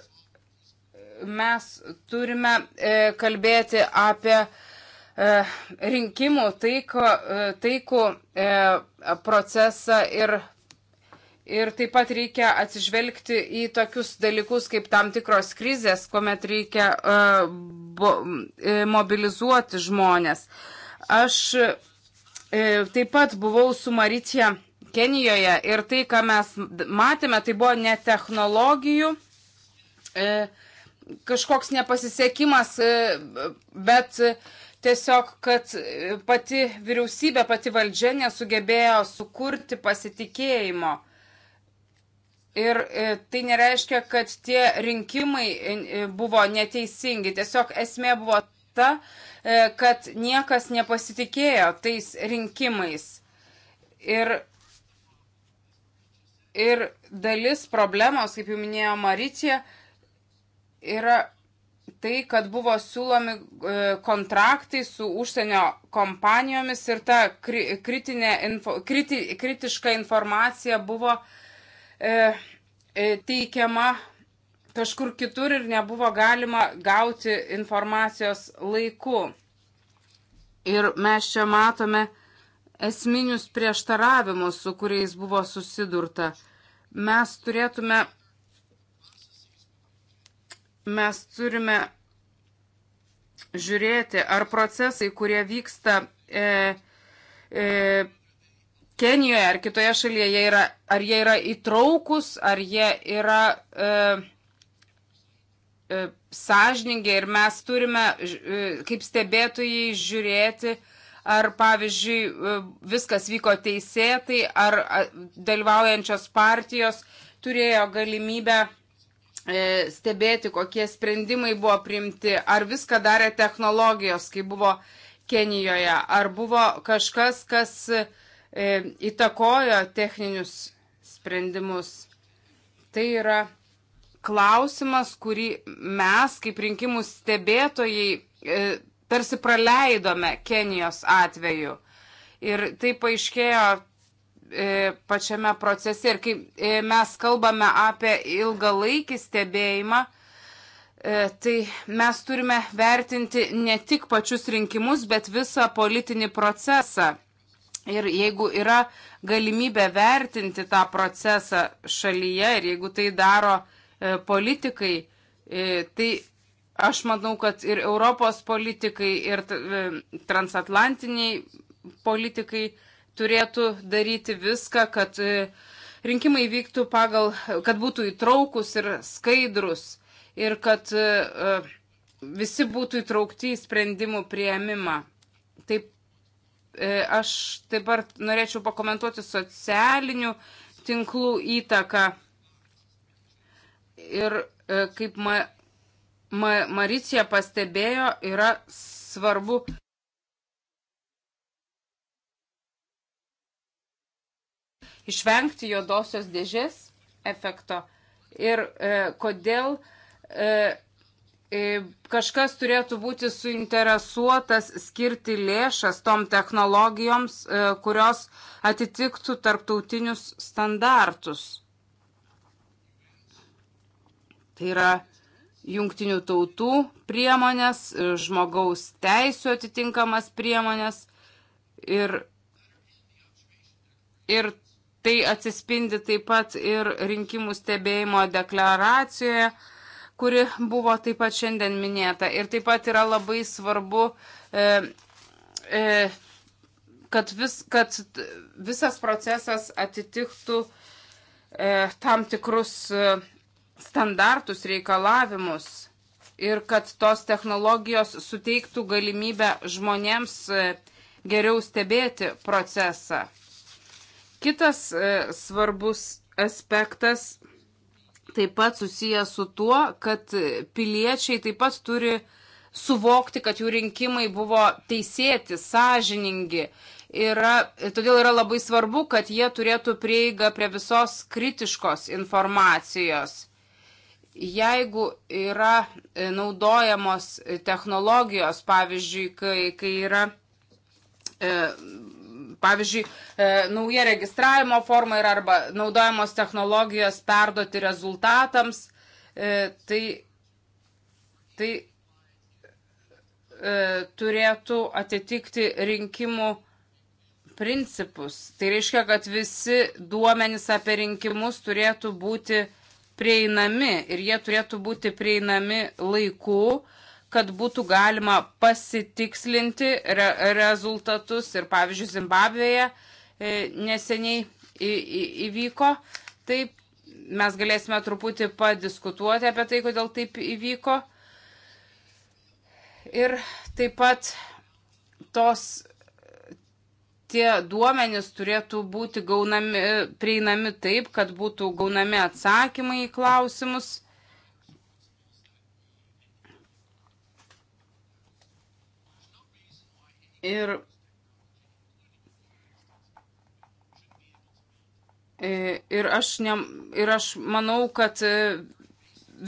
mes turime e, kalbėti apie e, rinkimų taiko, e, taikų procesą ir, ir taip pat reikia atsižvelgti į tokius dalykus kaip tam tikros krizės, kuomet reikia mobilizuoti žmonės. Aš taip pat buvau su Maricija Kenijoje ir tai, ką mes matėme, tai buvo ne technologijų e, kažkoks nepasisekimas, e, bet tiesiog, kad pati vyriausybė, pati valdžia nesugebėjo sukurti pasitikėjimo. Ir e, tai nereiškia, kad tie rinkimai e, buvo neteisingi. Tiesiog esmė buvo ta, kad niekas nepasitikėjo tais rinkimais. Ir, ir dalis problemos, kaip jau minėjo Marytė, yra tai, kad buvo siūlomi e, kontraktai su užsienio kompanijomis ir ta kri, kritinė, info, kriti, kritiška informacija buvo e, e, teikiama kažkur kitur ir nebuvo galima gauti informacijos laiku. Ir mes čia matome esminius prieštaravimus, su kuriais buvo susidurta. Mes turėtume mes turime žiūrėti, ar procesai, kurie vyksta e, e, Kenijoje ar kitoje šalyje, jie yra, ar jie yra įtraukus, ar jie yra e, e, sąžiningi ir mes turime e, kaip stebėtojai žiūrėti, ar pavyzdžiui e, viskas vyko teisėtai, ar a, dalyvaujančios partijos turėjo galimybę E, stebėti, kokie sprendimai buvo priimti, ar viską darė technologijos, kai buvo Kenijoje, ar buvo kažkas, kas e, įtakojo techninius sprendimus. Tai yra klausimas, kurį mes, kaip rinkimų stebėtojai, e, tarsi praleidome Kenijos atveju. Ir tai paaiškėjo E, pačiame procese. Ir kai e, mes kalbame apie ilgalaikį stebėjimą, e, tai mes turime vertinti ne tik pačius rinkimus, bet visą politinį procesą. Ir jeigu yra galimybė vertinti tą procesą šalyje ir jeigu tai daro politikai, tai aš manau, kad ir Europos politikai, ir transatlantiniai politikai turėtų daryti viską, kad e, rinkimai vyktų pagal, kad būtų įtraukus ir skaidrus ir kad e, e, visi būtų įtraukti į sprendimų prieimimą. Taip, aš taip pat norėčiau pakomentuoti socialinių tinklų įtaką ir kaip ma, ma, Maricija pastebėjo, yra svarbu išvengti juodosios dėžės efekto ir e, kodėl e, e, kažkas turėtų būti suinteresuotas skirti lėšas tom technologijoms, e, kurios atitiktų tarptautinius standartus. Tai yra jungtinių tautų priemonės, žmogaus teisų atitinkamas priemonės ir, ir Tai atsispindi taip pat ir rinkimų stebėjimo deklaracijoje, kuri buvo taip pat šiandien minėta. Ir taip pat yra labai svarbu, e, e, kad, vis, kad visas procesas atitiktų e, tam tikrus e, standartus, reikalavimus ir kad tos technologijos suteiktų galimybę žmonėms e, geriau stebėti procesą. Kitas e, svarbus aspektas taip pat susijęs su tuo, kad piliečiai taip pat turi suvokti, kad jų rinkimai buvo teisėti, sąžiningi. Yra, todėl yra labai svarbu, kad jie turėtų prieigą prie visos kritiškos informacijos. Jeigu yra e, naudojamos technologijos, pavyzdžiui, kai, kai yra e, Pavyzdžiui, e, nauja registravimo forma yra arba naudojamos technologijos perduoti rezultatams. E, tai, tai e, turėtų atitikti rinkimų principus. Tai reiškia, kad visi duomenys apie rinkimus turėtų būti prieinami ir jie turėtų būti prieinami laiku, uh, kad būtų galima pasitikslinti re rezultatus ir, pavyzdžiui, Zimbabvėje e, neseniai įvyko. Taip, mes galėsime truputį padiskutuoti apie tai, kodėl taip įvyko. Ir taip pat tos tie duomenys turėtų būti gaunami, prieinami taip, kad būtų gaunami atsakymai į klausimus. Ir e, Ir aš, ne, ir aš manau, kad e,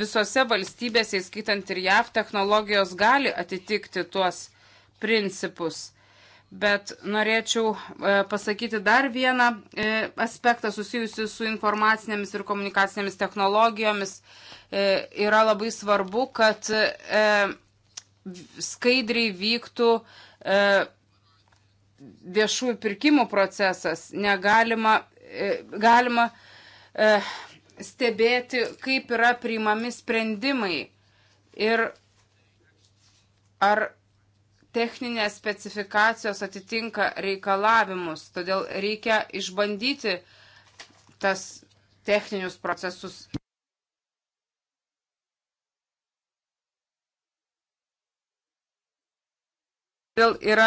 visose valstybėse, įskaitant ir JAV, technologijos gali atitikti tuos principus. Bet norėčiau e, pasakyti dar vieną e, aspektą susijusi su informacinėmis ir komunikacinėmis technologijomis. E, yra labai svarbu, kad e, skaidriai vyktų e, E, viešųjų pirkimų procesas, negalima, e, galima e, stebėti, kaip yra priimami sprendimai ir ar techninės specifikacijos atitinka reikalavimus. Todėl reikia išbandyti tas techninius procesus. Todėl yra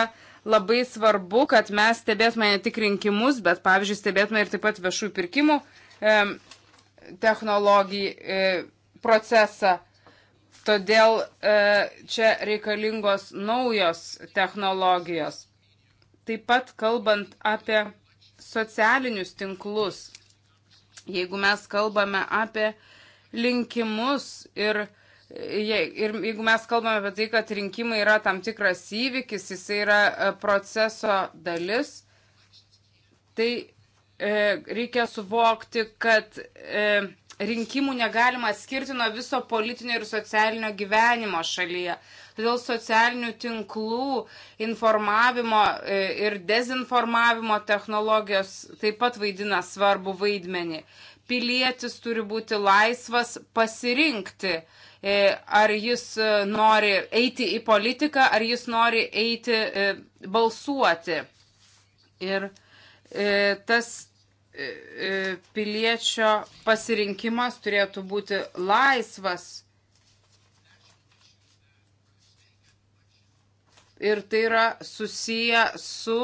labai svarbu, kad mes stebėtume ne tik rinkimus, bet, pavyzdžiui, stebėtume ir taip pat viešųjų pirkimų e, technologijų e, procesą. Todėl e, čia reikalingos naujos technologijos. Taip pat kalbant apie socialinius tinklus, jeigu mes kalbame apie linkimus ir Ir jeigu mes kalbame apie tai, kad rinkimai yra tam tikras įvykis, jis yra e, proceso dalis, tai e, reikia suvokti, kad e, rinkimų negalima atskirti nuo viso politinio ir socialinio gyvenimo šalyje. Todėl socialinių tinklų informavimo e, ir dezinformavimo technologijos taip pat vaidina svarbu vaidmenį. Pilietis turi būti laisvas pasirinkti, E, ar jis e, nori eiti į politiką, ar jis nori eiti e, balsuoti. Ir tas piliečio pasirinkimas turėtų būti laisvas. ir tai yra susiję su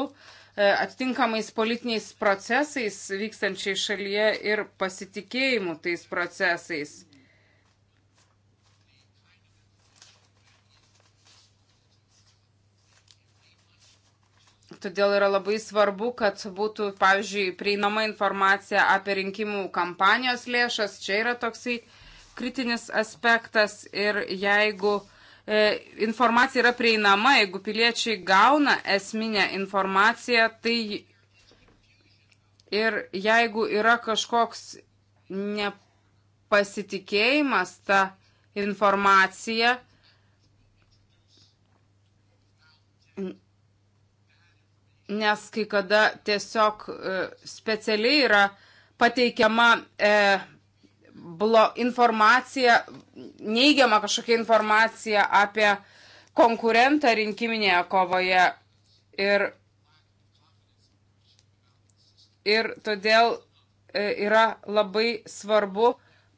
atitinkamais politiniais procesais vykstančiai šalyje ir pasitikėjimu tais procesais. todėl yra labai svarbu, kad būtų, pavyzdžiui, prieinama informacija apie rinkimų kampanijos lėšas. Čia yra toksai kritinis aspektas ir jeigu e, informacija yra prieinama, jeigu piliečiai gauna esminę informaciją, tai ir jeigu yra kažkoks nepasitikėjimas tą informaciją, nes kai kada tiesiog e, specialiai yra pateikiama e, blo, informacija, neigiama kažkokia informacija apie konkurentą rinkiminėje kovoje. Ir, ir todėl e, yra labai svarbu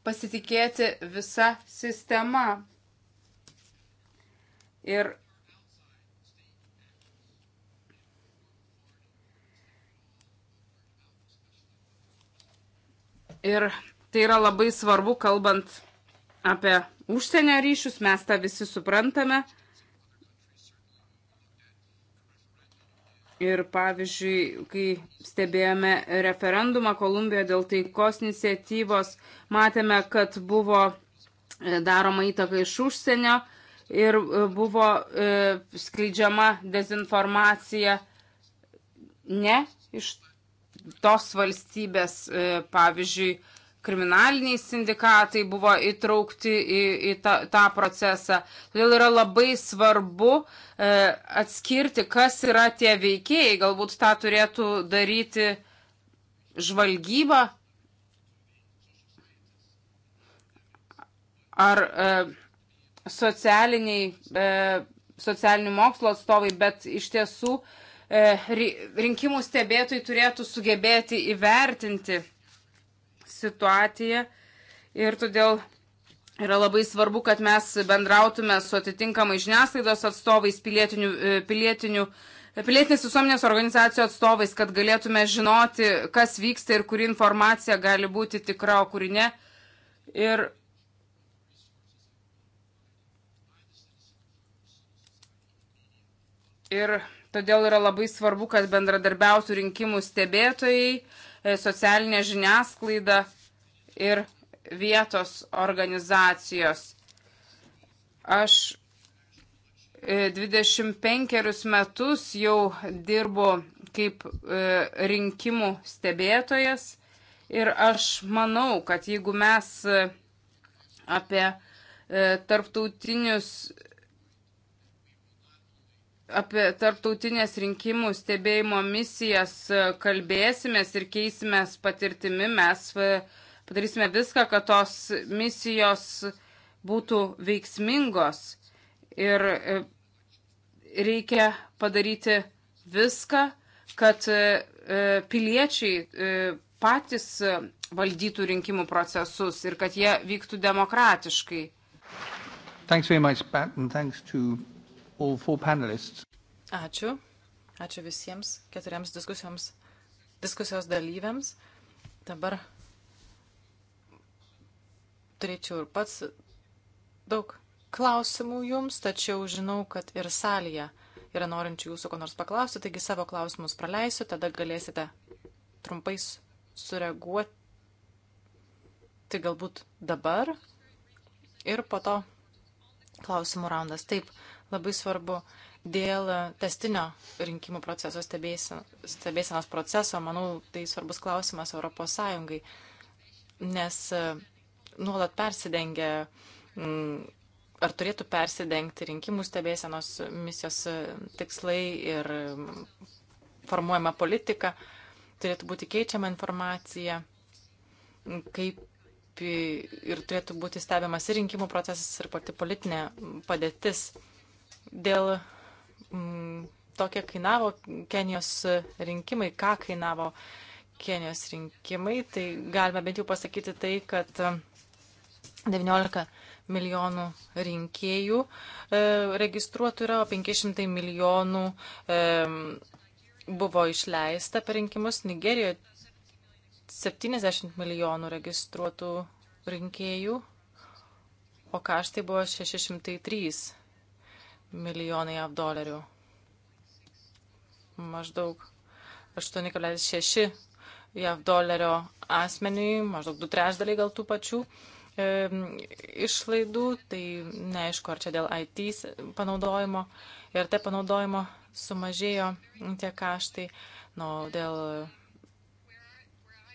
pasitikėti visą sistemą. Ir Ir tai yra labai svarbu, kalbant apie užsienio ryšius, mes tą visi suprantame. Ir pavyzdžiui, kai stebėjome referendumą Kolumbijoje dėl taikos iniciatyvos, matėme, kad buvo e, daroma įtaka iš užsienio ir e, buvo e, skleidžiama dezinformacija ne iš tos valstybės, e, pavyzdžiui, kriminaliniai sindikatai buvo įtraukti į, į tą, tą procesą. Todėl yra labai svarbu e, atskirti, kas yra tie veikėjai. Galbūt tą turėtų daryti žvalgyba ar e, socialiniai, e, socialinių mokslo atstovai, bet iš tiesų e, E, rinkimų stebėtojai turėtų sugebėti įvertinti situaciją ir todėl yra labai svarbu, kad mes bendrautume su atitinkamai žiniasklaidos atstovais, pilietinių, e, pilietinių, e, pilietinės visuomenės organizacijų atstovais, kad galėtume žinoti, kas vyksta ir kuri informacija gali būti tikra, o kuri ne. Ir Ir Todėl yra labai svarbu, kad bendradarbiautų rinkimų stebėtojai, e, socialinė žiniasklaida ir vietos organizacijos. Aš 25 e, metus jau dirbu kaip e, rinkimų stebėtojas ir aš manau, kad jeigu mes apie tarptautinius apie tarptautinės rinkimų stebėjimo misijas e, kalbėsimės ir keisimės patirtimi. Mes e, padarysime viską, kad tos misijos būtų veiksmingos ir e, reikia padaryti viską, kad piliečiai patys valdytų rinkimų procesus ir kad jie vyktų demokratiškai. Thanks very much, Pat, and thanks to Ačiū. Ačiū visiems keturiams diskusijoms, diskusijos dalyviams. Dabar turėčiau ir pats daug klausimų jums, tačiau žinau, kad ir salėje yra norinčių jūsų ko nors paklausti, taigi savo klausimus praleisiu, tada galėsite trumpai sureaguoti tai galbūt dabar ir po to klausimų raundas. Taip, labai svarbu dėl testinio rinkimų proceso stebėsenos proceso. Manau, tai svarbus klausimas Europos Sąjungai, nes e, nuolat persidengia, mm, ar turėtų persidengti rinkimų stebėsenos misijos e, tikslai ir mm, formuojama politika, turėtų būti keičiama informacija, mm, kaip ir turėtų būti stebimas ir rinkimų procesas, ir pati politinė padėtis dėl mm, to, kiek kainavo Kenijos rinkimai, ką kainavo Kenijos rinkimai, tai galime bent jau pasakyti tai, kad 19 mm, milijonų rinkėjų e, registruotų yra, o 500 milijonų e, buvo išleista per rinkimus. Nigerijoje 70 milijonų registruotų rinkėjų, o kaštai buvo 603 milijonai jav dolerių. Maždaug 8,6 jav dolerio asmeniui, maždaug du trešdaliai gal tų pačių e, išlaidų, tai neaišku, ar čia dėl IT panaudojimo ir te tai panaudojimo sumažėjo tie kaštai, nu, dėl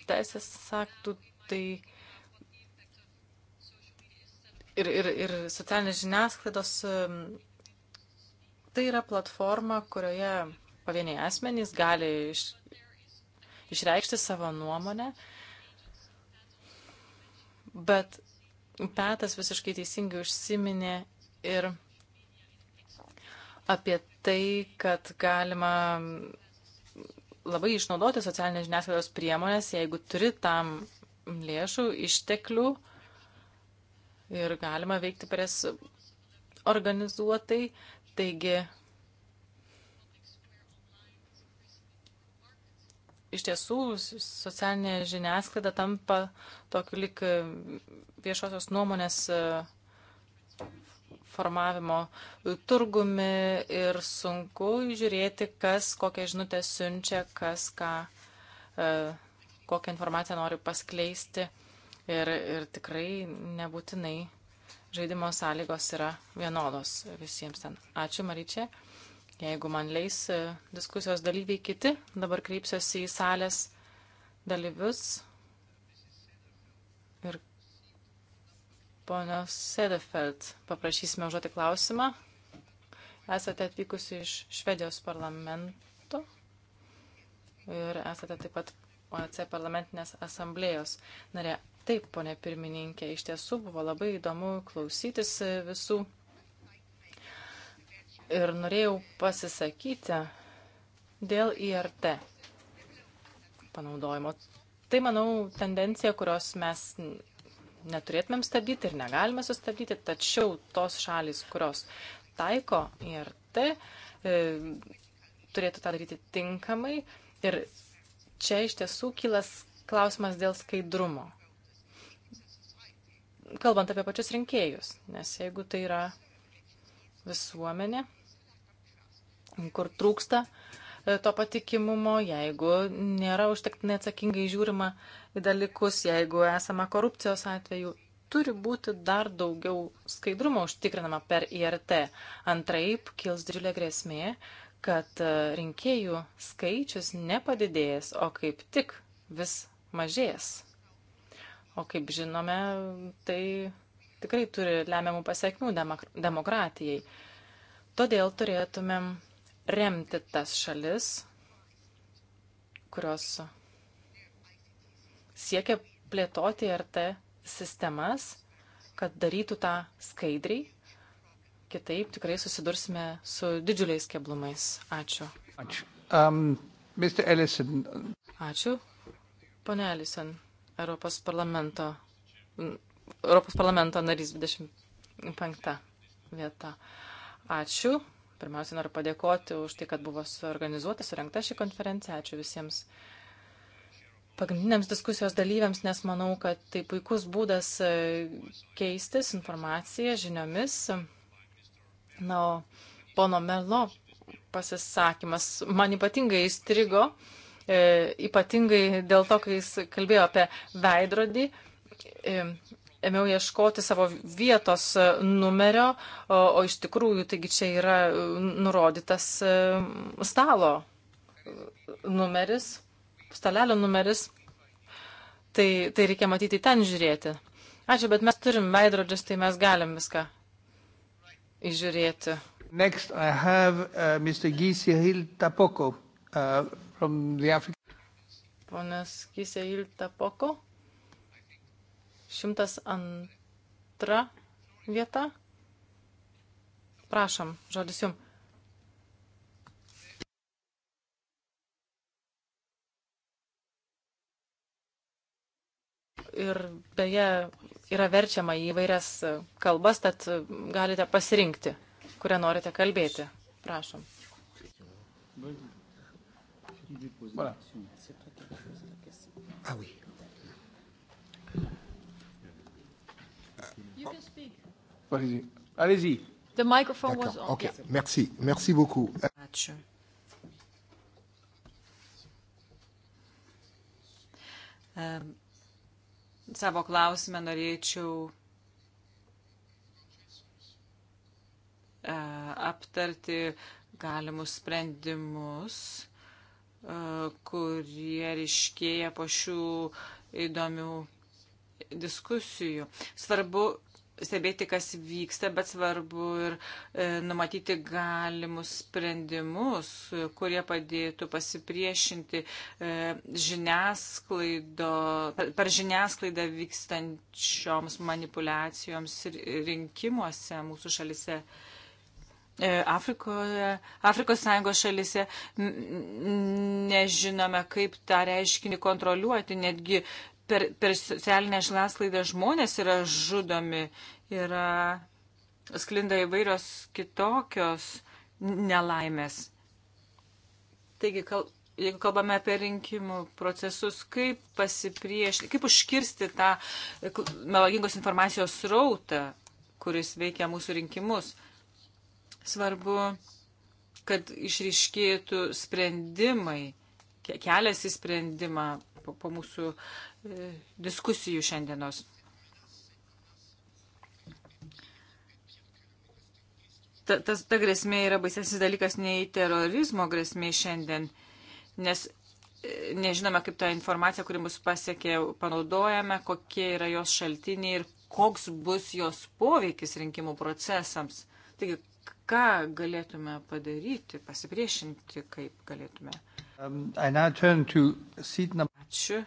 teisės aktų, tai ir, ir, ir socialinės žiniasklaidos Tai yra platforma, kurioje pavieniai asmenys gali iš, išreikšti savo nuomonę, bet Petas visiškai teisingai užsiminė ir apie tai, kad galima labai išnaudoti socialinės žiniasklaidos priemonės, jeigu turi tam lėšų, išteklių ir galima veikti per jas organizuotai. Uh, Taigi, iš tiesų socialinė žiniasklaida tampa tokiu lik e, viešosios nuomonės e, formavimo turgumi ir sunku žiūrėti, kas kokią žinutę siunčia, kas ką, e, kokią informaciją nori paskleisti ir, ir tikrai nebūtinai žaidimo sąlygos yra vienodos visiems ten. Ačiū, Maryčia. Jeigu man leis e, diskusijos dalyviai kiti, dabar kreipsiuosi į salės dalyvius. Ir ponios Sedefeld paprašysime užduoti klausimą. Esate atvykusi iš Švedijos parlamento ir esate taip pat OEC parlamentinės asamblėjos narė. Taip, ponė pirmininkė, iš tiesų buvo labai įdomu klausytis visų. Ir norėjau pasisakyti dėl IRT panaudojimo. Tai, manau, tendencija, kurios mes neturėtumėm stabdyti ir negalime sustabdyti, tačiau tos šalis, kurios taiko IRT, e, turėtų tą daryti tinkamai. Ir čia iš tiesų kilas klausimas dėl skaidrumo kalbant apie pačius rinkėjus, nes jeigu tai yra visuomenė, kur trūksta e, to patikimumo, jeigu nėra užtektinai atsakingai žiūrima į dalykus, jeigu esama korupcijos atveju, turi būti dar daugiau skaidrumo užtikrinama per IRT. Antraip kils didžiulė grėsmė, kad e, rinkėjų skaičius nepadidės, o kaip tik vis mažės. O kaip žinome, tai tikrai turi lemiamų pasiekmių demokratijai. Todėl turėtumėm remti tas šalis, kurios siekia plėtoti RT sistemas, kad darytų tą skaidriai. Kitaip tikrai susidursime su didžiuliais keblumais. Ačiū. Ačiū. Um, Mr. Ellison. Ačiū. Pone Ellison, Europos parlamento, Europos parlamento narys 25 vieta. Ačiū. Pirmiausia, noriu padėkoti už tai, kad buvo suorganizuota, surinkta ši konferencija. Ačiū visiems pagrindiniams diskusijos dalyviams, nes manau, kad tai puikus būdas e, keistis informaciją, žiniomis. Na, o pono Melo pasisakymas man ypatingai įstrigo e, ypatingai dėl to, kai jis kalbėjo apie veidrodį. E, ėmiau ieškoti savo vietos numerio, o, o iš tikrųjų taigi čia yra nurodytas e, stalo numeris, stalelio numeris. Tai, tai reikia matyti ten žiūrėti. Ačiū, bet mes turim veidrodžius, tai mes galim viską įžiūrėti. Next I have uh, Mr. Gysi Hil Tapoko. Uh, from the African. Ponas Kiseil Tapoko. 102 vieta. Prašom, žodis jums. Ir beje, yra verčiama į vairias kalbas, tad galite pasirinkti, kurią norite kalbėti. Prašom. Baigim. Voilà. Ah oui. Allez-y. The microphone was on. Okay. Yeah. Merci. Merci beaucoup. Ačiū. Um, savo klausimą norėčiau uh, aptarti galimus sprendimus kurie ryškėja po šių įdomių diskusijų. Svarbu stebėti, kas vyksta, bet svarbu ir e, numatyti galimus sprendimus, kurie padėtų pasipriešinti e, žiniasklaido, per, per žiniasklaidą vykstančioms manipulacijoms rinkimuose mūsų šalise. E, E, Afrikoje, Afrikos Sąjungos šalise nežinome, kaip tą reiškinį kontroliuoti, netgi per, per socialinę žiniasklaidą žmonės yra žudomi, yra sklinda įvairios kitokios nelaimės. Taigi, kal, jeigu kalbame apie rinkimų procesus, kaip pasipriešinti, kaip užkirsti tą melagingos informacijos srautą, kuris veikia mūsų rinkimus. Svarbu, kad išriškėtų sprendimai, kelias į sprendimą po, po mūsų e, diskusijų šiandienos. ta, tas, ta grėsmė yra baisesnis dalykas nei terorizmo grėsmė šiandien, nes e, nežinome, kaip tą informaciją, kuri mus pasiekė, panaudojame, kokie yra jos šaltiniai ir koks bus jos poveikis rinkimų procesams. Taigi, ką galėtume padaryti, pasipriešinti, kaip galėtume. Um, Ačiū.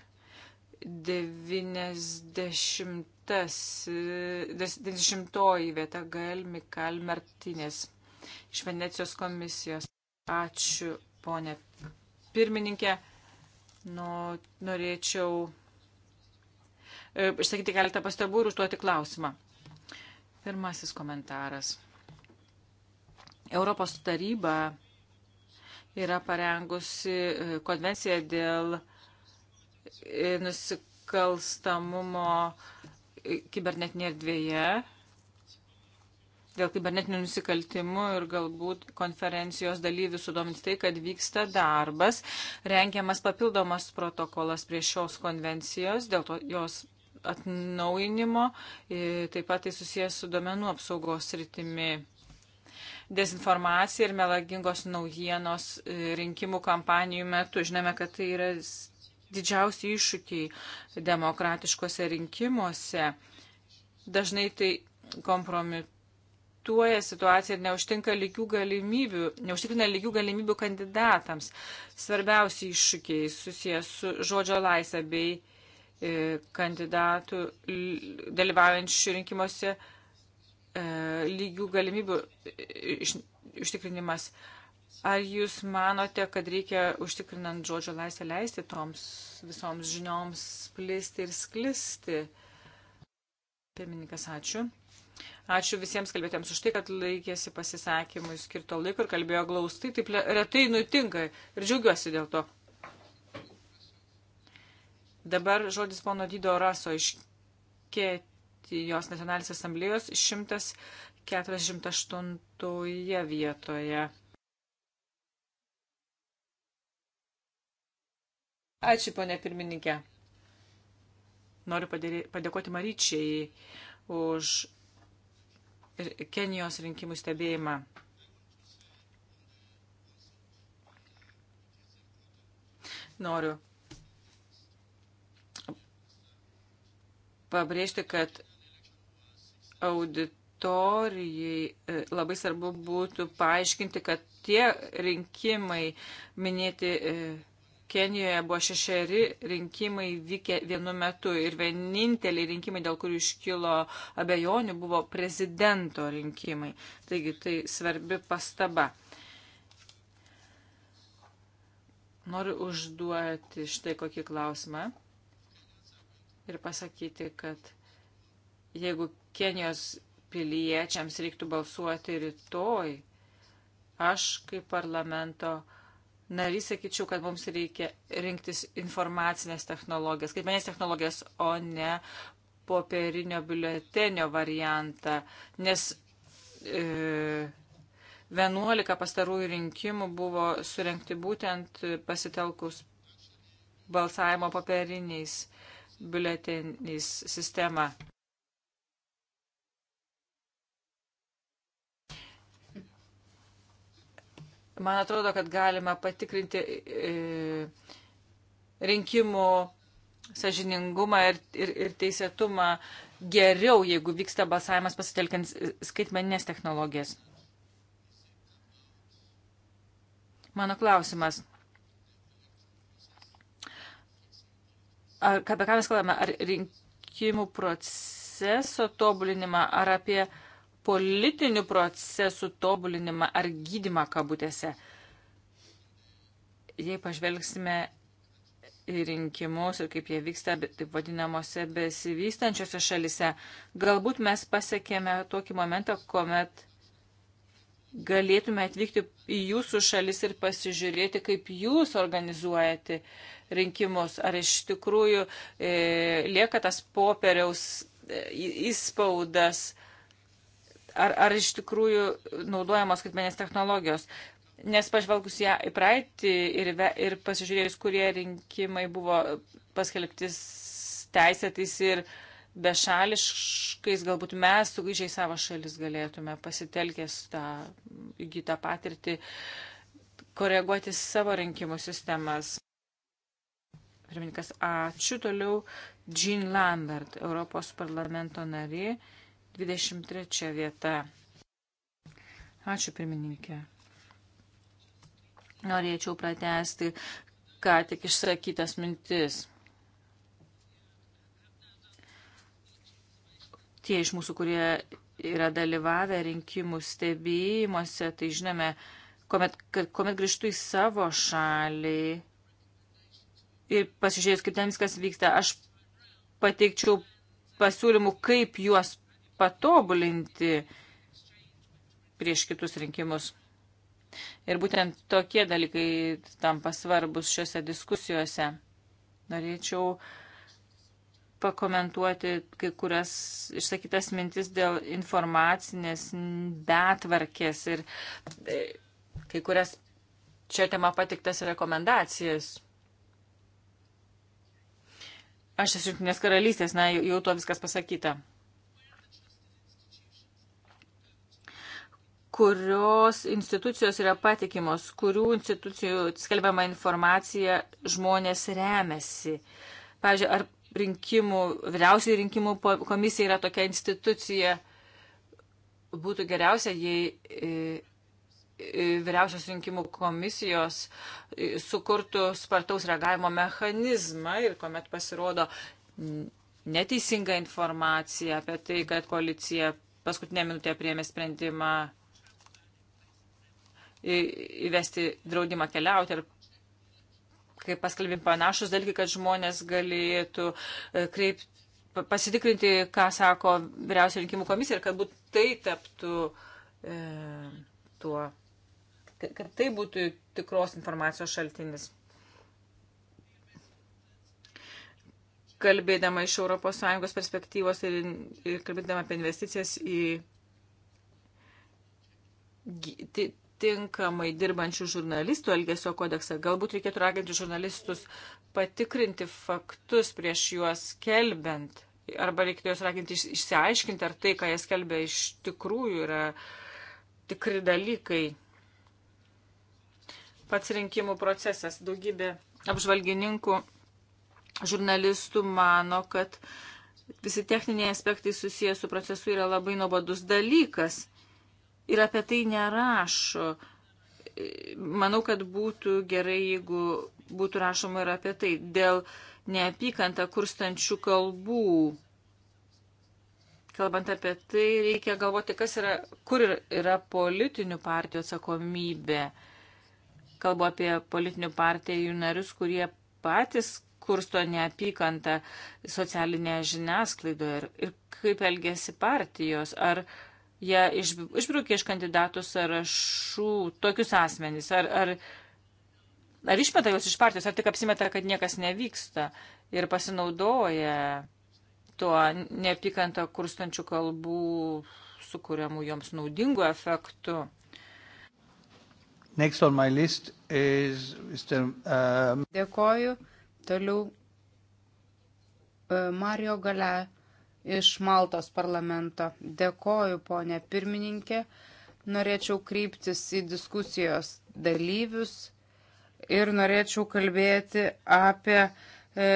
90, 90 vieta Galmi Kalmertinės iš Venecijos komisijos. Ačiū, ponė pirmininkė. Nu, norėčiau e, išsakyti keletą pastabų ir užduoti klausimą. Pirmasis komentaras. Europos taryba yra parengusi e, konvenciją dėl e, nusikalstamumo e, kibernetinėje erdvėje, dėl kibernetinių nusikaltimų ir galbūt konferencijos dalyvių sudomins tai, kad vyksta darbas, rengiamas papildomas protokolas prie šios konvencijos, dėl to jos atnaujinimo, taip pat tai susijęs su domenų apsaugos rytimi dezinformacija ir melagingos naujienos e, rinkimų kampanijų metu. Žinome, kad tai yra didžiausi iššūkiai demokratiškose rinkimuose. Dažnai tai kompromituoja situaciją ir neužtinka lygių galimybių, neužtikrina lygių galimybių kandidatams. Svarbiausi iššūkiai susijęs su žodžio laisvė bei e, kandidatų dalyvaujančių rinkimuose E, lygių galimybių užtikrinimas. Ar jūs manote, kad reikia užtikrinant žodžio laisvę leisti toms visoms žinioms plisti ir sklisti? Pirmininkas, ačiū. Ačiū visiems kalbėtėms už tai, kad laikėsi pasisakymui skirto laiko ir kalbėjo glaustai. Taip retai nutinka ir džiaugiuosi dėl to. Dabar žodis pono Dido Raso iš Ketijos. Vokietijos nacionalinės asamblėjos 148 vietoje. Ačiū, ponė pirmininkė. Noriu padėlė, padėkoti Maryčiai už Kenijos rinkimų stebėjimą. Noriu pabrėžti, kad auditorijai e, labai svarbu būtų paaiškinti, kad tie rinkimai minėti e, Kenijoje buvo šešeri rinkimai vykę vienu metu ir vieninteliai rinkimai, dėl kurių iškilo abejonių, buvo prezidento rinkimai. Taigi tai svarbi pastaba. Noriu užduoti štai kokį klausimą ir pasakyti, kad jeigu Kenijos piliečiams reiktų balsuoti rytoj. Aš kaip parlamento narys sakyčiau, kad mums reikia rinktis informacinės technologijas, skaitmenės technologijas, o ne popierinio biuletenio variantą, nes e, 11 pastarųjų rinkimų buvo surenkti būtent pasitelkus balsavimo popieriniais biuleteniais sistemą. Man atrodo, kad galima patikrinti e, rinkimų sažiningumą ir, ir, ir teisėtumą geriau, jeigu vyksta balsavimas pasitelkiant skaitmeninės technologijas. Mano klausimas. Ar, apie ką mes kalbame? Ar rinkimų proceso tobulinimą, ar apie uh, politinių procesų tobulinimą ar gydimą kabutėse. Jei pažvelgsime į rinkimus ir kaip jie vyksta, taip vadinamosi, besivystančiose šalise, galbūt mes pasiekėme tokį momentą, kuomet galėtume atvykti į jūsų šalis ir pasižiūrėti, kaip jūs organizuojate rinkimus. Ar iš tikrųjų e, lieka tas popieriaus e, įspaudas, ar, ar iš tikrųjų naudojamos skaitmenės technologijos. Nes pažvelgus ją į praeitį ir, ir pasižiūrėjus, kurie rinkimai buvo paskelbtis teisėtais ir bešališkais, galbūt mes sugrįžę į savo šalis galėtume pasitelkęs tą įgytą patirtį koreguoti savo rinkimų sistemas. Pirmininkas, ačiū toliau. Jean Lambert, Europos parlamento nari, 23 vieta. Ačiū pirmininkė. Norėčiau pratesti ką tik išsakytas mintis. Tie iš mūsų, kurie yra dalyvavę rinkimų stebėjimuose, tai žinome, kuomet, kad, kuomet grįžtu į savo šalį ir pasižiūrėjus, kaip ten viskas vyksta, aš pateikčiau pasiūlymų, kaip juos patobulinti prieš kitus rinkimus. Ir būtent tokie dalykai tampa svarbus šiuose diskusijose. Norėčiau pakomentuoti kai kurias išsakytas mintis dėl informacinės betvarkės ir e, kai kurias čia tema patiktas rekomendacijas. Aš esu Junktinės karalystės, na, jau, jau tuo viskas pasakyta. kurios institucijos yra patikimos, kurių institucijų skelbiama informacija žmonės remiasi. Pavyzdžiui, ar rinkimų, vyriausiai rinkimų komisija yra tokia institucija, būtų geriausia, jei e, e, vyriausios rinkimų komisijos e, sukurtų spartaus reagavimo mechanizmą ir kuomet pasirodo neteisinga informacija apie tai, kad koalicija paskutinė minutė priėmė sprendimą įvesti draudimą keliauti ar kaip paskelbim panašus dalykai, kad žmonės galėtų e, kreip, pasitikrinti, ką sako vyriausia rinkimų komisija ir kad būt tai taptų e, tuo, kad, kad tai būtų tikros informacijos šaltinis. Kalbėdama iš ES perspektyvos ir, ir kalbėdama apie investicijas į tinkamai dirbančių žurnalistų elgesio kodeksą. Galbūt reikėtų raginti žurnalistus patikrinti faktus prieš juos skelbiant. Arba reikėtų juos raginti išsiaiškinti, ar tai, ką jie skelbia, iš tikrųjų yra tikri dalykai. Pats rinkimų procesas. Daugybė apžvalgininkų, žurnalistų mano, kad visi techniniai aspektai susijęs su procesu yra labai nuobodus dalykas ir apie tai nerašo. Manau, kad būtų gerai, jeigu būtų rašoma ir apie tai dėl neapykantą kurstančių kalbų. Kalbant apie tai, reikia galvoti, kas yra, kur yra politinių partijų atsakomybė. Kalbu apie politinių partijų narius, kurie patys kursto neapykantą socialinėje žiniasklaidoje ir, ir kaip elgesi partijos. Ar uh, jie iš, išbraukė iš kandidatų sąrašų tokius asmenys? Ar, ar, ar išmeta juos iš partijos, ar tik apsimeta, kad niekas nevyksta ir pasinaudoja tuo neapykantą kurstančių kalbų sukūriamų joms naudingų efektų? Next on my list is Mr. Um... Uh, Dėkoju. Toliau uh, Mario Gale iš Maltos parlamento. Dėkoju, ponė pirmininkė. Norėčiau kryptis į diskusijos dalyvius ir norėčiau kalbėti apie e,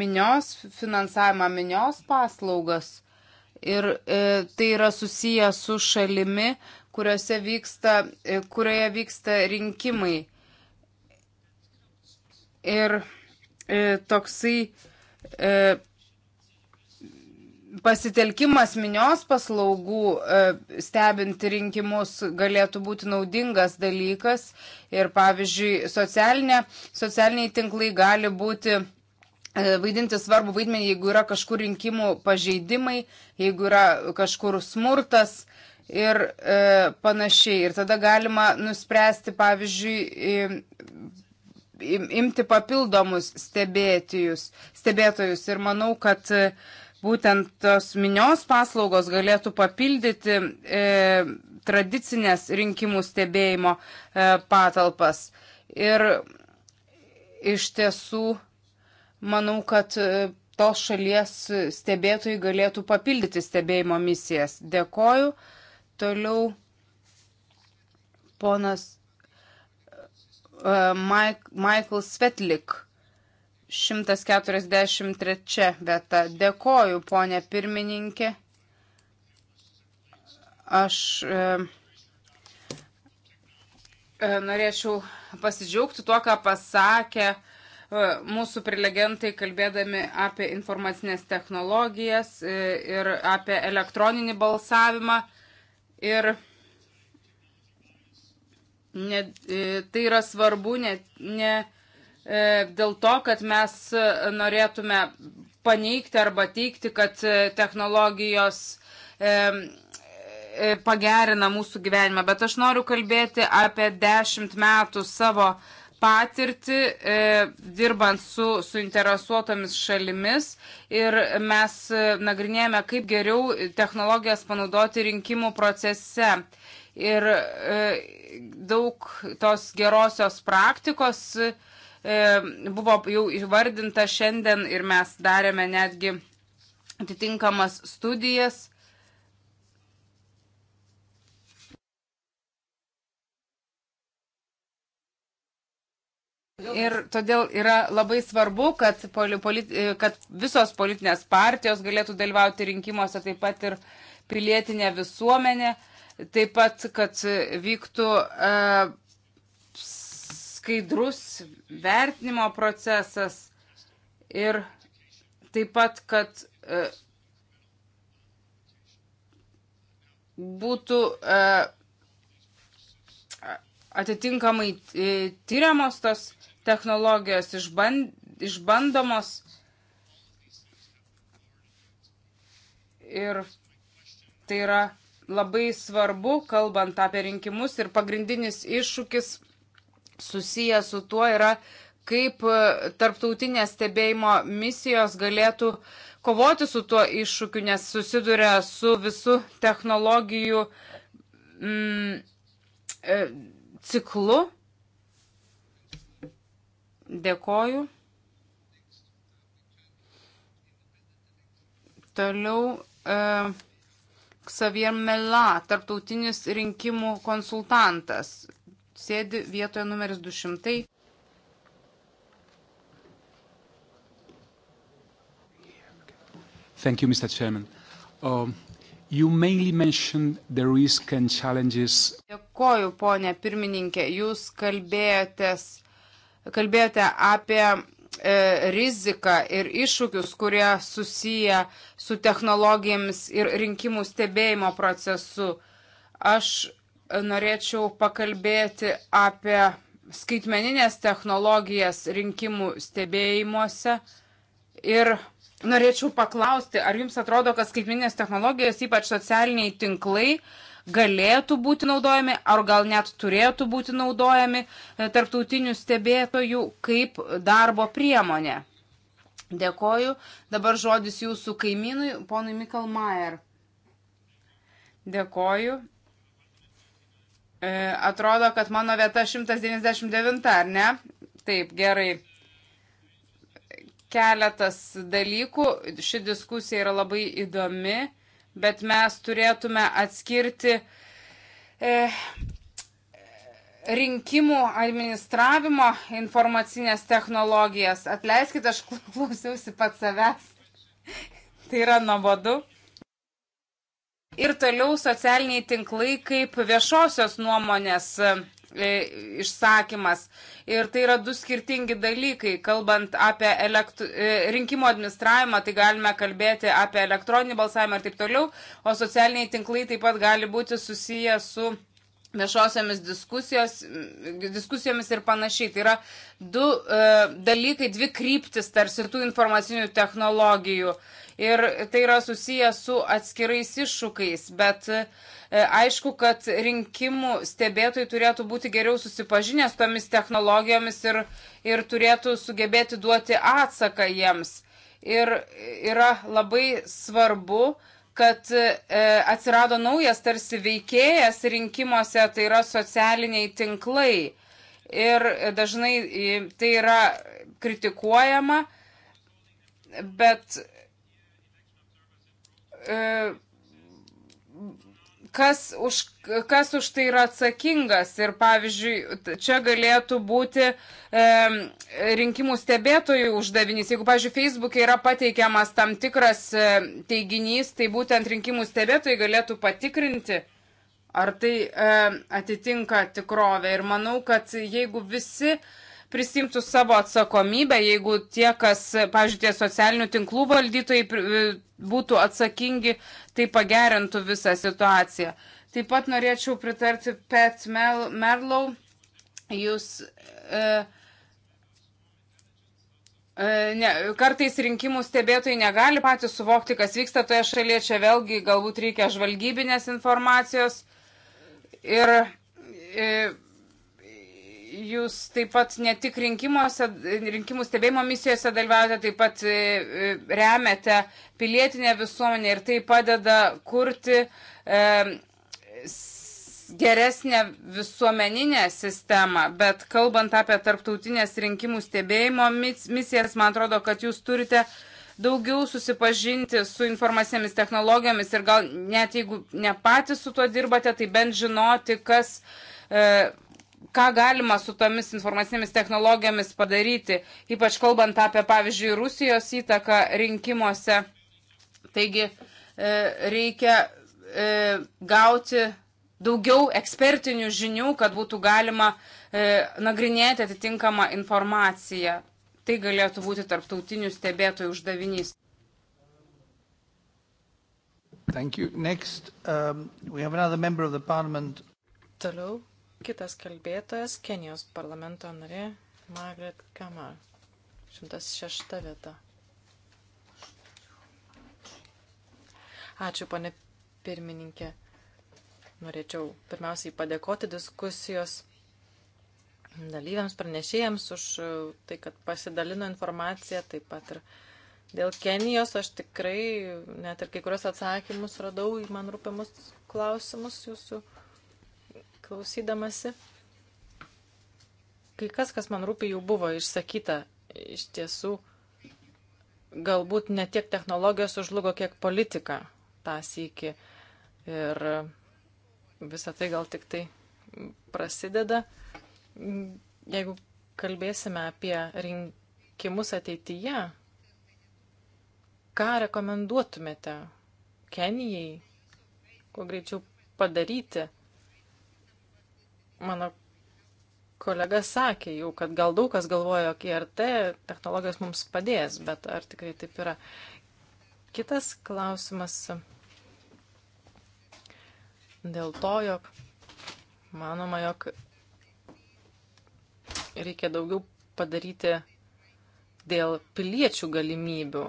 minios finansavimą, minios paslaugas. Ir e, tai yra susiję su šalimi, vyksta, e, kurioje vyksta rinkimai. Ir e, toksai e, pasitelkimas minios paslaugų e, stebint rinkimus galėtų būti naudingas dalykas ir pavyzdžiui socialinė, socialiniai tinklai gali būti e, vaidinti svarbu vaidmenį, jeigu yra kažkur rinkimų pažeidimai, jeigu yra kažkur smurtas ir e, panašiai. Ir tada galima nuspręsti, pavyzdžiui, imti papildomus stebėtojus. Ir manau, kad e, būtent tos minios paslaugos galėtų papildyti e, tradicinės rinkimų stebėjimo e, patalpas. Ir iš tiesų manau, kad e, tos šalies stebėtojai galėtų papildyti stebėjimo misijas. Dėkoju. Toliau ponas e, Mike, Michael Svetlik 143 vieta. Dėkoju, ponė pirmininkė. Aš e, e, norėčiau pasidžiaugti tuo, ką pasakė e, mūsų prelegentai, kalbėdami apie informacinės technologijas e, ir apie elektroninį balsavimą. Ir ne, e, tai yra svarbu ne. ne E, dėl to, kad mes norėtume paneigti arba teikti, kad e, technologijos e, pagerina mūsų gyvenimą, bet aš noriu kalbėti apie dešimt metų savo patirtį e, dirbant su suinteresuotomis šalimis ir mes nagrinėjame, kaip geriau technologijas panaudoti rinkimų procese. Ir e, daug tos gerosios praktikos e, E, buvo jau įvardinta šiandien ir mes darėme netgi atitinkamas studijas. Ir todėl yra labai svarbu, kad, politi, e, kad visos politinės partijos galėtų dalyvauti rinkimuose, taip pat ir pilietinė visuomenė, taip pat, kad vyktų uh, skaidrus vertinimo procesas ir taip pat, kad e, būtų e, atitinkamai e, tyriamos tos technologijos, išbandomos. Ir tai yra labai svarbu, kalbant apie rinkimus. Ir pagrindinis iššūkis susijęs su tuo yra, kaip e, tarptautinės stebėjimo misijos galėtų kovoti su tuo iššūkiu, nes susiduria su visų technologijų mm, e, ciklu. Dėkoju. Toliau e, Xavier Mela, tarptautinis rinkimų konsultantas sėdi vietoje numeris 200. Thank you, Mr. Chairman. Um, you mainly mentioned the risk and challenges. Dėkoju, ponė pirmininkė. Jūs kalbėjotės, kalbėjote apie e, riziką ir iššūkius, kurie susiję su technologijomis ir rinkimų stebėjimo procesu. Aš norėčiau pakalbėti apie skaitmeninės technologijas rinkimų stebėjimuose. Ir norėčiau paklausti, ar jums atrodo, kad skaitmeninės technologijos, ypač socialiniai tinklai, galėtų būti naudojami, ar gal net turėtų būti naudojami e, tarptautinių stebėtojų kaip darbo priemonė? Dėkoju. Dabar žodis jūsų kaimynui, ponui Mikal Mayer. Dėkoju. E, atrodo, kad mano vieta 199, ar ne? Taip, gerai. Keletas dalykų. Ši diskusija yra labai įdomi, bet mes turėtume atskirti e, rinkimų administravimo informacinės technologijas. Atleiskite, aš klausiausi pat savęs. tai yra nuobodu. Ir toliau socialiniai tinklai kaip viešosios nuomonės e, išsakymas. Ir tai yra du skirtingi dalykai. Kalbant apie elektru... E, rinkimų administravimą, tai galime kalbėti apie elektroninį balsavimą ir taip toliau, o socialiniai tinklai taip pat gali būti susiję su viešosiamis diskusijomis ir panašiai. Tai yra du e, dalykai, dvi kryptis tarsi tų informacinių technologijų. E, ir tai yra susijęs su atskirais iššūkiais, bet e, aišku, kad rinkimų stebėtojai turėtų būti geriau susipažinę su tomis technologijomis ir, ir turėtų sugebėti duoti atsaką jiems. Ir yra labai svarbu, kad e, atsirado naujas tarsi veikėjas rinkimuose, tai yra socialiniai tinklai. Ir dažnai e, tai yra kritikuojama, bet E, kas už, kas už tai yra atsakingas. Ir pavyzdžiui, čia galėtų būti e, rinkimų stebėtojų uždavinys. Jeigu, pavyzdžiui, Facebook'e yra pateikiamas tam tikras e, teiginys, tai būtent rinkimų stebėtojai galėtų patikrinti, ar tai e, atitinka tikrovę. Ir manau, kad jeigu visi e, prisimtų savo atsakomybę, jeigu tie, kas, pavyzdžiui, tie socialinių tinklų valdytojai e, būtų atsakingi, tai pagerintų visą situaciją. Taip pat norėčiau pritarti Pet Merlau, jūs. E, e, Ne, kartais rinkimų stebėtojai negali patys suvokti, kas vyksta toje šalyje, čia vėlgi galbūt reikia žvalgybinės informacijos. Ir, ir e, jūs taip pat ne tik rinkimuose, rinkimų stebėjimo misijose dalyvaujate, taip pat e, e, remiate pilietinę visuomenę ir tai padeda kurti e, geresnę visuomeninę sistemą. Bet kalbant apie tarptautinės rinkimų stebėjimo misijas, man atrodo, kad jūs turite daugiau susipažinti su informacinėmis technologijomis ir gal net jeigu ne patys su tuo dirbate, tai bent žinoti, kas e, ką galima su tomis informacinėmis technologijomis padaryti, ypač kalbant apie, pavyzdžiui, Rusijos įtaką rinkimuose. Taigi e, reikia e, gauti daugiau ekspertinių žinių, kad būtų galima e, nagrinėti atitinkamą informaciją. Tai galėtų būti tarptautinių stebėtojų uždavinys. Thank you. Next, um, we have another member of the parliament. Toliau Kitas kalbėtojas, Kenijos parlamento narė Margaret Kamal. 106 vieta. Ačiū, pane pirmininkė. Norėčiau pirmiausiai padėkoti diskusijos dalyviams, pranešėjams už tai, kad pasidalino informaciją, taip pat ir dėl Kenijos. Aš tikrai net ir kai kurios atsakymus radau į man rūpimus klausimus jūsų klausydamasi. Kai kas, kas man rūpi, jau buvo išsakyta iš tiesų, galbūt ne tiek technologijos užlugo, kiek politika tą sįki. Ir visą tai gal tik tai prasideda. Jeigu kalbėsime apie rinkimus ateityje, ką rekomenduotumėte Kenijai, kuo greičiau padaryti? Mano kolega sakė jau, kad gal daug kas galvoja, jog IRT technologijos mums padės, bet ar tikrai taip yra? Kitas klausimas dėl to, jog manoma, jog reikia daugiau padaryti dėl piliečių galimybių,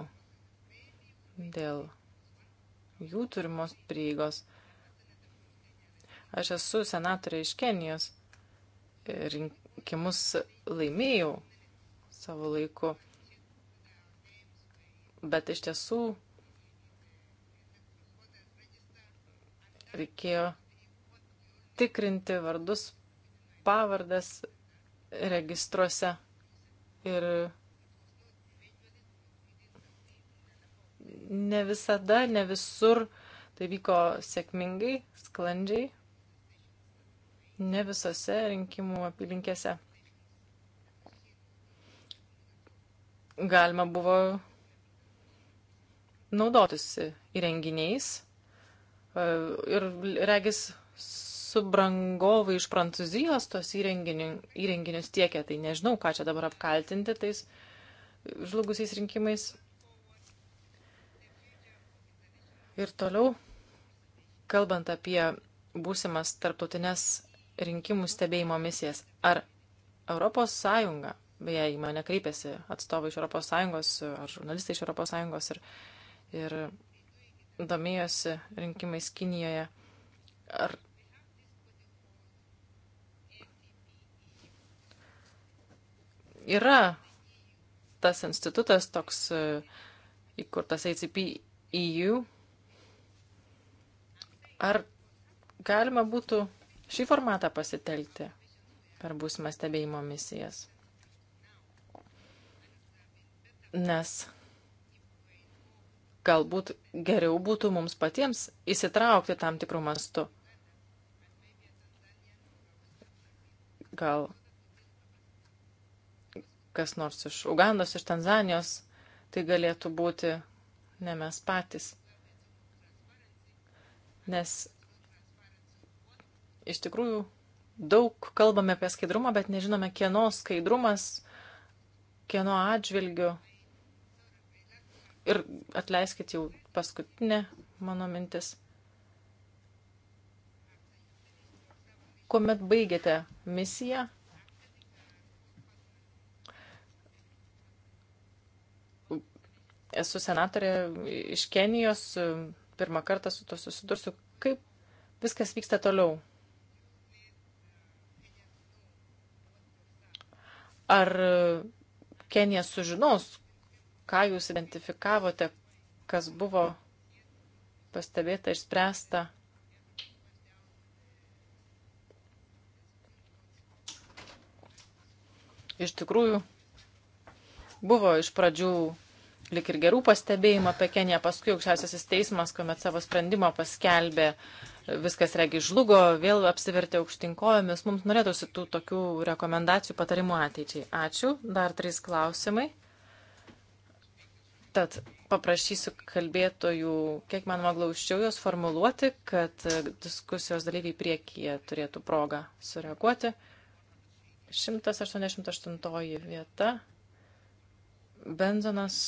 dėl jų turimos prieigos. Aš esu senatorė iš Kenijos. Rinkimus laimėjau savo laiku. Bet iš tiesų reikėjo tikrinti vardus, pavardas registruose ir ne visada, ne visur tai vyko sėkmingai, sklandžiai ne visose rinkimų apylinkėse galima buvo naudotis įrenginiais e, ir regis subrangovai iš Prancūzijos tos įrenginius tiekia, tai nežinau, ką čia dabar apkaltinti tais žlugusiais rinkimais. Ir toliau, kalbant apie būsimas tarptautinės rinkimų stebėjimo misijas. Ar ES, beje, į mane kreipėsi atstovai iš ES ar žurnalistai iš ES ir, ir domėjosi rinkimais Kinijoje. Ar yra tas institutas toks e, įkurtas ACP EU? Ar galima būtų šį formatą pasitelkti per būsimą stebėjimo misijas. Nes galbūt geriau būtų mums patiems įsitraukti tam tikrų mastų. Gal kas nors iš Ugandos, iš Tanzanijos, tai galėtų būti ne mes patys. Nes iš tikrųjų daug kalbame apie skaidrumą, bet nežinome, kieno skaidrumas, kieno atžvilgiu. Ir atleiskit jau paskutinę mano mintis. Kuomet baigėte misiją, esu senatorė iš Kenijos, pirmą kartą su to susidursiu, kaip viskas vyksta toliau Ar e, Kenija sužinos, ką jūs identifikavote, kas buvo pastebėta ir spręsta? Iš tikrųjų, buvo iš pradžių lik ir gerų pastebėjimų apie Keniją, paskui aukščiausiasis teismas, kuomet savo sprendimą paskelbė, uh, viskas regi žlugo, vėl apsivertė aukštinkojomis. Mums norėtųsi tų tokių rekomendacijų, patarimų ateičiai. Ačiū. Dar trys klausimai. Tad paprašysiu kalbėtojų, kiek manoma glaučiau jos formuluoti, kad diskusijos dalyviai priekyje turėtų progą sureaguoti. 188 vieta. Benzonas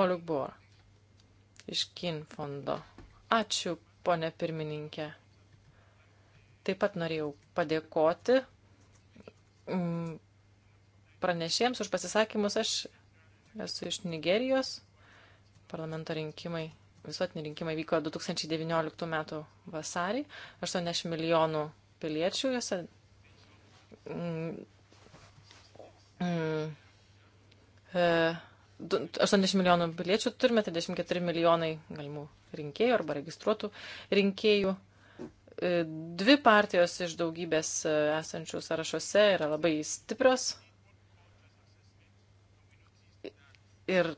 Oligbor iš Kin fondo. Ačiū, ponė pirmininkė. Taip pat norėjau padėkoti mm, pranešėjams už pasisakymus. Aš esu iš Nigerijos. Parlamento rinkimai, visuotiniai rinkimai vyko 2019 m. vasarį. 80 milijonų piliečių juose mm, mm, e, 80 milijonų piliečių turime, 34 milijonai galimų rinkėjų arba registruotų rinkėjų. E, dvi partijos iš daugybės e, esančių sąrašuose yra labai stiprios. Ir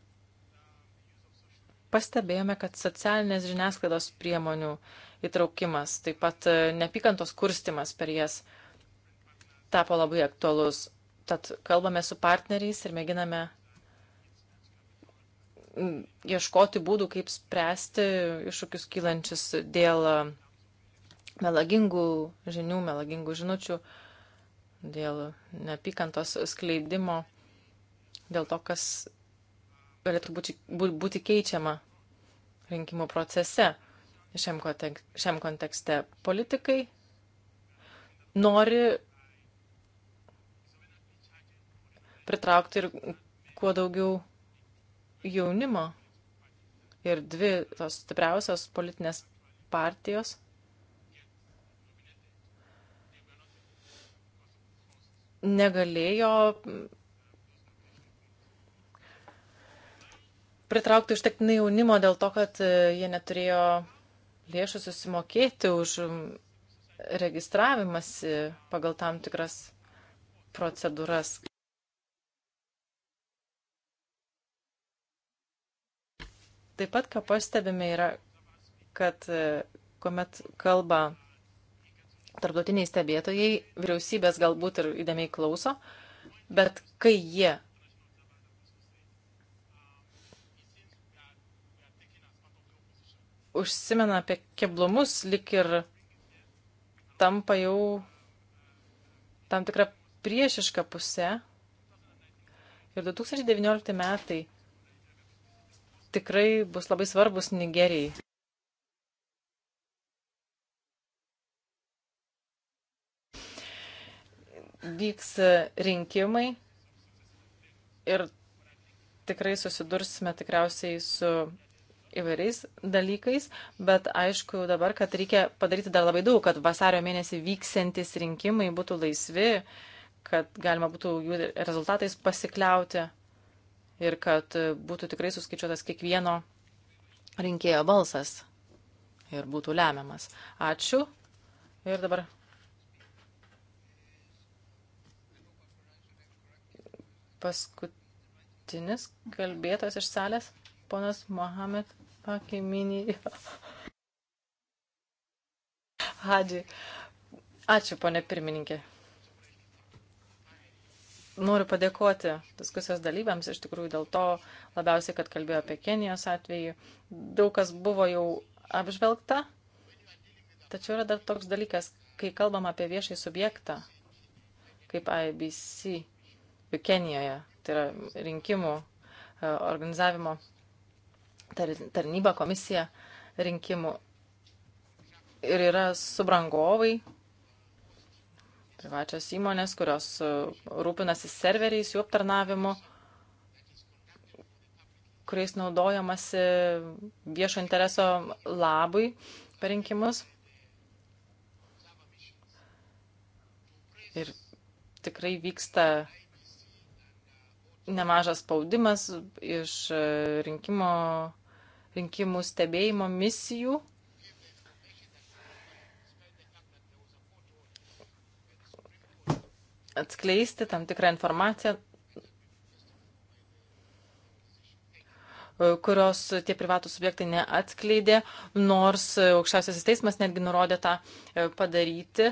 pastebėjome, kad socialinės žiniasklaidos priemonių įtraukimas, taip pat e, nepykantos kurstimas per jas tapo labai aktualus. Tad kalbame su partneriais ir mėginame ieškoti būdų, kaip spręsti iššūkius kylančius dėl melagingų žinių, melagingų žinučių, dėl neapykantos skleidimo, dėl to, kas galėtų būti, būti keičiama rinkimų procese šiam, kontek šiam kontekste. Politikai nori pritraukti ir kuo daugiau jaunimo ir dvi tos stipriausios politinės partijos negalėjo pritraukti užtektinai jaunimo dėl to, kad jie neturėjo lėšų susimokėti už registravimąsi pagal tam tikras procedūras. Taip pat, ką pastebime, yra, kad e, kuomet kalba tarptautiniai stebėtojai, vyriausybės galbūt ir įdėmiai klauso, bet kai jie užsimena apie keblumus, lik ir tampa jau tam tikrą priešišką pusę. Ir 2019 metai tikrai bus labai svarbus Nigerijai. Vyks rinkimai ir tikrai susidursime tikriausiai su įvairiais dalykais, bet aišku dabar, kad reikia padaryti dar labai daug, kad vasario mėnesį vyksiantis rinkimai būtų laisvi, kad galima būtų jų rezultatais pasikliauti ir kad e, būtų tikrai suskaičiuotas kiekvieno rinkėjo balsas ir būtų lemiamas. Ačiū. Ir dabar. Paskutinis kalbėtojas iš salės, ponas Mohamed Pakiminį. Hadži. Ačiū, ponė pirmininkė. Noriu padėkoti diskusijos dalyviams iš tikrųjų dėl to labiausiai, kad kalbėjo apie Kenijos atvejį. Daug kas buvo jau apžvelgta, tačiau yra dar toks dalykas, kai kalbam apie viešai subjektą, kaip IBC Kenijoje, tai yra rinkimų e, organizavimo tarnyba, komisija rinkimų ir yra subrangovai, privačios įmonės, kurios e, rūpinasi serveriais, jų aptarnavimu, kuriais naudojamasi viešo intereso labui per rinkimus. Ir tikrai vyksta nemažas spaudimas iš e, rinkimo, rinkimų stebėjimo misijų atskleisti tam tikrą informaciją, kurios tie privatus subjektai neatskleidė, nors aukščiausiasis teismas netgi nurodė tą e, padaryti,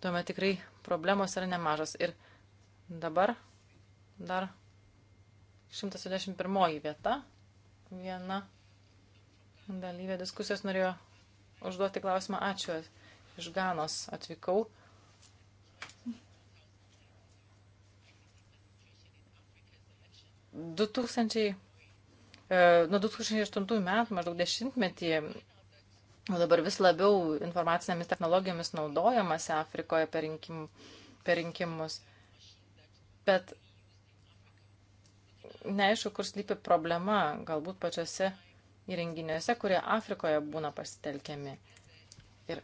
tuomet tikrai problemos yra nemažos. Ir dabar dar 121 vieta. Viena dalyvė diskusijos norėjo užduoti klausimą. Ačiū iš Ganos atvykau. 2000, e, nuo 2008 metų, maždaug dešimtmetį, o dabar vis labiau informacinėmis technologijomis naudojamasi Afrikoje per, rinkim, per rinkimus. Bet neaišku, kur slypi problema, galbūt pačiose įrenginiuose, kurie Afrikoje būna pasitelkiami. Ir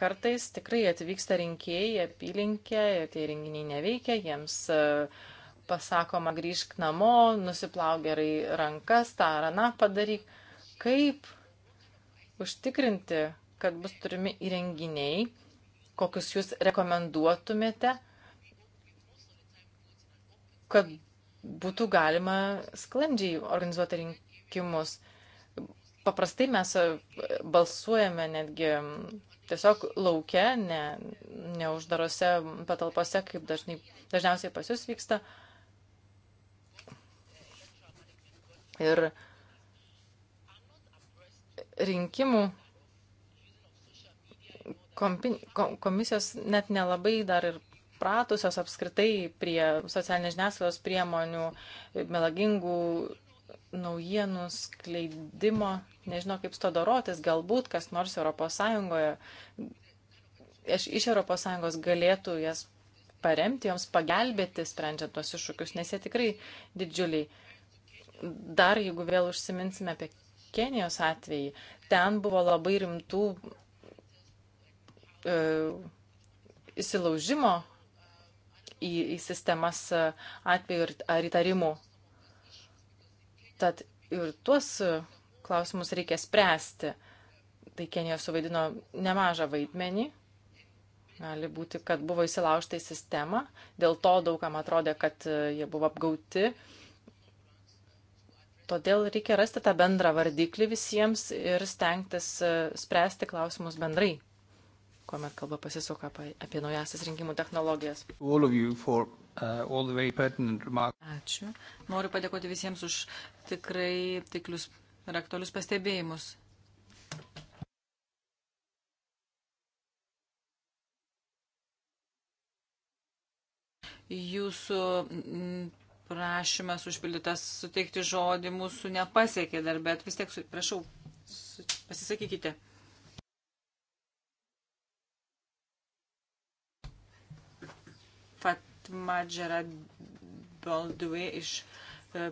kartais tikrai atvyksta rinkėjai apylinkę ir tie renginiai neveikia, jiems uh, pasakoma grįžk namo, nusiplauk gerai rankas, tą ar aną padaryk. Kaip užtikrinti, kad bus turimi įrenginiai, kokius jūs rekomenduotumėte, kad būtų galima sklandžiai organizuoti rinkimus. Paprastai mes balsuojame netgi tiesiog laukia, ne, ne uždarose patalpose, kaip dažnai, dažniausiai pas jūs vyksta. Uh, Ir rinkimų komisijos net nelabai dar ir pratusios apskritai prie socialinės žiniasklaidos priemonių, melagingų naujienų skleidimo, nežino kaip to dorotis, galbūt kas nors ES, iš ES galėtų jas paremti, joms pagelbėti, sprendžiant tos iššūkius, nes jie tikrai didžiuliai dar jeigu vėl užsiminsime apie Kenijos atvejį, ten buvo labai rimtų e, įsilaužimo į, į sistemas e, atvejų ar įtarimų. Tad ir tuos e, klausimus reikia spręsti. Tai Kenija suvaidino nemažą vaidmenį. Gali būti, kad buvo įsilaužta į sistemą, dėl to daugam atrodė, kad e, jie buvo apgauti, uh, Todėl reikia rasti tą bendrą vardiklį visiems ir stengtis e, spręsti klausimus bendrai, kuomet kalba pasisuka apie naujasias rinkimų technologijas. For, uh, Ačiū. Noriu padėkoti visiems už tikrai tiklius ir aktualius pastebėjimus. Jūsų prašymas užpildytas suteikti žodį mūsų nepasiekė dar, bet vis tiek, su, prašau, su, pasisakykite. Fatma Džerabaldui iš e,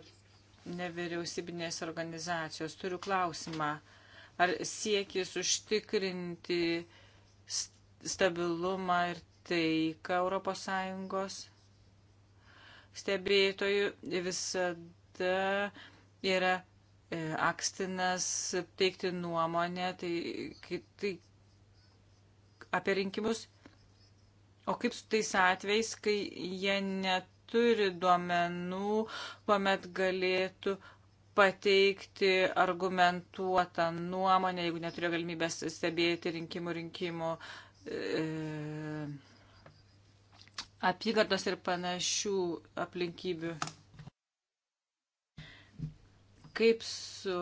nevyriausybinės organizacijos. Turiu klausimą. Ar siekis užtikrinti stabilumą ir taiką Europos Sąjungos stebėtojų visada yra e, akstinas teikti nuomonę tai, tai apie rinkimus. O kaip su tais atvejais, kai jie neturi duomenų, kuomet galėtų pateikti argumentuotą nuomonę, jeigu neturėjo galimybės stebėti rinkimų rinkimų e, apygardos ir panašių aplinkybių. Kaip su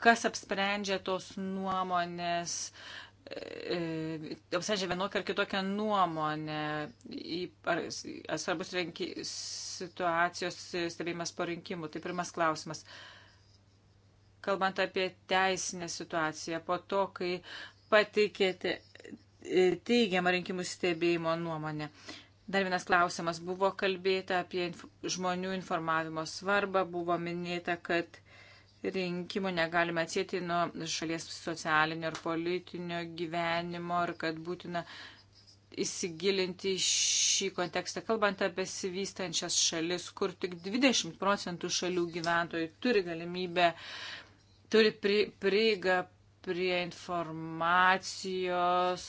kas apsprendžia tos nuomonės, e, apsprendžia vienokią ar kitokią nuomonę, į, ar, ar svarbus renki, situacijos stebėjimas po rinkimų. Tai pirmas klausimas. E, kalbant apie teisinę situaciją, po to, kai pateikėte teigiamą rinkimų stebėjimo nuomonę. Dar vienas klausimas. Buvo kalbėta apie inf žmonių informavimo svarbą, buvo minėta, kad rinkimų negalime atsėti nuo šalies socialinio ir politinio gyvenimo ir kad būtina įsigilinti šį kontekstą. Kalbant apie sivystančias šalis, kur tik 20 procentų šalių gyventojų turi galimybę uh, turi pri, prieigą prie informacijos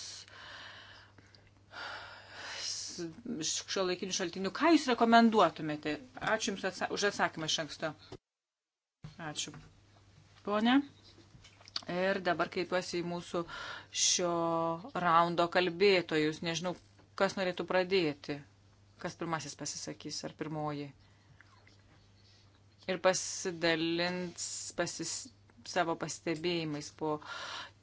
iš šio laikinių šaltinių. Ką Jūs rekomenduotumėte? Ačiū Jums atsa už atsakymą iš anksto. Ačiū. Pone. Ir dabar kreipiuosi į mūsų šio raundo kalbėtojus. Nežinau, kas norėtų pradėti. Kas pirmasis pasisakys ar pirmoji. Ir pasidalins, pasis, savo pastebėjimais po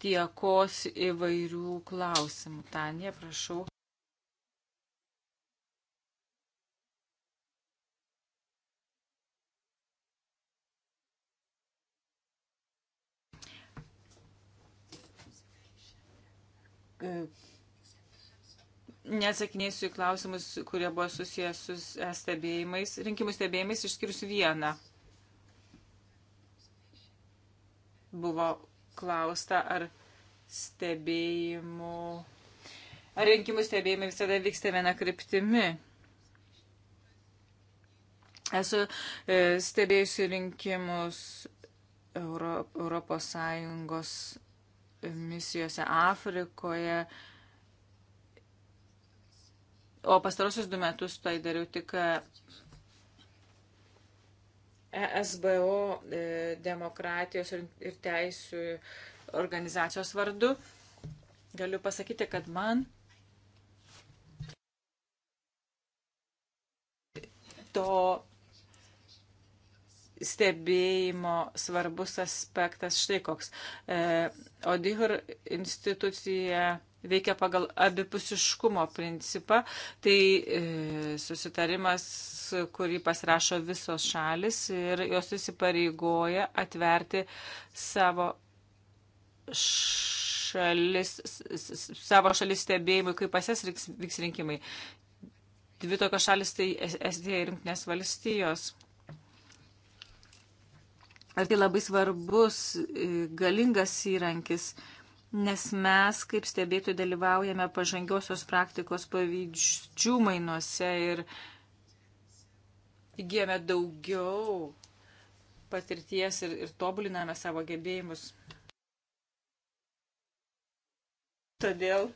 tiekos įvairių klausimų. Tanja, prašau. Neatsakinėsiu į klausimus, kurie buvo susijęs su stebėjimais, rinkimų stebėjimais, išskirius vieną. buvo klausta, ar stebėjimų, ar rinkimų stebėjimai visada vyksta viena kryptimi. Esu e, stebėjusi rinkimus Euro, Europos Sąjungos misijose Afrikoje. O pastarosius du metus tai dariau tik e, ESBO e, demokratijos ir teisų organizacijos vardu. Galiu pasakyti, kad man to stebėjimo svarbus aspektas štai koks. E, Odihur institucija veikia pagal abipusiškumo principą. Tai e, susitarimas, kurį pasirašo visos šalis ir jos įsipareigoja atverti savo šalis, savo šalis stebėjimui, kaip pasės vyks rinkimai. Dvi tokios šalis tai Estija ir Junktinės valstijos. Ar tai labai svarbus, e, galingas įrankis? E, nes mes kaip stebėtojai dalyvaujame pažangiosios praktikos pavyzdžių mainuose ir įgyjame daugiau patirties ir, ir tobuliname savo gebėjimus. Todėl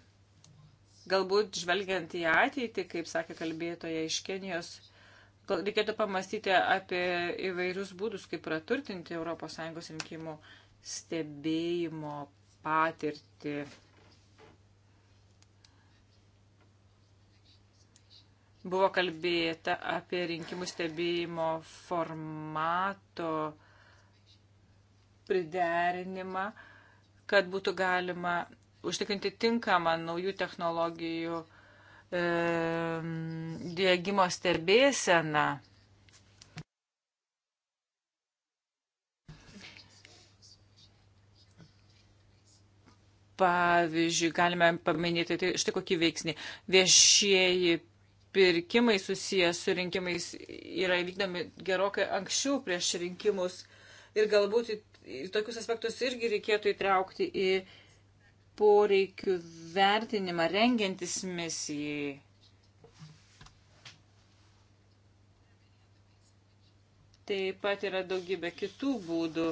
galbūt žvelgiant į ateitį, kaip sakė kalbėtoja iš Kenijos, reikėtų pamastyti apie įvairius būdus, kaip praturtinti ES rinkimų stebėjimo patirtį. Buvo kalbėta apie rinkimų stebėjimo formato priderinimą, kad būtų galima užtikrinti tinkamą naujų technologijų e, dėgymo stebėseną. Pavyzdžiui, galime paminėti tai štai kokį veiksnį. Viešieji pirkimai susijęs su rinkimais yra vykdomi gerokai anksčiau prieš rinkimus ir galbūt į, į tokius aspektus irgi reikėtų įtraukti į poreikių vertinimą rengiantis misijai. Taip pat yra daugybė kitų būdų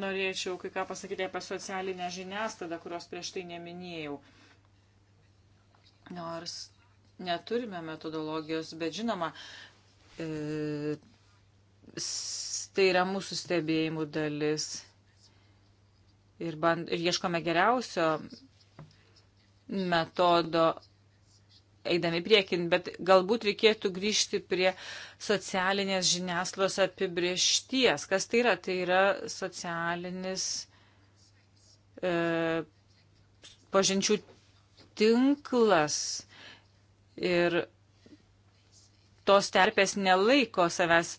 norėčiau kai ką pasakyti apie socialinę žiniasklaidą, kurios prieš tai neminėjau. Nors neturime metodologijos, bet žinoma, e, tai yra mūsų stebėjimų dalis. Ir, band, ir ieškome geriausio metodo eidami priekin, bet galbūt reikėtų grįžti prie socialinės žiniasklaidos apibriešties. Kas tai yra? Tai yra socialinis e, pažinčių tinklas ir tos terpės nelaiko savęs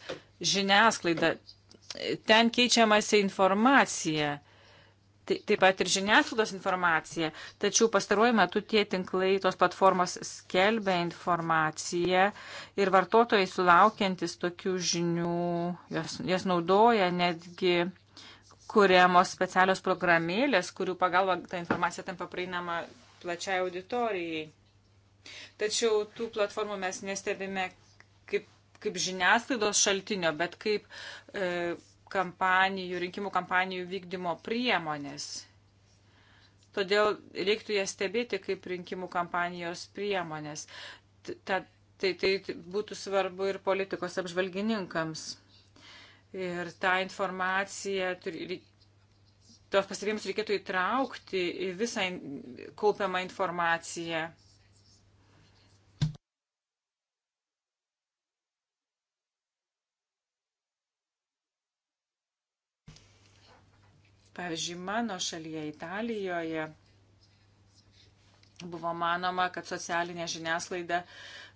žiniasklaida. Ten keičiamasi informacija. E, taip pat ir žiniasklaidos informacija. Tačiau pastaruoju metu tie tinklai, tos platformos skelbia informaciją ir vartotojai sulaukiantis tokių žinių, jos, jas naudoja netgi kuriamos specialios programėlės, kurių pagalba ta informacija tampa prieinama plačiai auditorijai. Tačiau tų platformų mes nestebime kaip, kaip žiniasklaidos šaltinio, bet kaip e, kampanijų, rinkimų kampanijų vykdymo priemonės. Todėl reiktų jas stebėti kaip rinkimų kampanijos priemonės. Ta, tai, tai būtų svarbu ir politikos apžvalgininkams. Ir tą informaciją, tos pasirinkimus reikėtų įtraukti į visą kaupiamą informaciją Pavyzdžiui, mano šalyje Italijoje buvo manoma, kad socialinė žiniaslaida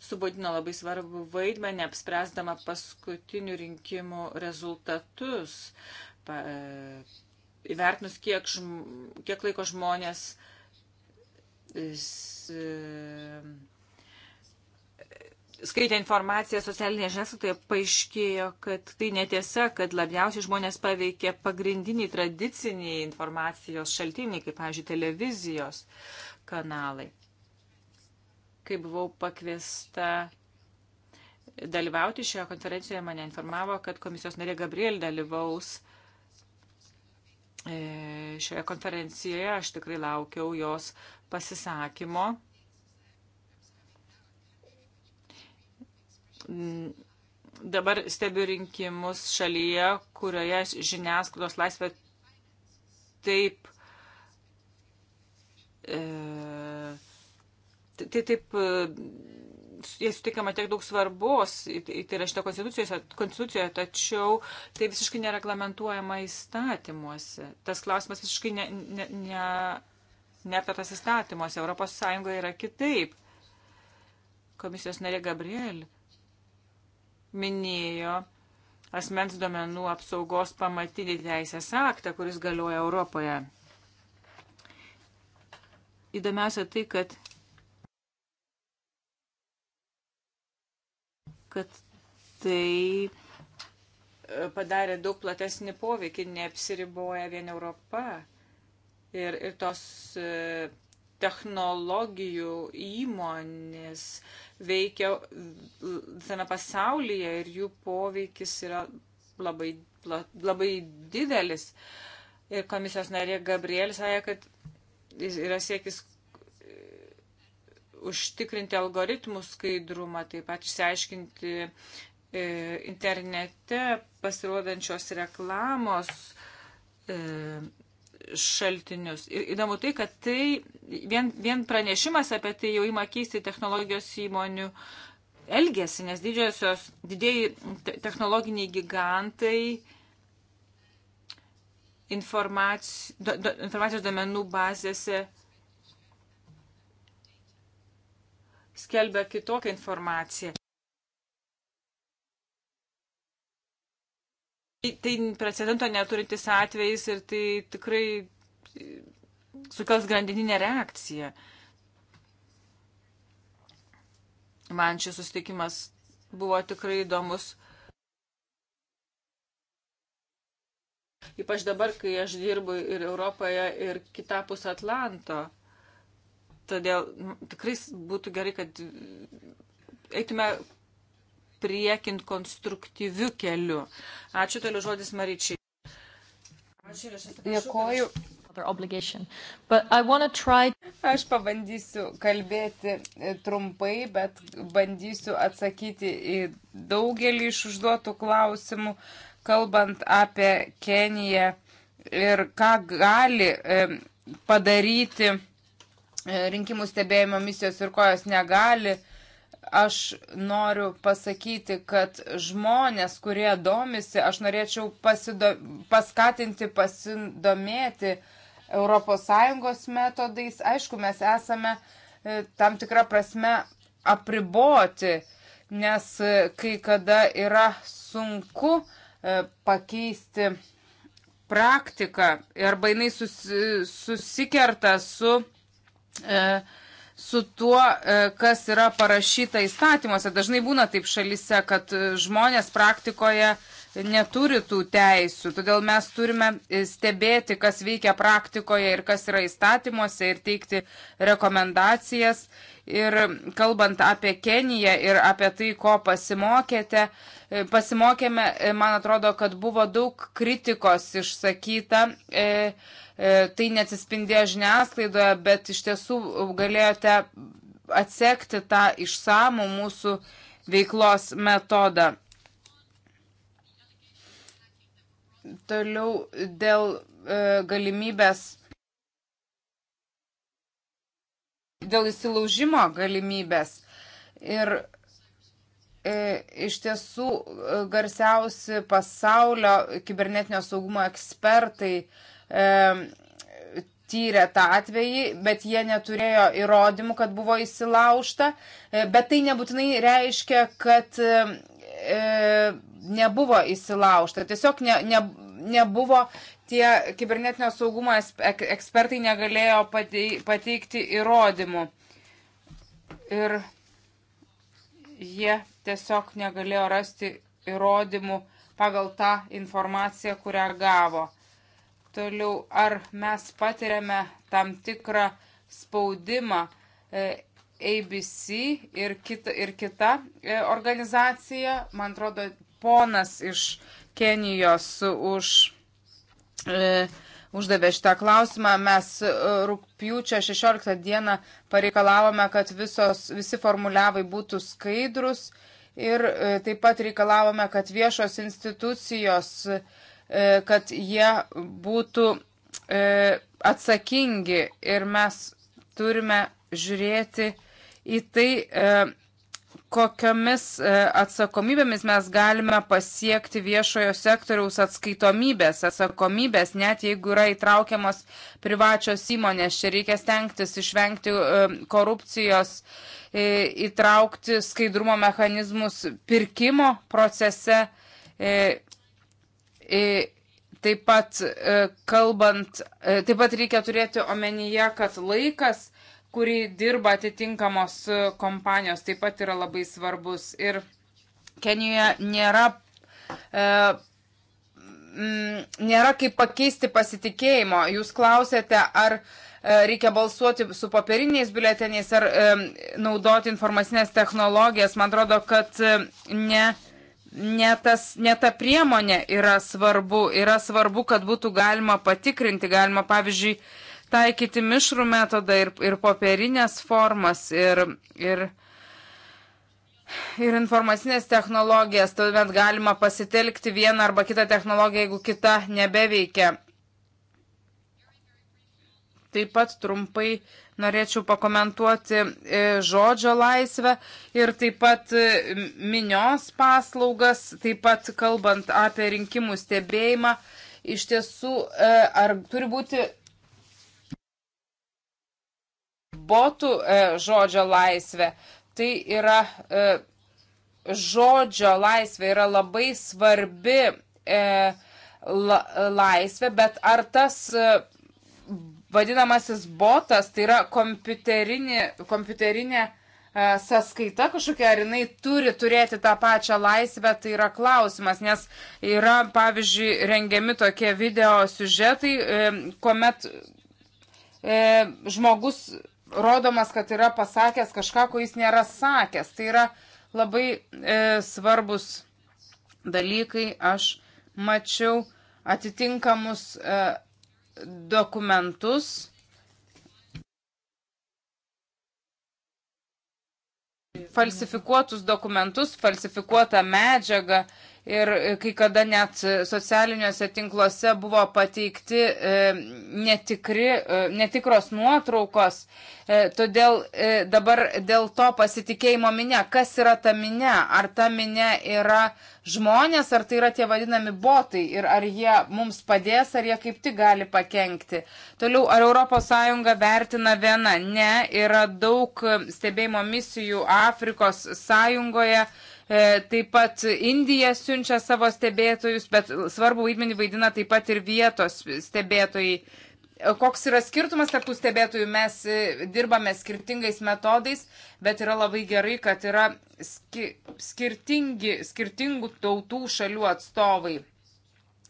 subodino labai svarbu vaidmenį, apspręsdama paskutinių rinkimų rezultatus, pa, e, įvertinus, kiek, žm, kiek laiko žmonės. Is, e, uh, skaitę informaciją socialinėje žiniasklaidoje paaiškėjo, kad tai netiesa, kad labiausiai žmonės paveikė pagrindiniai tradiciniai informacijos šaltiniai, kaip, pavyzdžiui, televizijos kanalai. Kai buvau pakviesta dalyvauti šioje konferencijoje, mane informavo, kad komisijos narė Gabriel dalyvaus e, šioje konferencijoje. Aš tikrai laukiau jos pasisakymo Mm, dabar stebiu rinkimus šalyje, kurioje žiniasklaidos laisvė taip. E, tai taip, e, jie sutikama tiek daug svarbos, tai yra šita konstitucijoje, konstitucijoje, tačiau tai visiškai nereglamentuojama įstatymuose. Tas klausimas visiškai ne, ne, ne, neaptartas įstatymuose. Europos Sąjungoje yra kitaip. Komisijos narė Gabriel minėjo asmens duomenų apsaugos pamatinį teisės aktą, kuris galioja Europoje. Įdomiausia tai, kad, kad tai e, padarė daug platesnį poveikį, neapsiriboja vien Europa. Ir, ir tos e, technologijų įmonės veikia visame pasaulyje ir jų poveikis yra labai, labai didelis. Ir komisijos narė Gabrielis sąja, kad yra siekis e, užtikrinti algoritmų skaidrumą, taip pat išsiaiškinti e, internete pasirodančios reklamos e, šaltinius. Ir įdomu tai, kad tai vien, vien pranešimas apie tai jau ima keisti technologijos įmonių elgesį, nes didžiosios, didėjai technologiniai gigantai informacijos, do, do, informacijos domenų bazėse skelbia kitokią informaciją. tai precedento neturintis atvejis ir tai tikrai sukels grandininę reakciją. Man šis susitikimas buvo tikrai įdomus. Ypač dabar, kai aš dirbu ir Europoje, ir kitapus Atlanto. Todėl tikrai būtų gerai, kad eitume priekint konstruktyviu keliu. Ačiū toliau žodis Maryčiai. Ačiū ir aš atsiprašau. Try... Aš pabandysiu kalbėti e, trumpai, bet bandysiu atsakyti į daugelį iš užduotų klausimų, kalbant apie Keniją ir ką gali e, padaryti e, rinkimų stebėjimo misijos ir ko jos negali aš noriu pasakyti, kad žmonės, kurie domisi, aš norėčiau pasido, paskatinti pasidomėti ES metodais. Aišku, mes esame e, tam tikrą prasme apriboti, nes e, kai kada yra sunku e, pakeisti praktiką arba jinai susikerta su e, su tuo, e, kas yra parašyta įstatymuose. Dažnai būna taip šalise, kad e, žmonės praktikoje uh, neturi tų teisių. Todėl mes turime stebėti, kas veikia praktikoje ir kas yra įstatymuose ir teikti rekomendacijas. Ir kalbant apie Keniją ir apie tai, ko pasimokėte, pasimokėme, man atrodo, kad buvo daug kritikos išsakyta. E, e tai neatsispindėjo žiniasklaidoje, bet iš tiesų galėjote atsekti tą išsamų mūsų veiklos metodą. Toliau dėl e, galimybės, dėl įsilaužimo galimybės. Ir e, iš tiesų e, garsiausi pasaulio kibernetinio saugumo ekspertai e, tyrė tą atvejį, bet jie neturėjo įrodymų, kad buvo įsilaužta. E, bet tai nebūtinai reiškia, kad e, e, nebuvo įsilaužta. Tiesiog ne, ne, nebuvo tie kibernetinio saugumo ekspertai negalėjo pateikti įrodymų. Ir jie tiesiog negalėjo rasti įrodymų pagal tą informaciją, kurią gavo. Toliau, ar mes patiriame tam tikrą spaudimą e, ABC ir kita, ir e, kita organizacija, man atrodo, ponas iš Kenijos už, e, uždavė šitą klausimą. Mes e, rūpjūčio 16 dieną pareikalavome, kad visos, visi formuliavai būtų skaidrus ir e, taip pat reikalavome, kad viešos institucijos, e, kad jie būtų e, atsakingi ir mes turime žiūrėti, į tai, e, kokiamis e, atsakomybėmis mes galime pasiekti viešojo sektoriaus atskaitomybės, atsakomybės, net jeigu yra įtraukiamos privačios įmonės. Čia reikia stengtis išvengti e, korupcijos, įtraukti skaidrumo mechanizmus pirkimo procese. Taip pat, kalbant, taip pat reikia turėti omenyje, kad laikas, kurį dirba atitinkamos e, kompanijos, taip pat yra labai svarbus. Ir Kenijoje nėra. E, mm, Nėra kaip pakeisti pasitikėjimo. Jūs klausėte, ar e, reikia balsuoti su popieriniais biuleteniais, ar e, naudoti informacinės technologijas. Man atrodo, kad e, ne, ne, tas, ne ta priemonė yra svarbu. Yra svarbu, kad būtų galima patikrinti, galima, pavyzdžiui, e, taikyti mišrų metodą ir, ir popierinės formas ir, ir, ir informacinės technologijas, tuomet galima pasitelkti vieną arba kitą technologiją, jeigu kita nebeveikia. Taip pat trumpai norėčiau pakomentuoti e, žodžio laisvę ir taip pat e, minios paslaugas, taip pat kalbant apie rinkimų stebėjimą. Iš tiesų, e, ar turi būti botų e, žodžio laisvę. Tai yra e, žodžio laisvė yra labai svarbi e, la, laisvė, bet ar tas e, vadinamasis botas, tai yra kompiuterinė, kompiuterinė e, sąskaita kažkokia, ar jinai turi turėti tą pačią laisvę, tai yra klausimas, nes yra, pavyzdžiui, rengiami tokie video siužetai, e, kuomet e, žmogus rodomas, kad yra pasakęs kažką, ko jis nėra sakęs. Tai yra labai e, svarbus dalykai. Aš mačiau atitinkamus e, dokumentus. falsifikuotus dokumentus, falsifikuotą medžiagą, ir e, kai kada net socialiniuose tinkluose buvo pateikti e, netikri, e, netikros nuotraukos. Todėl dabar dėl to pasitikėjimo minė, kas yra ta minė, ar ta minė yra žmonės, ar tai yra tie vadinami botai ir ar jie mums padės, ar jie kaip tik gali pakengti. Toliau, ar ES vertina viena? Ne, yra daug stebėjimo misijų Afrikos sąjungoje E, taip pat Indija siunčia savo stebėtojus, bet svarbu vaidmenį vaidina taip pat ir vietos stebėtojai. E, koks yra skirtumas tarp stebėtojų? Mes e, dirbame skirtingais metodais, bet yra labai gerai, kad yra ski skirtingi, skirtingų tautų šalių atstovai.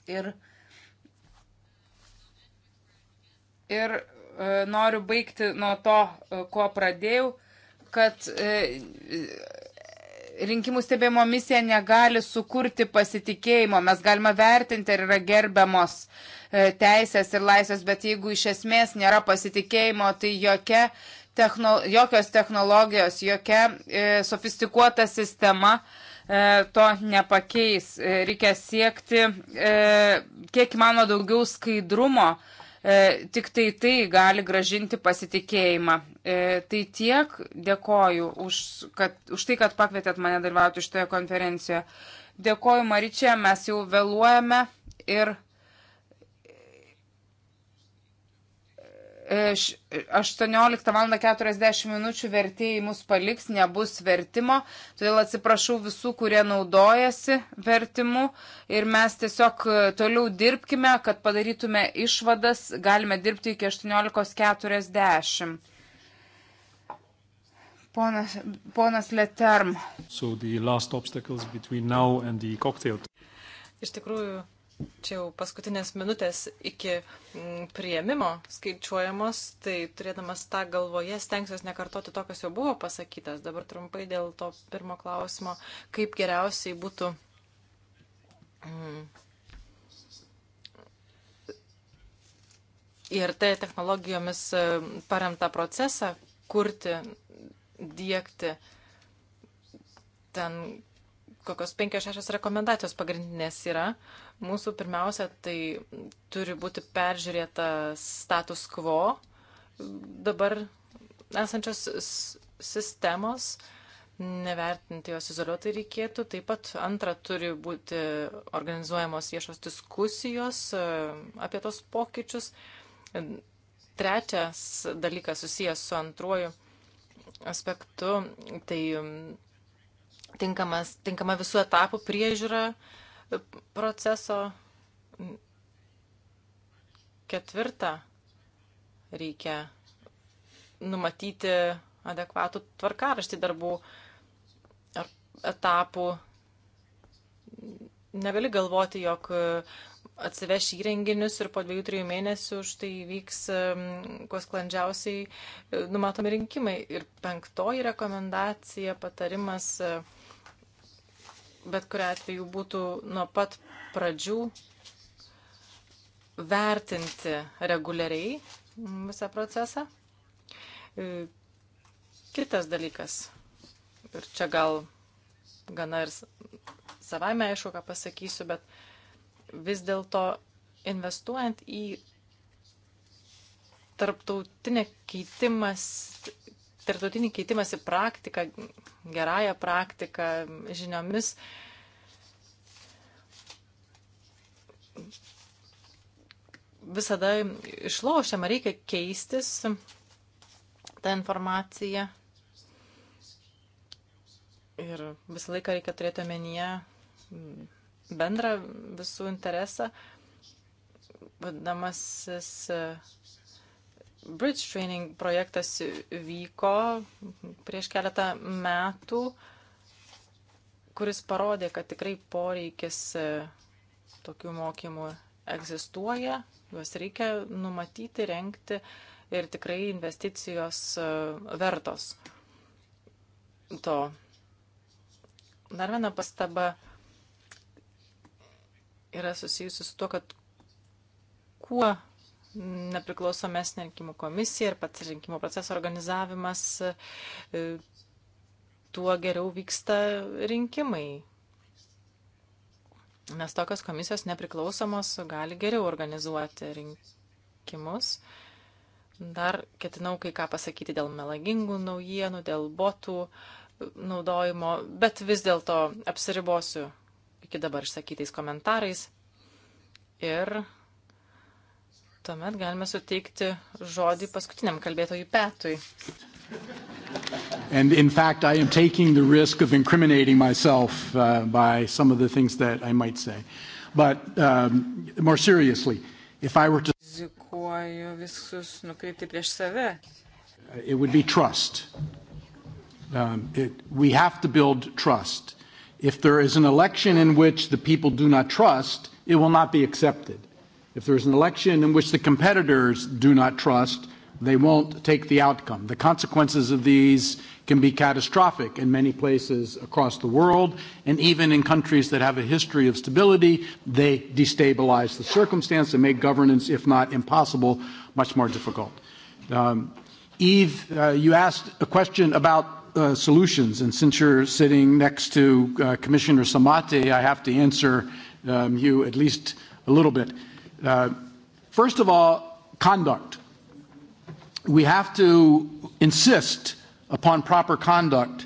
Ir, ir e, noriu baigti nuo to, e, kuo pradėjau, kad e, rinkimų stebėjimo misija negali sukurti pasitikėjimo. Mes galime vertinti, ar yra gerbiamos e, teisės ir laisvės, bet jeigu iš esmės nėra pasitikėjimo, tai jokia techno, jokios technologijos, jokia e, sofistikuota sistema e, to nepakeis. E, reikia siekti e, kiek įmanoma daugiau skaidrumo. E, E, tik tai tai gali gražinti pasitikėjimą. E, tai tiek dėkoju už, kad, už tai, kad pakvietėt mane dalyvauti šitoje konferencijoje. Dėkoju Maryčia, mes jau vėluojame ir 18 val. 40 minučių vertėjai mus paliks, nebus vertimo, todėl atsiprašau visų, kurie naudojasi vertimu ir mes tiesiog e, toliau dirbkime, kad padarytume išvadas, galime dirbti iki 18.40. Ponas, ponas Leterm. So Iš tikrųjų, čia jau paskutinės minutės iki mm, prieimimo skaičiuojamos, tai turėdamas tą galvoje stengsiuos nekartoti to, kas jau buvo pasakytas. Dabar trumpai dėl to pirmo klausimo, kaip geriausiai būtų mm, ir tai technologijomis e, paremtą procesą kurti, dėkti ten kokios penkios šešios rekomendacijos pagrindinės yra. Mūsų pirmiausia, tai turi būti peržiūrėta status quo dabar esančios sistemos, nevertinti jos izoliuotai reikėtų. Taip pat antra turi būti organizuojamos viešos diskusijos e, apie tos pokyčius. Trečias dalykas susijęs su antruoju aspektu, tai tinkamas, tinkama visų etapų priežiūra e, proceso. Ketvirta, reikia numatyti adekvatų tvarkaraštį darbų ar etapų. Negali galvoti, jog atsiveš įrenginius ir po dviejų, trijų mėnesių už tai vyks, kuo sklandžiausiai e, numatomi rinkimai. Ir penktoji rekomendacija, patarimas e, bet kuriu atveju būtų nuo pat pradžių vertinti reguliariai visą procesą. E, kitas dalykas, ir čia gal gana ir savame aišku, ką pasakysiu, bet vis dėlto investuojant į tarptautinę keitimas, tarptautinį keitimąsi praktiką gerąją praktiką, žiniomis. Visada išlošiama, reikia keistis tą informaciją. Ir visą laiką reikia turėti omenyje bendrą visų interesą, vadinamasis Bridge Training projektas vyko prieš keletą metų, kuris parodė, kad tikrai poreikis e, tokių mokymų egzistuoja, juos reikia numatyti, renkti ir tikrai investicijos e, vertos to. Dar viena pastaba yra susijusi su to, kad kuo nepriklausomesnė rinkimų komisija ir pats rinkimų proceso organizavimas, e, tuo geriau vyksta rinkimai. Nes tokios komisijos nepriklausomos gali geriau organizuoti rinkimus. Dar ketinau kai ką pasakyti dėl melagingų naujienų, dėl botų e, naudojimo, bet vis dėlto apsiribosiu iki dabar išsakytais komentarais ir Tuomet galime suteikti žodį paskutiniam kalbėtojui Petui. And in fact, I am taking the risk of incriminating myself uh, by some of the things that I might say. But um, more seriously, if I were to. It would be trust. Um, it, we have to build trust. If there is an election in which the people do not trust, it will not be accepted. If there's an election in which the competitors do not trust, they won't take the outcome. The consequences of these can be catastrophic in many places across the world, and even in countries that have a history of stability, they destabilize the circumstance and make governance, if not impossible, much more difficult. Um, Eve, uh, you asked a question about uh, solutions, and since you're sitting next to uh, Commissioner Samate, I have to answer um, you at least a little bit. Uh, Uh, first of all, conduct. We have to insist upon proper conduct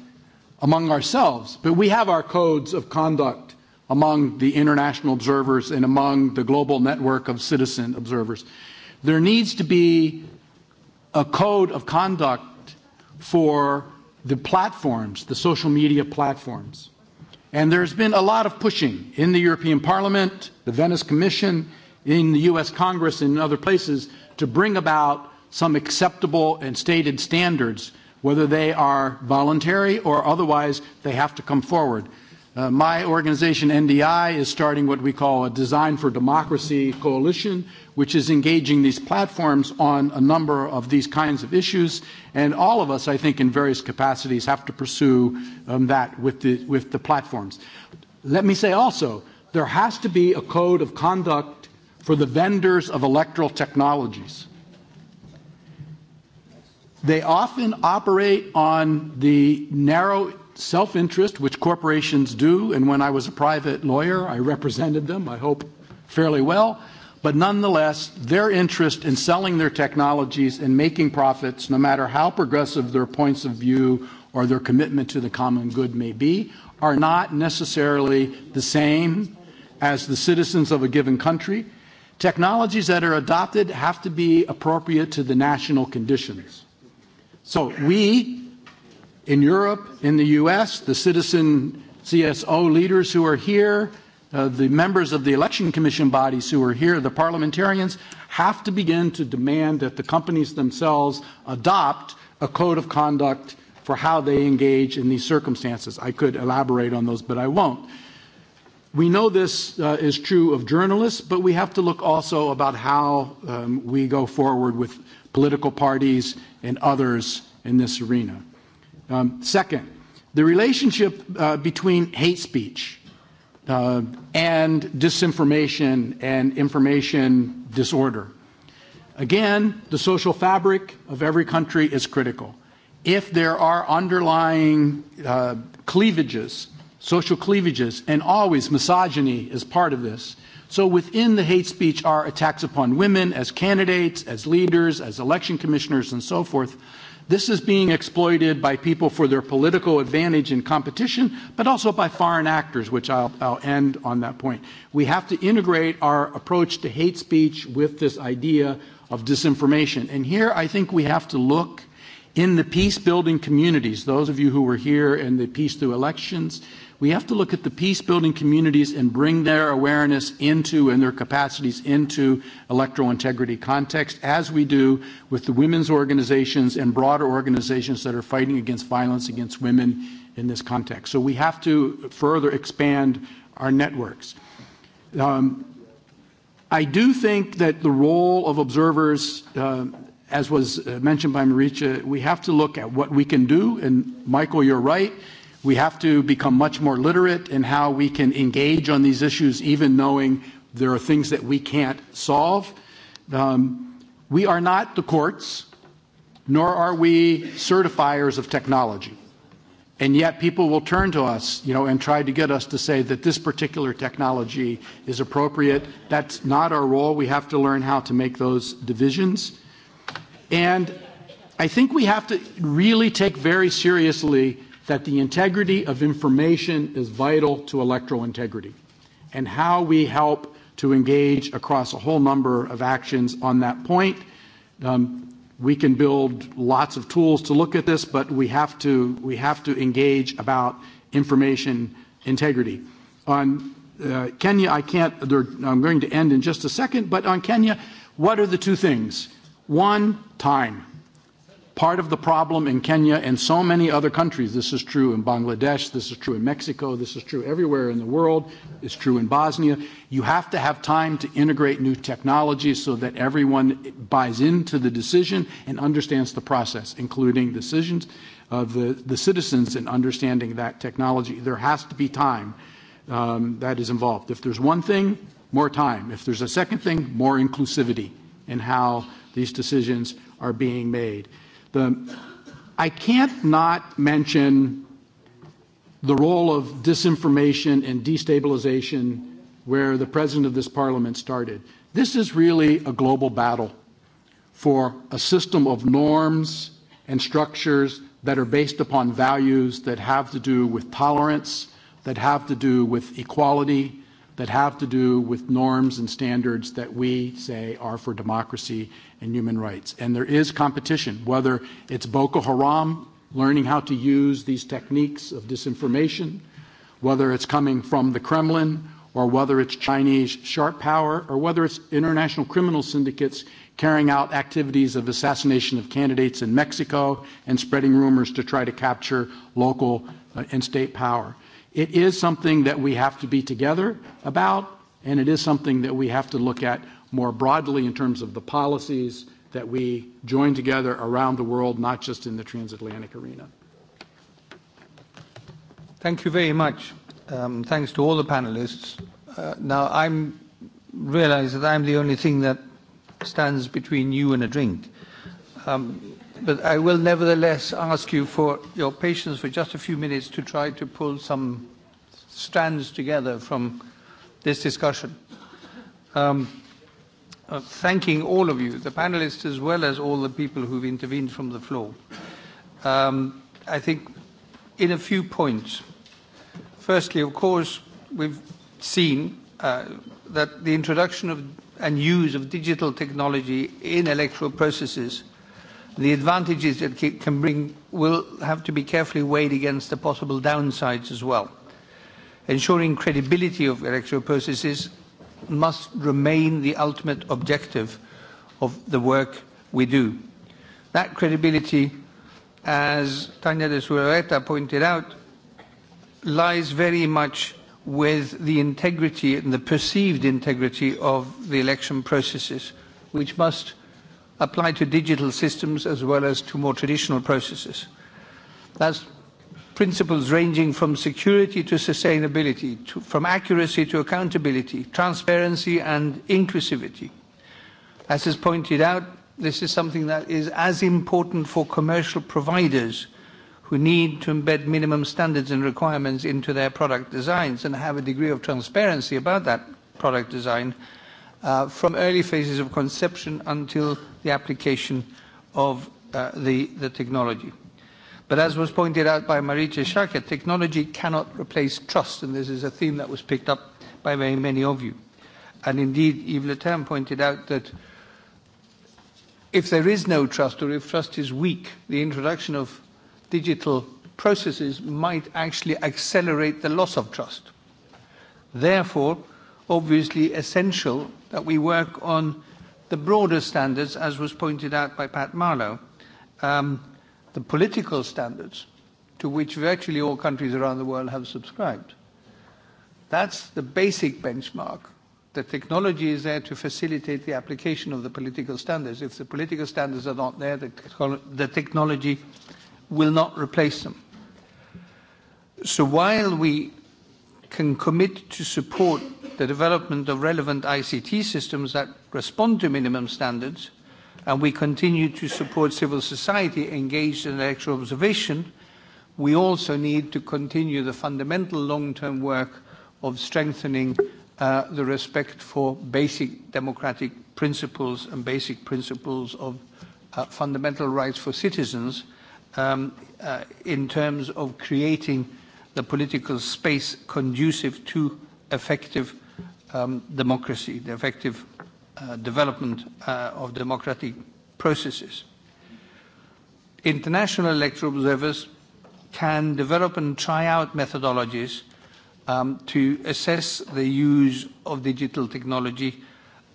among ourselves, but we have our codes of conduct among the international observers and among the global network of citizen observers. There needs to be a code of conduct for the platforms, the social media platforms. And there's been a lot of pushing in the European Parliament, the Venice Commission, in the U.S. Congress and other places to bring about some acceptable and stated standards, whether they are voluntary or otherwise, they have to come forward. Uh, my organization, NDI, is starting what we call a Design for Democracy coalition, which is engaging these platforms on a number of these kinds of issues. And all of us, I think, in various capacities, have to pursue um, that with the, with the platforms. Let me say also, there has to be a code of conduct for the vendors of electrical technologies. They often operate on the narrow self interest, which corporations do, and when I was a private lawyer, I represented them, I hope fairly well. But nonetheless, their interest in selling their technologies and making profits, no matter how progressive their points of view or their commitment to the common good may be, are not necessarily the same as the citizens of a given country Technologies that are adopted have to be appropriate to the national conditions. So we, in Europe, in the US, the citizen CSO leaders who are here, uh, the members of the election commission bodies who are here, the parliamentarians, have to begin to demand that the companies themselves adopt a code of conduct for how they engage in these circumstances. I could elaborate on those, but I won't. We know this uh, is true of journalists, but we have to look also about how um, we go forward with political parties and others in this arena. Um, second, the relationship uh, between hate speech uh, and disinformation and information disorder. Again, the social fabric of every country is critical. If there are underlying uh, cleavages social cleavages, and always misogyny is part of this. So within the hate speech are attacks upon women as candidates, as leaders, as election commissioners, and so forth. This is being exploited by people for their political advantage in competition, but also by foreign actors, which I'll, I'll end on that point. We have to integrate our approach to hate speech with this idea of disinformation. And here I think we have to look in the peace building communities, those of you who were here in the Peace Through Elections we have to look at the peace building communities and bring their awareness into and their capacities into electoral integrity context, as we do with the women's organizations and broader organizations that are fighting against violence against women in this context. So we have to further expand our networks. Um, I do think that the role of observers, uh, as was uh, mentioned by Maricha, we have to look at what we can do. And Michael, you're right We have to become much more literate in how we can engage on these issues, even knowing there are things that we can't solve. Um, we are not the courts, nor are we certifiers of technology. And yet people will turn to us, you know, and try to get us to say that this particular technology is appropriate. That's not our role. We have to learn how to make those divisions. And I think we have to really take very seriously that the integrity of information is vital to electoral integrity and how we help to engage across a whole number of actions on that point. Um, we can build lots of tools to look at this, but we have to, we have to engage about information integrity. On uh, Kenya, I can't, I'm going to end in just a second, but on Kenya, what are the two things? One, time part of the problem in Kenya and so many other countries. This is true in Bangladesh, this is true in Mexico, this is true everywhere in the world, it's true in Bosnia. You have to have time to integrate new technologies so that everyone buys into the decision and understands the process, including decisions of the, the citizens in understanding that technology. There has to be time um, that is involved. If there's one thing, more time. If there's a second thing, more inclusivity in how these decisions are being made the I can't not mention the role of disinformation and destabilization where the president of this parliament started. This is really a global battle for a system of norms and structures that are based upon values that have to do with tolerance, that have to do with equality, that have to do with norms and standards that we say are for democracy and human rights. And there is competition, whether it's Boko Haram learning how to use these techniques of disinformation, whether it's coming from the Kremlin, or whether it's Chinese sharp power, or whether it's international criminal syndicates carrying out activities of assassination of candidates in Mexico and spreading rumors to try to capture local uh, and state power. It is something that we have to be together about, and it is something that we have to look at more broadly in terms of the policies that we join together around the world, not just in the transatlantic arena. Thank you very much. Um, thanks to all the panelists. Uh, now, I realize that I'm the only thing that stands between you and a drink. Um, but I will nevertheless ask you for your patience for just a few minutes to try to pull some strands together from this discussion. Um, uh, thanking all of you, the panelists as well as all the people who've intervened from the floor. Um, I think in a few points. Firstly, of course, we've seen uh, that the introduction of and use of digital technology in electoral processes the advantages it can bring will have to be carefully weighed against the possible downsides as well. Ensuring credibility of electoral processes must remain the ultimate objective of the work we do. That credibility, as Tania de Surareta pointed out, lies very much with the integrity and the perceived integrity of the election processes, which must apply to digital systems as well as to more traditional processes. That's principles ranging from security to sustainability, to, from accuracy to accountability, transparency and inclusivity. As is pointed out, this is something that is as important for commercial providers who need to embed minimum standards and requirements into their product designs and have a degree of transparency about that product design uh, from early phases of conception until the application of uh, the, the technology. But as was pointed out by Marietje Schaake, technology cannot replace trust, and this is a theme that was picked up by very many of you. And indeed, Yves Le Tam pointed out that if there is no trust or if trust is weak, the introduction of digital processes might actually accelerate the loss of trust. Therefore, obviously essential that we work on the broader standards, as was pointed out by Pat Marlow, um, the political standards to which virtually all countries around the world have subscribed. That's the basic benchmark. The technology is there to facilitate the application of the political standards. If the political standards are not there, the, technolo- the technology will not replace them. So while we can commit to support the development of relevant ICT systems that respond to minimum standards, and we continue to support civil society engaged in electoral observation, we also need to continue the fundamental long-term work of strengthening uh, the respect for basic democratic principles and basic principles of uh, fundamental rights for citizens um, uh, in terms of creating the political space conducive to effective um, democracy, the effective uh, development uh, of democratic processes. International electoral observers can develop and try out methodologies um, to assess the use of digital technology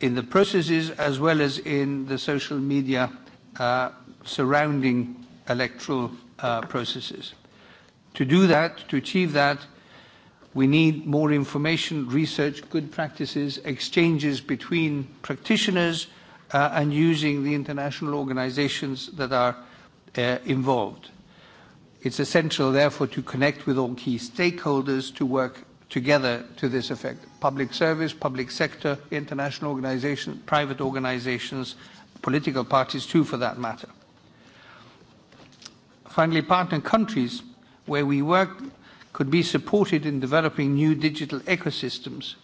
in the processes as well as in the social media uh, surrounding electoral uh, processes. To do that, to achieve that, We need more information, research, good practices, exchanges between practitioners uh, and using the international organizations that are uh, involved. It's essential, therefore, to connect with all key stakeholders to work together to this effect. Public service, public sector, international organizations, private organizations, political parties too, for that matter. Finally, partner countries where we work could be supported in developing new digital ecosystems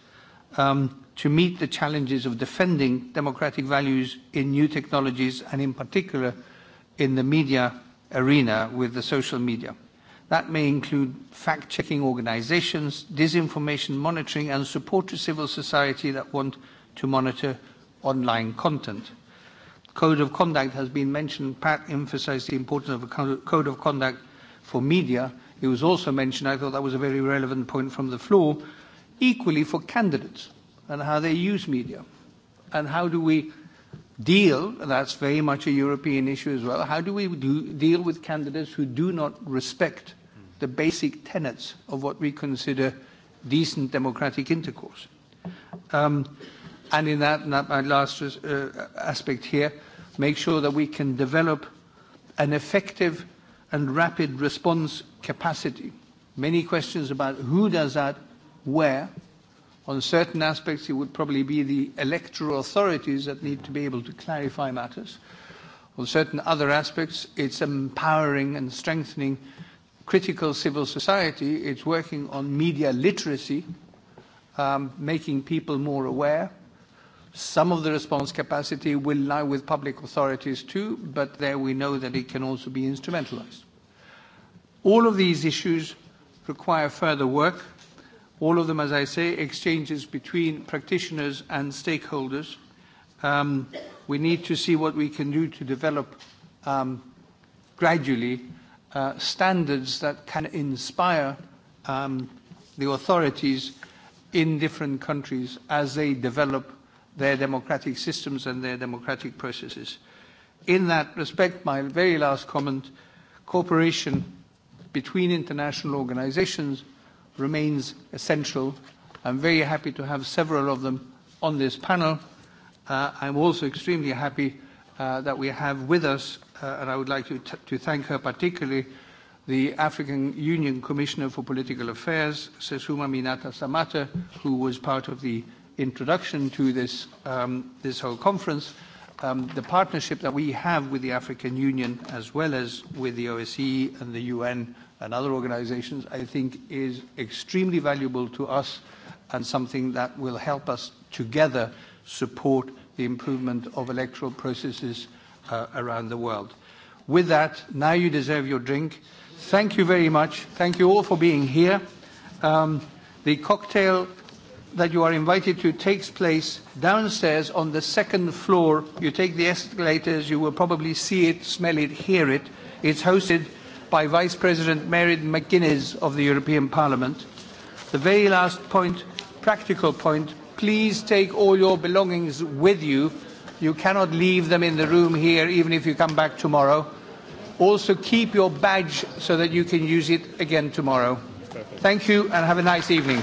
um, to meet the challenges of defending democratic values in new technologies and in particular in the media arena with the social media. That may include fact-checking organizations, disinformation monitoring and support to civil society that want to monitor online content. Code of conduct has been mentioned. Pat emphasized the importance of a code of conduct for media It was also mentioned, I thought that was a very relevant point from the floor, equally for candidates and how they use media. And how do we deal, and that's very much a European issue as well, how do we do, deal with candidates who do not respect the basic tenets of what we consider decent democratic intercourse? Um, and in that, in that my last uh, aspect here, make sure that we can develop an effective and rapid response capacity. Many questions about who does that, where. On certain aspects, it would probably be the electoral authorities that need to be able to clarify matters. On certain other aspects, it's empowering and strengthening critical civil society. It's working on media literacy, um, making people more aware. Some of the response capacity will lie with public authorities too, but there we know that it can also be instrumentalized. All of these issues require further work. All of them, as I say, exchanges between practitioners and stakeholders. Um, we need to see what we can do to develop um, gradually uh, standards that can inspire um, the authorities in different countries as they develop their democratic systems and their democratic processes. In that respect, my very last comment, cooperation between international organizations remains essential. I'm very happy to have several of them on this panel. Uh, I'm also extremely happy uh, that we have with us, uh, and I would like to, t- to thank her particularly, the African Union Commissioner for Political Affairs, Sesuma Minata Samata, who was part of the introduction to this, um, this whole conference. Uh, um, the partnership that we have with the African Union, as well as with the OSCE and the UN and other organizations, I think is extremely valuable to us and something that will help us together support the improvement of electoral processes uh, around the world. With that, now you deserve your drink. Thank you very much. Thank you all for being here. Um, the cocktail that you are invited to takes place downstairs on the second floor. You take the escalators, you will probably see it, smell it, hear it. It's hosted by Vice President Mary McGuinness of the European Parliament. The very last point, practical point, please take all your belongings with you. You cannot leave them in the room here, even if you come back tomorrow. Also, keep your badge so that you can use it again tomorrow. Perfect. Thank you and have a nice evening.